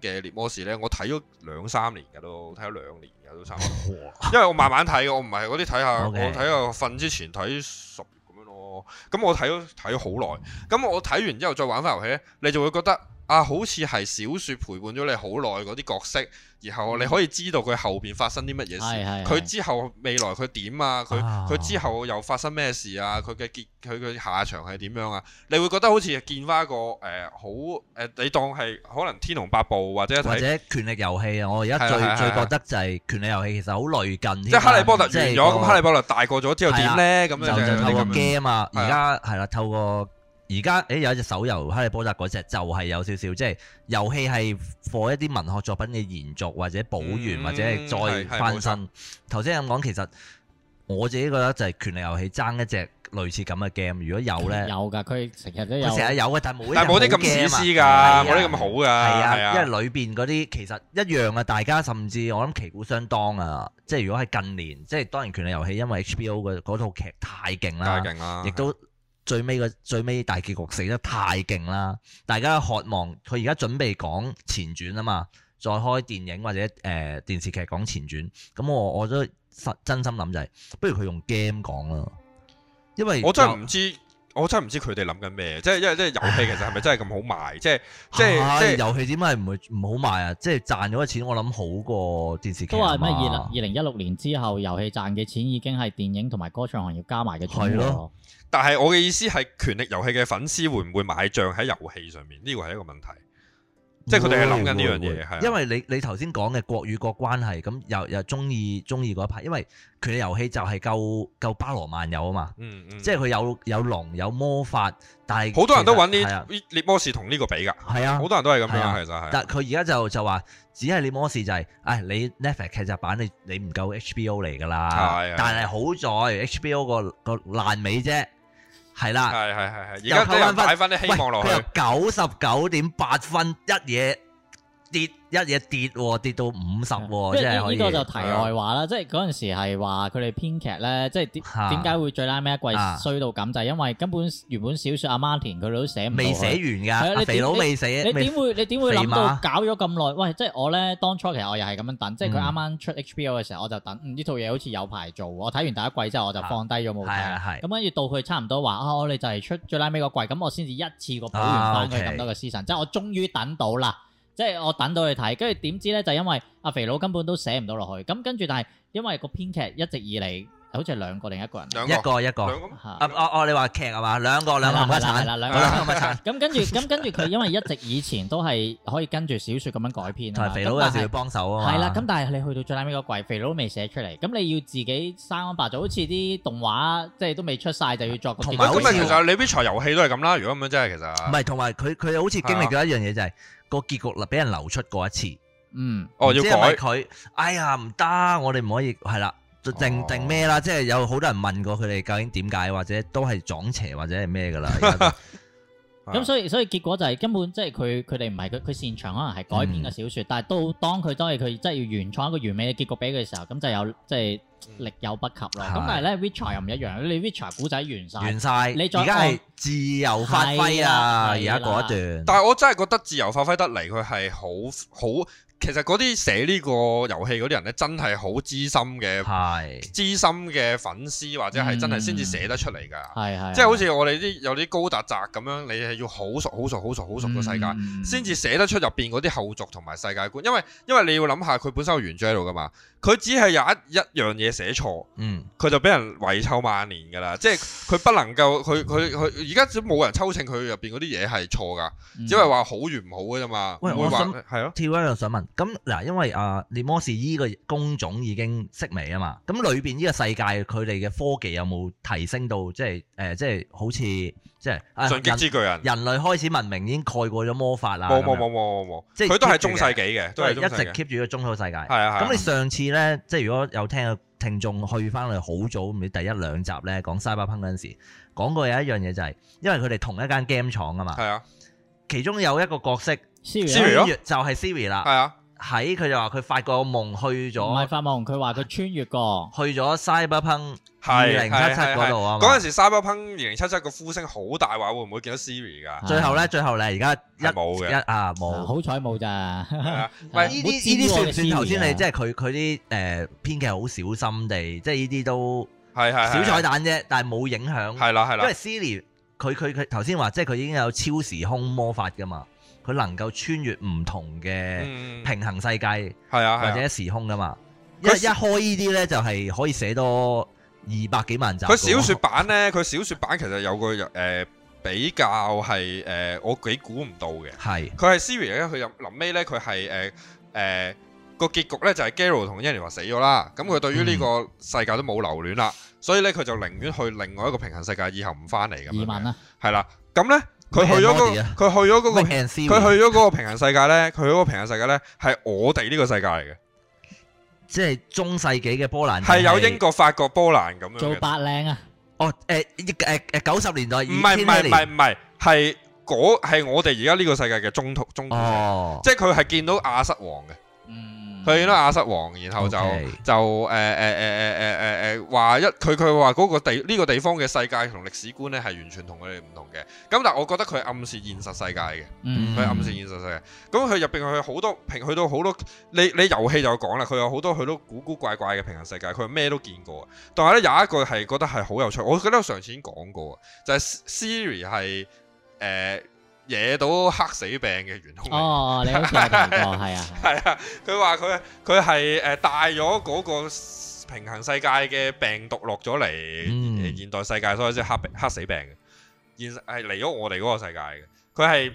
嘅《獵魔士》呢，我睇咗兩三年嘅都，睇咗兩年嘅都差唔多。 因為我慢慢睇，我唔係嗰啲睇下，我睇下瞓之前睇十頁咁樣咯。咁我睇咗睇好耐。咁我睇完之後再玩翻遊戲呢，你就會覺得。啊，好似係小説陪伴咗你好耐嗰啲角色，然後你可以知道佢後邊發生啲乜嘢事。佢、嗯、之後未來佢點啊？佢佢、啊、之後又發生咩事啊？佢嘅結佢嘅下場係點樣啊？你會覺得好似見翻個誒好誒，你當係可能天龍八部或者或者權力遊戲啊！我而家最最覺得就係權力遊戲其實好類近。即係哈利波特完咗，咁、那個、哈利波特大過咗之後點呢？咁咧、啊、就，就，就，就透過 game 啊嘛，而家係啦，透過。而家誒有隻手遊哈利波特嗰隻就係、是、有少少，即係遊戲係 for 一啲文學作品嘅延續或者補完、嗯、或者係再翻新。頭先咁講，其實我自己覺得就係權力遊戲爭一隻類似咁嘅 game。如果有咧，有噶，佢成日都有，成日有嘅，但係冇啲咁史詩㗎，冇啲咁好㗎。係啊，因為裏邊嗰啲其實一樣啊，大家甚至我諗旗鼓相當啊。即係如果係近年，即係當然權力遊戲，因為 HBO 嘅嗰套劇太勁啦，亦都。最尾個最尾大結局死得太勁啦！大家渴望佢而家準備講前傳啊嘛，再開電影或者誒、呃、電視劇講前傳，咁我我都真心諗就係、是，不如佢用 game 講啦，因為我真係唔知。我真係唔知佢哋諗緊咩？即係因為即係遊戲其實係咪真係咁好賣？啊、即係、啊、即係遊戲點解唔會唔好賣、就是、賺啊？即係賺咗嘅錢我諗好過電視劇。都係咩？二零二零一六年之後，遊戲賺嘅錢已經係電影同埋歌唱行業加埋嘅錢。係咯、啊。但係我嘅意思係，權力遊戲嘅粉絲會唔會買賬喺遊戲上面？呢個係一個問題。即係佢哋係諗緊呢樣嘢，係因為你你頭先講嘅國與國關係，咁又又中意中意嗰一排，因為佢嘅遊戲就係夠夠包羅萬有啊嘛，嗯嗯即，即係佢有有龍有魔法，但係好多人都揾啲獵魔士同呢個比噶，係啊，好多人都係咁樣，啊、其實係。但佢而家就就話，只係獵魔士就係、是，唉、哎，你 Netflix 劇集版你你唔夠 HBO 嚟噶啦，啊啊、但係好在 HBO、那個個爛尾啫。嗯嗯係啦，係係係係，而家都有擺翻啲希望落去 佢有九十九點八分一嘢。跌一嘢跌，跌到五十，真係可以。呢個就題外話啦，即係嗰陣時係話佢哋編劇咧，即係點點解會最拉尾一季衰到咁？就係因為根本原本小説阿 Martin 佢哋都寫未寫完㗎，肥佬未寫。你點會？你點會諗到搞咗咁耐？喂，即係我咧當初其實我又係咁樣等，即係佢啱啱出 HBO 嘅時候，我就等呢套嘢好似有排做。我睇完第一季之後，我就放低咗冇睇。咁跟住到佢差唔多話，哦，你就係出最拉尾個季，咁我先至一次過補完翻佢咁多個思神。即係我終於等到啦。即係我等到你睇，跟住點知咧？就因為阿肥佬根本都寫唔到落去，咁跟住但係因為個編劇一直以嚟好似兩個定一個人，兩一個一個哦哦你話劇係嘛？兩個兩萬塊產，兩萬塊產。咁跟住咁跟住佢，因為一直以前都係可以跟住小説咁樣改編啊。肥佬有時要幫手啊。係啦，咁但係你去到最尾嗰季，肥佬都未寫出嚟，咁你要自己生安白造，好似啲動畫即係都未出晒就要作個。同埋，咁咪其實你啲財遊戲都係咁啦。如果咁樣真係其實唔係，同埋佢佢好似經歷咗一樣嘢就係。個結局啦，俾人流出過一次，嗯，哦要改佢，哎呀唔得，我哋唔可以係啦，就定定咩啦，即係有好多人問過佢哋究竟點解，或者都係撞邪或者係咩噶啦，咁、 啊、所以所以結果就係、是、根本即係佢佢哋唔係佢佢擅長，可能係改編嘅小說，嗯、但係都當佢當係佢即係要原創一個完美嘅結局俾佢嘅時候，咁就有即係。就是力有不及咯，咁、嗯、但係咧，Witcher 又唔一樣，嗯、你 Witcher 古仔完晒，完晒，你而家係自由發揮啊！而家嗰一段，但係我真係覺得自由發揮得嚟，佢係好好。其實嗰啲寫呢個遊戲嗰啲人咧，真係好資深嘅，資深嘅粉絲或者係真係先至寫得出嚟㗎。嗯、即係好似我哋啲有啲高達宅咁樣，你係要好熟、好熟、好熟、好熟個世界，先至、嗯、寫得出入邊嗰啲後續同埋世界觀。因為因為你要諗下佢本身有原著喺度㗎嘛，佢只係有一一樣嘢寫錯，嗯，佢就俾人遺臭萬年㗎啦。嗯、即係佢不能夠，佢佢佢而家冇人抽秤佢入邊嗰啲嘢係錯㗎，嗯、只係話好與唔好㗎啫嘛。喂，我想係咯，對對咁嗱，因為啊獵魔士依個工種已經式微啊嘛，咁裏邊呢個世界佢哋嘅科技有冇提升到，即係誒，即係好似即係進擊之巨人，人類開始文明已經蓋過咗魔法啦。冇冇冇冇冇冇，即係佢都係中世紀嘅，都係一直 keep 住一個中世世界。係啊，咁你上次咧，即係如果有聽個聽眾去翻去好早，唔知第一兩集咧講 Cyberpunk 嗰陣時，講過有一樣嘢就係，因為佢哋同一間 game 廠啊嘛。係啊，其中有一個角色 Ciri 就係 Ciri 啦。係啊。喺佢就話佢發個夢去咗，唔係發夢，佢話佢穿越過，去咗 Cyberpunk 二零七七嗰度啊。嗰陣時 Cyberpunk 二零七七個呼聲好大話，會唔會見到 Ciri 噶？最後咧，最後咧，啊、而家一冇嘅，一啊冇，好彩冇咋。唔係呢啲呢啲算唔算頭先？你即係佢佢啲誒編劇好小心地，即係呢啲都係係小彩蛋啫，但係冇影響。係啦係啦，因為 Ciri 佢佢佢頭先話，即係佢已經有超時空魔法噶嘛。佢能夠穿越唔同嘅平衡世界，係啊，或者時空噶嘛？一一開呢啲咧，就係可以寫多二百幾萬集。佢小説版咧，佢小説版其實有個誒比較係誒，我幾估唔到嘅。係佢係 series 咧，佢又臨尾咧，佢係誒誒個結局咧，就係 Geralt 同 Yennefer 死咗啦。咁佢對於呢個世界都冇留戀啦，所以咧佢就寧願去另外一個平衡世界，以後唔翻嚟咁樣啦。係啦，咁咧。佢去咗嗰佢去咗嗰、嗰個佢 去咗嗰個平行 世界咧，佢嗰個平行世界咧係我哋呢個世界嚟嘅，即係中世紀嘅波蘭，係有英國、是法國波蘭、波蘭咁樣做白領啊？哦，誒、呃，誒，誒，九十年代，唔係唔係唔係唔係，係係我哋而家呢個世界嘅中同中，中哦、即係佢係見到亞瑟王嘅。佢見到亞瑟王，然後就就誒誒誒誒誒誒誒話，一佢佢話嗰個地、呢個地方嘅世界同歷史觀咧係完全同佢哋唔同嘅。咁但係我覺得佢暗示現實世界嘅，佢暗示現實世界。咁佢入邊佢好多平，去到好多你你遊戲就講啦，佢有好多去到古古怪怪嘅平行世界，佢咩都見過。但係咧有一個係覺得係好有趣，我覺得我上次已經講過就係、是、Siri 係誒。呃惹到黑死病嘅元凶，哦，你 啊，係啊，佢話佢佢係誒帶咗嗰個平行世界嘅病毒落咗嚟現代世界所，所以即係黑黑死病嘅，現實係嚟咗我哋嗰個世界嘅，佢係。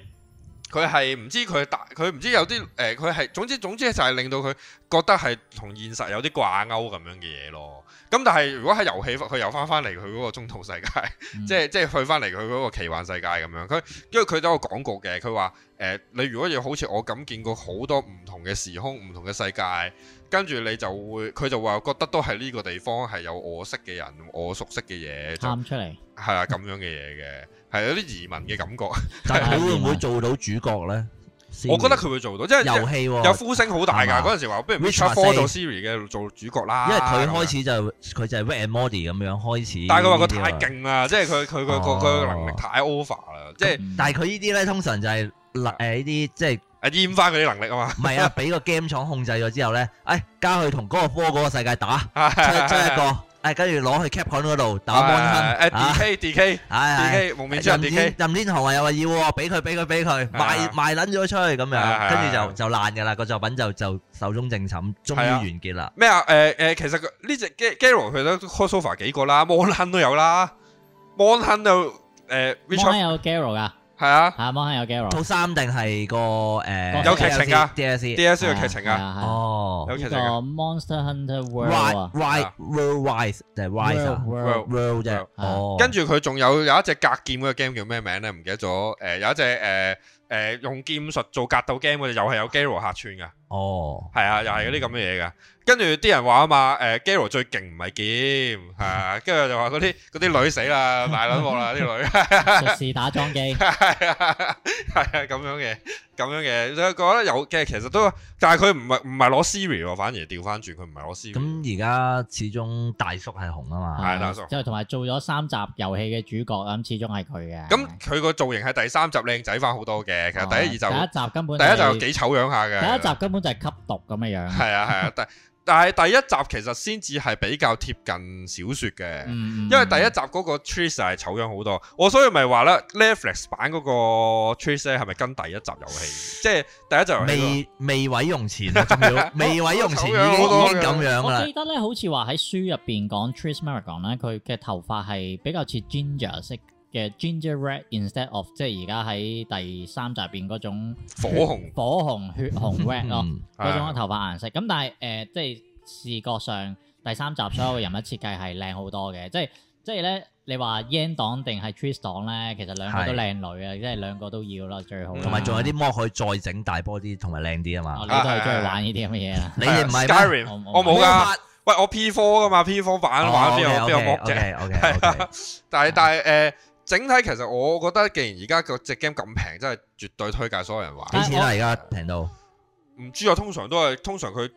佢係唔知佢佢唔知有啲誒佢係總之總之就係令到佢覺得係同現實有啲掛鈎咁樣嘅嘢咯。咁但係如果喺遊戲佢又翻翻嚟佢嗰個中土世界，嗯、即係即係去翻嚟佢嗰個奇幻世界咁樣。佢因為佢都有個講過嘅，佢話誒你如果要好似我咁見過好多唔同嘅時空、唔同嘅世界，跟住你就會佢就話覺得都係呢個地方係有我識嘅人、我熟悉嘅嘢喊出嚟係啊咁樣嘅嘢嘅。 係有啲移民嘅感覺，但係佢會唔會做到主角咧？我覺得佢會做到，即係遊戲有呼聲好大噶。嗰陣時話，不如 Witcher 4做 Ciri 嘅做主角啦。因為佢開始就佢就係 Red and Body 咁樣開始。但係佢話佢太勁啦，即係佢佢佢佢能力太 over 啦。即係但係佢呢啲咧，通常就係嗱誒呢啲即係淹翻佢啲能力啊嘛。唔係啊，俾個 game 廠控制咗之後咧，誒加佢同嗰個科嗰個世界打，即即一個。跟住攞去 Capcom 嗰度打 Monhun，D.K.D.K.，D.K. 蒙面將，D.K. 任天堂又話要，俾佢俾佢俾佢賣賣捻咗出去咁樣，跟住就就爛噶啦，個作品就就壽終正寢，終於完結啦。咩啊？誒誒，其實呢隻 Geralt 佢都 crossover 幾個啦，Monhun 都有啦，Monhun 就誒。Monhun 有 Geralt 啊？係啊，係 Monhun 有 Garo 套三定係，個誒有劇情噶 DLC，DLC 有劇情啊？哦，有個 Monster Hunter World，World 就係 World。跟住佢仲有有一隻格劍嗰個 game 叫咩名咧？唔記得咗，誒有一隻誒誒用劍術做格鬥 game 嘅又係有 Garo 客串噶。哦，係啊，又係嗰啲咁嘅嘢噶，跟住啲人話啊嘛，誒、呃、Geralt 最勁唔係劍？係啊，跟住 就話嗰啲啲女死啦，大撚博啦啲女，術士打樁機，係啊，係啊，咁樣嘅，咁樣嘅，就覺得有嘅，其實都，但係佢唔係唔係攞 Ciri 反而調翻轉，佢唔係攞 Ciri。咁而家始終大叔係紅啊嘛，係、啊啊、大叔，之後同埋做咗三集遊戲嘅主角啊，咁始終係佢嘅。咁佢個造型係第三集靚仔翻好多嘅，其實第一二集、哦，第一集根本，第一集幾醜，醜樣下嘅，第一集根本。就係吸毒咁嘅樣。係啊係啊， 但係第一集其實先至係比較貼近小說嘅，嗯嗯、因為第一集嗰個 Triss 係醜樣好多，我所以咪話啦，Netflix 版嗰個 Triss 係咪跟第一集遊戲？ 即係第一集未未毀容前，仲 未毀容前已經咁 樣啦。樣我記得咧，好似話喺書入邊講 Triss Maragon 咧，佢嘅頭髮係比較似 ginger 色。嘅 ginger red instead of 即係而家喺第三集入邊嗰種火紅火紅血紅 red 咯，嗰種嘅頭髮顏色。咁但係誒，即係視覺上第三集所有人物設計係靚好多嘅。即係即係咧，你話 Yen 黨定係 Triss 黨咧，其實兩個都靚女啊，即係兩個都要咯，最好。同埋仲有啲魔可以再整大波啲，同埋靚啲啊嘛。你都係中意玩呢啲咁嘅嘢啊？你哋唔係我冇㗎。喂，我 P four 噶嘛，P four 版玩邊有邊有魔嘅？但係但係誒。整體其實我覺得，既然而家個隻 game 咁平，真係絕對推介所有人玩。幾錢啊？而家平到？唔知啊，通常都係通常佢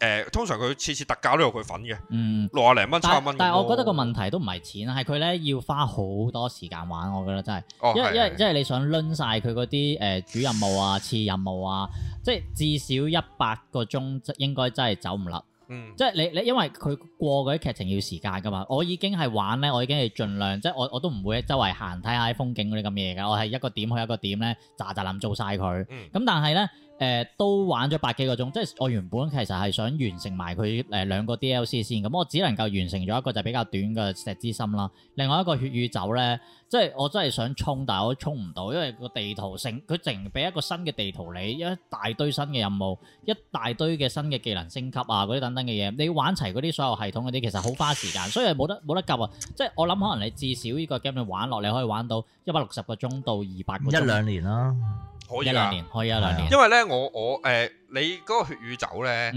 誒，通常佢次、呃、次特價都有佢份嘅。嗯。六廿零蚊、七十蚊。70 元 但係我覺得個問題都唔係錢，係佢咧要花好多時間玩，我覺得真係。哦、因為係係係因為因為你想 run 晒佢嗰啲誒主任務啊、 次任務啊，即係至少一百個鐘，應該真係走唔甩。嗯，即係你你，你因為佢過嗰啲劇情要時間噶嘛，我已經係玩咧，我已經係盡量，即係我我都唔會周圍行睇下啲風景嗰啲咁嘢㗎，我係一個點去一個點咧，咋咋林做晒佢。嗯，咁但係咧。誒、呃、都玩咗百幾個鐘，即係我原本其實係想完成埋佢誒兩個 DLC 先，咁我只能夠完成咗一個就比較短嘅石之心啦。另外一個血與酒咧，即係我真係想衝，但係我衝唔到，因為個地圖性。佢淨俾一個新嘅地圖你，一大堆新嘅任務，一大堆嘅新嘅技能升級啊嗰啲等等嘅嘢，你玩齊嗰啲所有系統嗰啲，其實好花時間，所以冇得冇得及啊！即係我諗可能你至少呢個 game 玩落你可以玩到一百六十個鐘到二百個鐘，一兩年啦。可以啊，可以有兩年。因為咧，我我誒，你嗰個血與酒咧，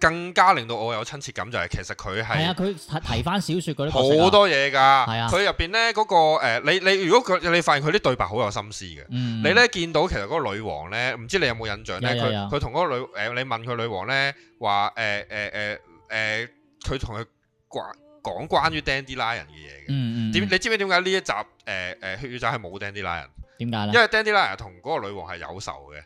更加令到我有親切感就係，其實佢係係啊，佢提翻小說嗰啲好多嘢噶，係啊，佢入邊咧嗰個誒，你你如果佢你發現佢啲對白好有心思嘅，你咧見到其實嗰個女王咧，唔知你有冇印象咧，佢佢同嗰個女誒，你問佢女王咧話誒誒誒誒，佢同佢講講關於 Dandelion 嘅嘢嘅，點你知唔知點解呢一集誒誒血與酒係冇 Dandelion？點解咧？為呢，因為 Dandelion 同嗰個女王係有仇嘅。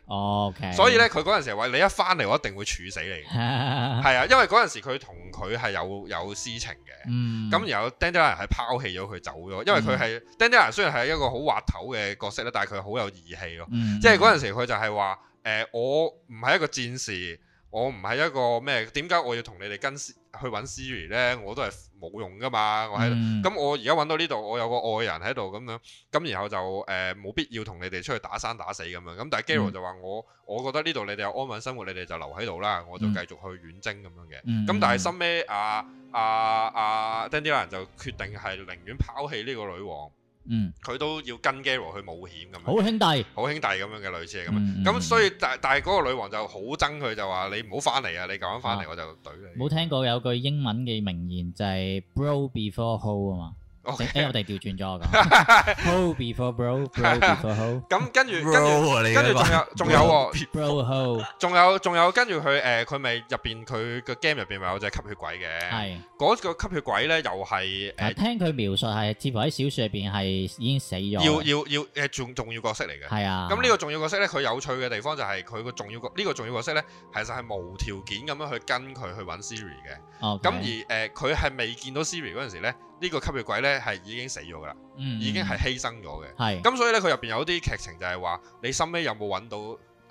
Okay. 所以咧，佢嗰陣時話：你一返嚟，我一定會處死你。係啊， 因為嗰陣時佢同佢係有有私情嘅。咁、嗯、然後 Dandelion 係拋棄咗佢走咗，因為佢係、嗯、Dandelion 雖然係一個好滑頭嘅角色咧，但係佢好有義氣咯。嗯。即係嗰陣時佢就係話：，誒、呃，我唔係一個戰士，我唔係一個咩？點解我要同你哋跟去揾 Siri 咧，我都係冇用㗎嘛。我喺，度、嗯，咁我而家揾到呢度，我有個愛人喺度咁樣，咁然後就誒冇、呃、必要同你哋出去打生打死咁樣。咁但係 Gerald、嗯、就話我，我覺得呢度你哋有安穩生活，你哋就留喺度啦，我就繼續去遠征咁樣嘅。咁、嗯嗯嗯、但係收尾啊啊啊 Dandelion 就決定係寧願拋棄呢個女王。嗯，佢都要跟 Geralt 去冒險咁樣，好兄弟，好兄弟咁樣嘅類似咁樣。咁、嗯、所以但但係嗰個女王就好憎佢，就話你唔好翻嚟啊！你咁樣翻嚟我就懟你。冇聽過有句英文嘅名言就係、是、Bro before hoe 啊嘛。誒，我哋調轉咗咁。Ho before bro, bro before hoe。咁跟住，跟住仲有，仲有，仲有，仲有，仲有。跟住佢誒，佢咪入邊佢個 game 入邊咪有隻吸血鬼嘅。係。嗰個吸血鬼咧，又係誒，聽佢描述係，似乎喺小說入邊係已經死咗。要要要，誒，重重要角色嚟嘅。係啊。咁呢個重要角色咧，佢有趣嘅地方就係佢個重要呢個重要角色咧，其實係無條件咁樣去跟佢去搵 Ciri 嘅。哦。咁而誒，佢係未見到 Ciri 嗰陣時咧，呢個吸血鬼咧係已經死咗噶啦，已經係犧牲咗嘅。咁所以咧，佢入邊有啲劇情就係話，你收尾有冇揾到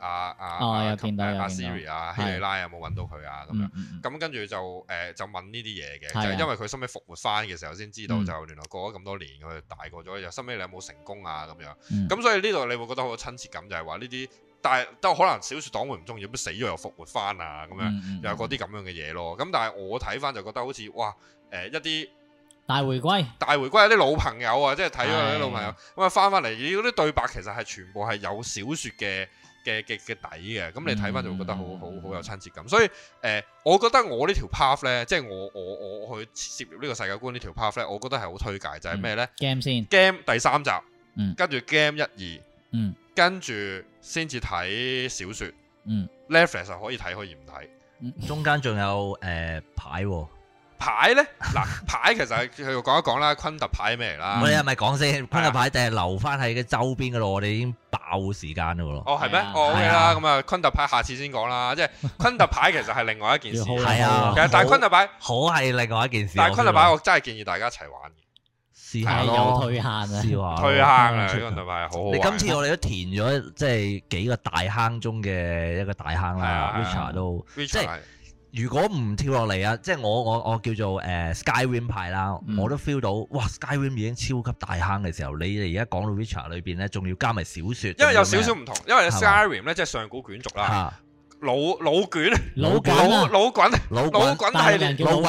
啊啊啊啊 Siri 啊希里拉有冇揾到佢啊咁樣？咁跟住就誒就問呢啲嘢嘅，就係因為佢收尾復活翻嘅時候先知道，就原來過咗咁多年，佢大個咗又收尾你有冇成功啊咁樣？咁所以呢度你會覺得好有親切感，就係話呢啲，但係都可能小説黨會唔中意，死咗又復活翻啊咁樣，又嗰啲咁樣嘅嘢咯。咁但係我睇翻就覺得好似哇誒一啲。大回歸，大回歸有啲老朋友啊，即係睇咗嗰啲老朋友，咁啊翻翻嚟。如果啲對白其實係全部係有小說嘅嘅嘅嘅底嘅，咁你睇翻就會覺得好好好有親切感。所以誒，我覺得我呢條 path 咧，即係我我我去涉入呢個世界觀呢條 path 咧，我覺得係好推介，就係咩咧？Game 先，Game 第三集，嗯，跟住 Game 一二，嗯，跟住先至睇小說，嗯，Netflix 可以睇可以唔睇，中間仲有誒牌。牌，咧，嗱牌其實係繼續講一講啦，昆特牌咩嚟啦？我哋係咪講先？昆特牌定係留翻喺嘅周邊嘅咯？我哋已經爆時間嘅咯。哦，係咩？哦，OK 啦。咁啊，昆特牌下次先講啦。即係昆特牌其實係另外一件事。係啊，但係昆特牌好係另外一件事。但係昆特牌我真係建議大家一齊玩嘅，試下咯，推坑啊，推坑好，你今次我哋都填咗即係幾個大坑中嘅一個大坑啦，Richard 都即係。如果唔跳落嚟啊，即係我我我叫做誒、uh, Skyrim 派啦，嗯、我都 feel 到，哇 Skyrim 已經超級大坑嘅時候，你哋而家講到 Witcher 裏邊咧，仲要加埋小說，因為有少少唔同，吧因為 Skyrim 咧吧即係上古卷軸啦。老老卷，老卷啊！老滾，老滾系列，老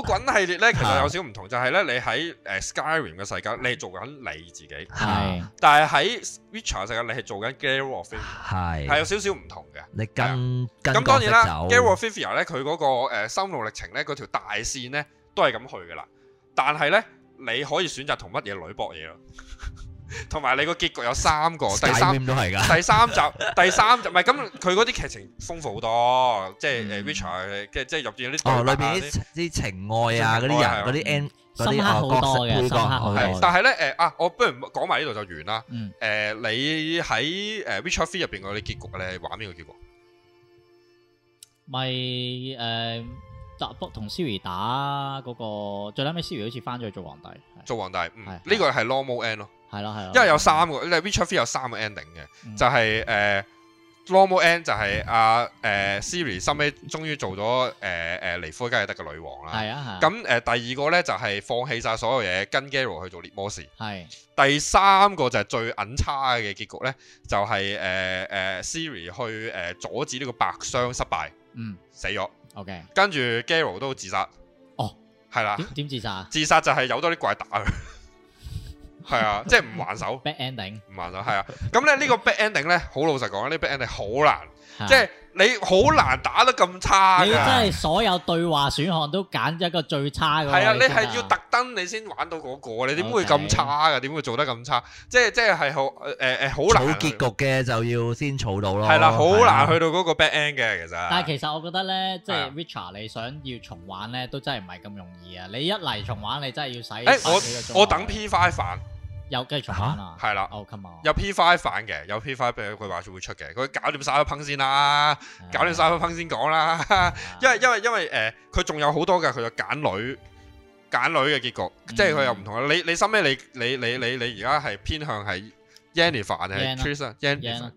滾系列咧，其實有少唔同，就係咧，你喺誒 Skyrim 嘅世界，你係做緊你自己；係，但係喺 Witcher 世界，你係做緊 Garrowphia。係係有少少唔同嘅，你更咁當然啦。Garrowphia 咧，佢嗰個誒心路歷程咧，嗰條大線咧，都係咁去噶啦。但係咧，你可以選擇同乜嘢女搏嘢咯。同埋你個結局有三個，第三都係噶。第三集，第三集唔係咁，佢嗰啲劇情豐富好多，即係誒，Witcher 嘅即係入邊有啲哦，裏邊啲情愛啊，嗰啲人，嗰啲 end 深刻好多嘅，深刻好多。係，但係咧誒啊，我不如講埋呢度就完啦。誒，你喺誒 Witcher 3入邊嗰啲結局咧，玩咩個結局？咪誒，達同 Siri 打嗰個，最屘尾 Siri 好似翻咗去做皇帝，做皇帝。呢個係 normal end 咯。係啦，係啦， 因為有三個，你《Witcher 3有三個 ending 嘅，嗯、就係、是、誒、uh, normal end 就係阿誒 Ciri 收尾終於做咗誒誒尼夫加爾德嘅女王啦，係啊，係咁誒第二個咧就係放棄晒所有嘢跟 Geralt 去做獵魔士，係是第三個就係最差嘅結局咧就係誒誒 Ciri 去誒、uh, 阻止呢個白霜失敗，嗯，死咗了，OK，跟住 Geralt 都自殺，哦，係啦、嗯，點自殺啊？自殺就係有多啲怪打佢。係啊，即係唔還手。Bad ending，唔還手，係啊。咁咧呢個 bad ending 咧，好老實講咧，呢 bad ending 好難，即係你好難打得咁差。你真係所有對話選項都揀一個最差㗎。係啊，你係要特登你先玩到嗰個，你點會咁差㗎？點會做得咁差？即係即係係好誒誒好難。措結局嘅就要先儲到咯。係啦，好難去到嗰個 bad ending 嘅其實。但係其實我覺得咧，即係 Richard 你想要重玩咧，都真係唔係咁容易啊！你一嚟重玩，你真係要使。誒我我等 P Five 煩。有跟住反係啦，有 P5 版嘅，有 P5 譬如佢話會出嘅，佢搞掂晒個烹先啦，搞掂晒個烹先講啦，因為因為因為誒，佢仲有好多嘅，佢就揀女揀女嘅結局，即係佢又唔同你你心咩？你你你你你而家係偏向係 Yennefer 定 Triss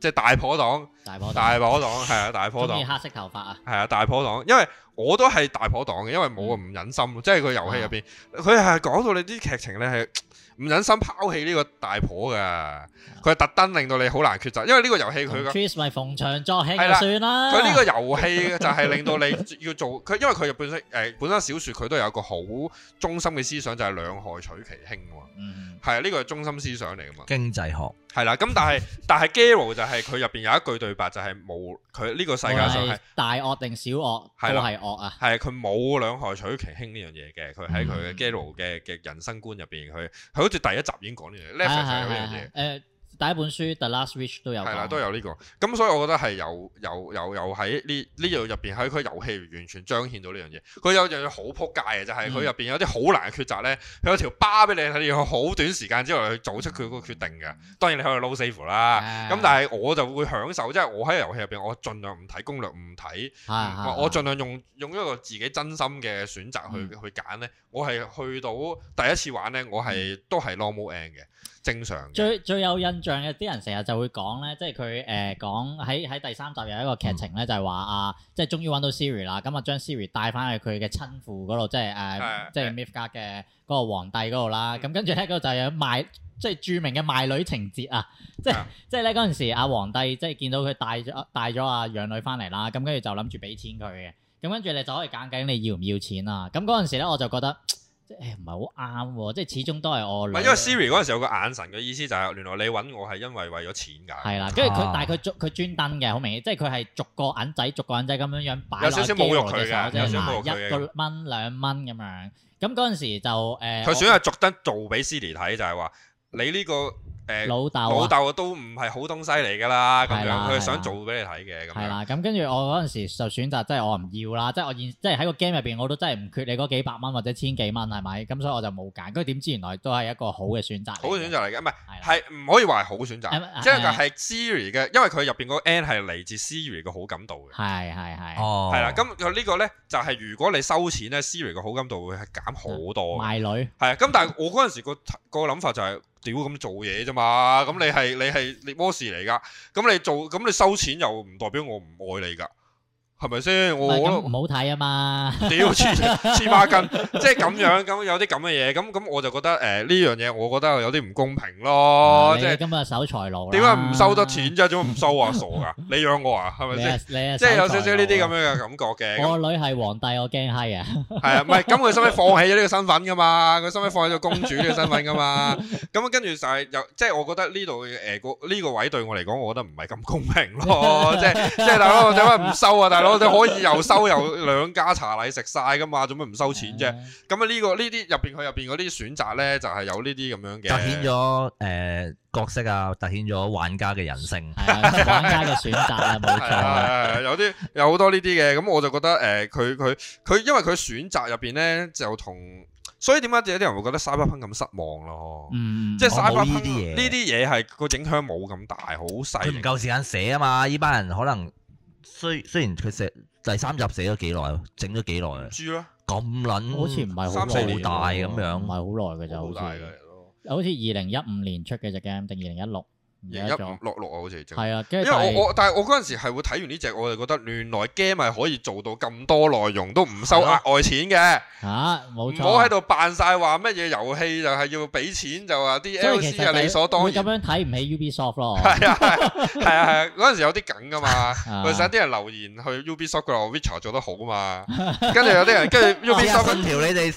即係大婆黨，大婆黨，大婆黨啊，大婆黨。黑色頭髮啊，係啊，大婆黨，因為我都係大婆黨嘅，因為冇唔忍心即係個遊戲入邊，佢係講到你啲劇情咧係。唔忍心拋棄呢個大婆㗎。佢係特登令到你好難抉擇，因為呢個遊戲佢嘅 Chris 咪逢場作戲就算啦。佢呢個遊戲就係令到你要做佢，因為佢入邊誒本身小說佢都有個好中心嘅思想，就係兩害取其輕啊，係呢個係中心思想嚟噶嘛。經濟學係啦，咁但係但係 Gero 就係佢入邊有一句對白就係冇佢呢個世界上係大惡定小惡都係惡啊。係佢冇兩害取其輕呢樣嘢嘅，佢喺佢嘅 Gero 嘅人生觀入邊，佢佢好似第一集已經講呢樣嘢 Level 有呢嘢。誒。第一本書《The Last Wish》都有，係啦、嗯，都有呢、這個。咁所以我覺得係有有有有喺呢呢樣入邊，喺佢遊戲完全彰顯到呢樣嘢。佢有樣嘢好撲街嘅，就係佢入邊有啲好難嘅抉擇咧。佢有條巴俾你，你要好短時間之內去做出佢嗰個決定嘅。嗯、當然你可以撈 save 啦、嗯。咁但係我就會享受，即、就、係、是、我喺遊戲入邊，我儘量唔睇攻略，唔睇，嗯、我儘量用用一個自己真心嘅選擇去去揀咧。我係去到第一次玩咧，我係、嗯、都係 normal end 嘅。正常最最有印象嘅啲人成日就會講咧，即係佢誒講喺喺第三集有一個劇情咧，嗯、就係話啊，即係終於揾到 Siri 啦，咁啊將 Siri 帶翻去佢嘅親父嗰度，即係誒，呃啊啊、即係 Mif 家嘅嗰個皇帝嗰度啦。咁跟住咧，嗰就有賣即係著名嘅賣女情節啊、嗯！即係即係咧嗰陣時，阿皇帝即係見到佢帶咗帶咗阿養女翻嚟啦，咁跟住就諗住俾錢佢嘅。咁跟住你就可以揀緊你要唔要錢啦。咁嗰陣時咧，我就覺得。即係唔係好啱喎，即係始終都係我。因為 Siri 嗰陣時有個眼神嘅意思就係，原來你揾我係因為為咗錢㗎。係啦，跟住佢，但係佢、啊、專佢專登嘅，好明顯，即係佢係逐個銀仔，逐個銀仔咁樣樣擺，有少少侮辱佢，有少少侮辱。一個蚊兩蚊咁樣。咁嗰陣時就誒，佢想係逐登做俾 Siri 睇，就係、是、話你呢、個。誒，老豆，老豆都唔係好東西嚟噶啦，咁樣佢想做俾你睇嘅，咁樣係啦。咁跟住我嗰陣時就選擇，即係我唔要啦，即係我現，即係喺個 game 入邊，我都真係唔缺你嗰幾百蚊或者千幾蚊，係咪？咁所以我就冇揀。跟住點知原來都係一個好嘅選擇，好嘅選擇嚟嘅，唔係，係唔可以話係好嘅選擇，即係就係 Siri 嘅，因為佢入邊個 N 係嚟自 Siri 嘅好感度嘅，係係係，哦，係啦。咁呢個咧就係如果你收錢咧，Siri 嘅好感度會係減好多，賣女係啊。咁但係我嗰陣時個個諗法就係。屌咁做嘢啫嘛，咁你係你係獵魔士嚟噶，咁你做咁你收錢又唔代表我唔愛你噶。係咪先？我唔好睇啊嘛！屌黐黐孖筋，即係咁樣咁有啲咁嘅嘢，咁咁我就覺得誒呢樣嘢，我覺得有啲唔公平咯。即係今日收財路，點解唔收得錢啫？點解唔收啊？傻噶！你養我啊？係咪先？你即係有少少呢啲咁樣嘅感覺嘅。我女係皇帝，我驚閪啊！係啊，唔係咁佢收尾放棄咗呢個身份噶嘛？佢收尾放棄咗公主嘅身份噶嘛？咁跟住就係又即係我覺得呢度誒個呢個位對我嚟講，我覺得唔係咁公平咯。即係即係大佬，點解唔收啊？大佬？ 我哋可以又收又兩家茶禮食晒噶嘛？做乜唔收錢啫？咁啊呢、呢個呢啲入邊佢入邊嗰啲選擇咧，就係有呢啲咁樣嘅。突顯咗誒、呃、角色啊，突顯咗玩家嘅人性，啊、 玩家嘅選擇啊，冇 錯、啊 啊、有啲有好多呢啲嘅，咁我就覺得誒，佢佢佢，因為佢選擇入邊咧，就同所以點解有啲人會覺得 Cyberpunk 咁失望咯？嗯、即係 Cyberpunk 呢啲嘢係個影響冇咁大，好細。佢唔夠時間寫啊嘛，依班人可能。雖雖然佢寫第三集寫咗幾耐，啊，整咗幾耐？住咯咁撚，好似唔係好大咁樣，唔係好耐嘅咋，好似係，好似二零一五年出嘅隻 game 定二零一六。零一六六啊，好似係啊，因為我我但係我嗰陣時係會睇完呢隻，我就覺得原來 game 係可以做到咁多內容都唔收額外錢嘅吓，冇錯，唔好喺度扮晒話乜嘢遊戲就係要俾錢，就話啲 DLC 係理所當然咁樣睇唔起 Ubisoft 咯，係啊係啊係啊嗰陣時有啲梗噶嘛，佢成啲人留言去 Ubisoft 嗰度，Vita 做得好啊嘛，跟住有啲人跟住 Ubisoft 跟條你哋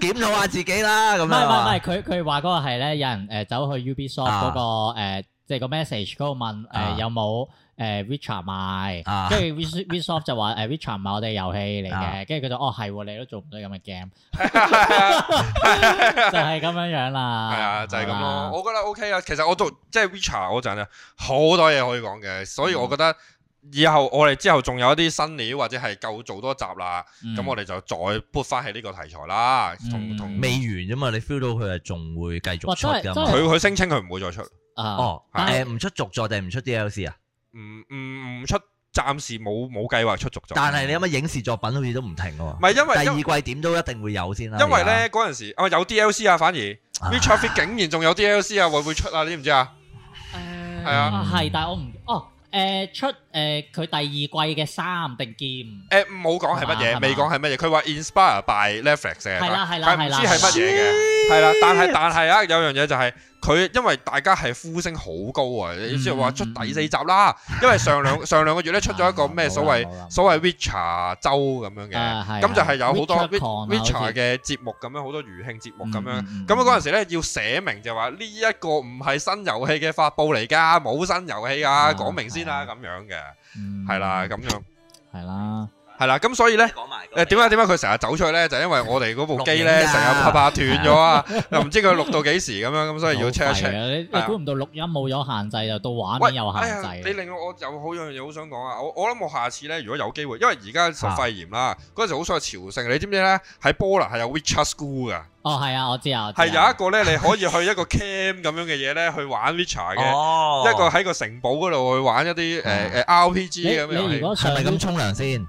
檢討下自己啦，咁樣，唔係唔係佢佢話嗰個係咧，有人誒走去 Ubisoft 嗰個誒。你哋個 message 嗰度問誒有冇誒 Richard 賣，跟住 Microsoft 就話誒 Richard 唔係我哋遊戲嚟嘅，跟住佢就哦係你都做唔到咁嘅 game，就係咁樣、哎就是、樣啦。係啊，就係咁咯。我覺得 OK 啊，其實我做即係 Richard 嗰陣好多嘢可以講嘅，所以我覺得以後我哋之後仲有一啲新料或者係夠做多集啦，咁我哋就再 put 翻喺呢個題材啦。同、嗯、同未完啫嘛，你 feel 到佢係仲會繼續出，佢佢聲稱佢唔會再出。啊！哦，誒，唔出續作定唔出 DLC 啊？唔唔唔出，暫時冇冇計劃出續作。但係你有乜影視作品好似都唔停喎。咪因為第二季點都一定會有先啦。因為咧嗰陣時啊有 DLC 啊，反而 Witcher 竟然仲有 DLC 啊會唔會出啊你知唔知啊？誒係啊係，但係我唔哦誒出誒佢第二季嘅三定劍。誒冇講係乜嘢，未講係乜嘢，佢話 inspired by Netflix 嘅，但係唔知係乜嘢嘅。係啦，但係但係啊有樣嘢就係。佢因為大家係呼聲好高啊，即係話出第四集啦。嗯嗯、因為上兩上兩個月咧出咗一個咩所謂、嗯嗯嗯嗯、所謂 Witcher 週咁樣嘅，咁就係有好多 Witcher 嘅節目咁樣，好多娛慶節目咁樣。咁啊嗰陣時咧要寫明就話呢一個唔係新遊戲嘅發佈嚟㗎，冇新遊戲啊，講明先啦咁樣嘅，係啦咁樣，係、嗯、啦。係啦，咁所以咧，誒，點解點解佢成日走出去咧？就因為我哋嗰部機咧，成日啪啪斷咗啊！又唔知佢錄到幾時咁樣，咁所以要 check 一 check。你估唔到錄音冇咗限制，又到玩又限制。你令我有好樣嘢好想講啊！我我諗我下次咧，如果有機會，因為而家受肺炎啦，嗰陣時好想去朝聖。你知唔知咧？喺波蘭係有 Witcher School 噶。哦，係啊，我知啊，係有一個咧，你可以去一個 cam 咁樣嘅嘢咧，去玩 Witcher 嘅，一個喺個城堡嗰度去玩一啲誒誒 RPG 咁樣。如果係咪咁沖涼先？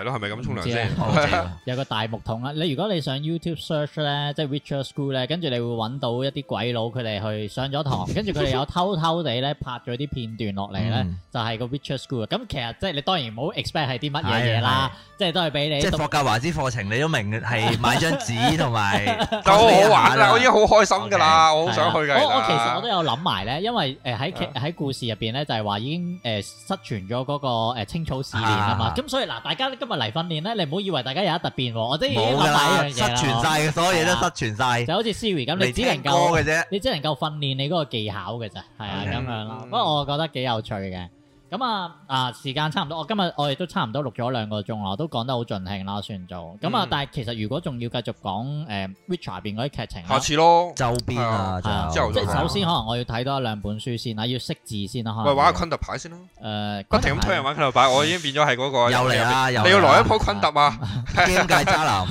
係咯，係咪咁沖涼先？有個大木桶啦。你如果你上 YouTube search 咧，即係 Witcher School 咧，跟住你會揾到一啲鬼佬佢哋去上咗堂，跟住佢哋有偷偷地咧拍咗啲片段落嚟咧，就係個 Witcher School。咁其實即係你當然唔好 expect 係啲乜嘢嘢啦，即係都係俾你。即係霍格華茲課程，你都明係買張紙同埋。都好好玩啦，我已經好開心㗎啦，我好想去㗎。我我其實我都有諗埋咧，因為誒喺劇喺故事入邊咧就係話已經誒失傳咗嗰個誒青草試煉啊嘛。咁所以嗱，大家咧今嚟訓練咧，你唔好以為大家有得特別喎，我啲嘢都係一樣嘢失傳晒，所有嘢都失傳晒吧，就好似 Siri 咁，你只能夠嘅啫，你只能夠訓練你嗰個技巧嘅咋，係啊咁樣咯。不過 我覺得幾有趣嘅。咁啊啊！時間差唔多，我今日我哋都差唔多錄咗兩個鐘啦，都講得好盡興啦，算做咁啊！但係其實如果仲要繼續講誒 Richard 邊嗰啲劇情，下次咯，周邊啊，即係首先可能我要睇多一兩本書先，要識字先啦，可能。喂，玩下昆特牌先啦。誒，不停咁推人玩昆特牌，我已經變咗係嗰個。又嚟啦！又要來一鋪昆特啊！冤家渣男，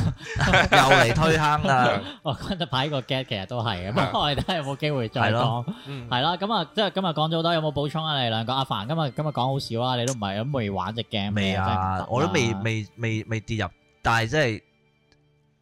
又嚟推坑啦！我昆特牌個 game 其實都係嘅，不過我哋都係冇機會再講，係啦。咁啊，即係今日講咗好多，有冇補充啊？你兩個阿凡，今日今日。講好少啦，你都唔係咁未玩隻 game。未啊，我都未未未未跌入，但係即係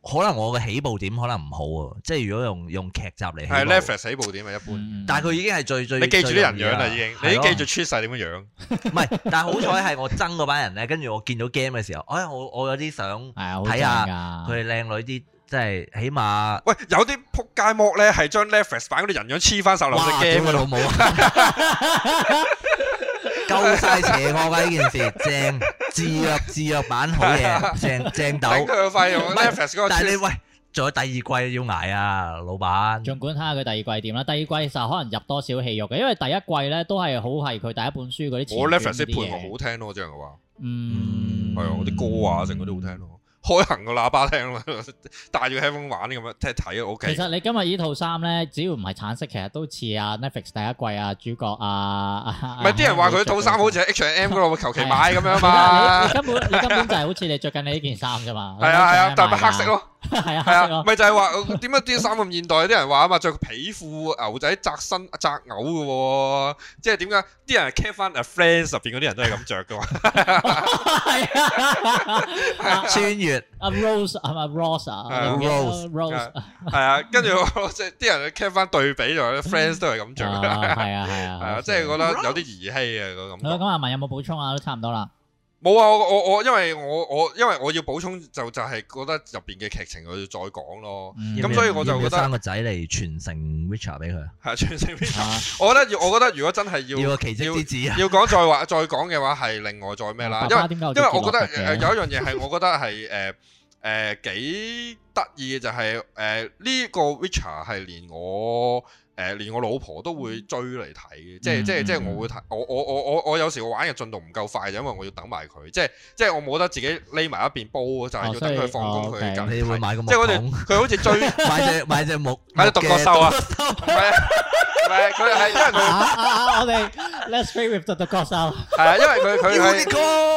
可能我嘅起步點可能唔好啊，即係如果用用劇集嚟係 Netflix 起步點啊，一般。但係佢已經係最最，你記住啲人樣啦，已經你啲記住出世點樣樣。唔係，但係好彩係我憎嗰班人咧，跟住我見到 game 嘅時候，哎，我我有啲想睇下佢哋靚女啲，即係起碼。喂，有啲撲街 mod 咧，係將 Netflix 版嗰啲人樣黐翻手落隻 game 咯。夠晒邪惡㗎呢件事，正自虐自虐版好嘢，正正到。但係你喂，仲有第二季要挨啊，老闆。儘管睇下佢第二季點啦，第二季就可能入多少戲肉嘅，因為第一季咧都係好係佢第一本書嗰啲。我 level 啲配樂好聽咯，即係話，嗯，係啊，我啲歌啊，成個都好聽咯。開行個喇叭聽嘛？戴住 headphone 玩咁樣聽睇，OK。其實你今日呢套衫咧，只要唔係橙色，其實都似啊 Netflix 第一季啊主角啊。唔係啲人話佢套衫好似係 H&M 嗰度，求其 買咁樣嘛 你。你根本你根本就係好似你着緊你呢件衫啫嘛。係啊係啊，但係黑色咯。係啊係啊，咪就係話點解啲衫咁現代，啲人話啊嘛，着皮褲牛仔窄身窄牛嘅，即係點解啲人 cap 翻阿 Friends 入邊嗰啲人都係咁着嘅？係 文啊，穿越阿 Rose 係咪 Rose 啊？Rose，係啊，跟住即係啲人 cap 翻對比就係 Friends 都係咁着嘅，係啊係啊，即係覺得有啲兒戲啊，個感覺。咁阿文有冇補充啊？都差唔多啦。冇啊！我我因為我我因為我要補充就就係覺得入邊嘅劇情我要再講咯，咁、嗯、所以我就覺得生個仔嚟傳承 Witcher 俾佢，係啊傳承 Witcher。 我覺得我覺得如果真係要要奇蹟之子、啊、要講 再，再話再講嘅話係另外再咩啦？爸爸因為，為因為我覺得有一樣嘢係我覺得係誒誒幾得意嘅， 呃、就係誒呢個 Witcher 係連我。誒連我老婆都會追嚟睇嘅，即係即係即係我會睇，我我我我我有時我玩嘅進度唔夠快就因為我要等埋佢，即係即係我冇得自己匿埋一邊煲，就係要等佢放工佢。所以你會買個木桶。佢好似追買隻買隻木買隻獨角獸啊！係因為佢我哋 Let's play with 獨角獸係啊，因為佢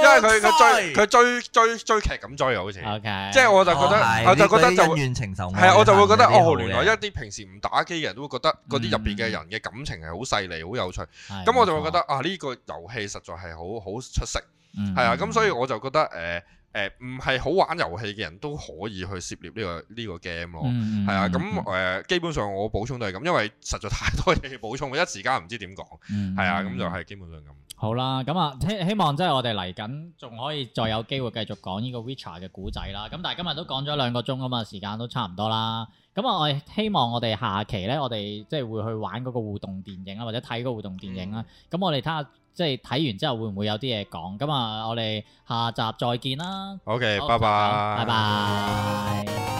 因為佢佢追佢追追追劇咁追啊，好似 OK，即係我就覺得我就覺得就係啲恩怨情仇係啊，我就會覺得哦，原來一啲平時唔打機嘅人都會覺得。嗰啲入邊嘅人嘅感情係好細膩，好有趣，咁的我就會覺得啊，呢個遊戲實在係好好出色，係啊、嗯嗯嗯，咁所以我就覺得誒。呃誒唔係好玩遊戲嘅人都可以去涉獵呢個呢、這個 game 咯，係、嗯、啊，咁誒、呃、基本上我補充都係咁，因為實在太多嘢要補充，我一時間唔知點講，係、嗯、啊，咁就係基本上咁、嗯。好啦，咁啊希希望即係我哋嚟緊仲可以再有機會繼續講呢個 Witcher 嘅故仔啦，咁但係今日都講咗兩個鐘啊嘛，時間都差唔多啦，咁啊我希望我哋下期咧，我哋即係會去玩嗰個互動電影啊，或者睇個互動電影啊。咁、嗯、我哋睇下。即係睇完之後會唔會有啲嘢講？咁啊，我哋下集再見啦。OK，好拜拜，拜拜。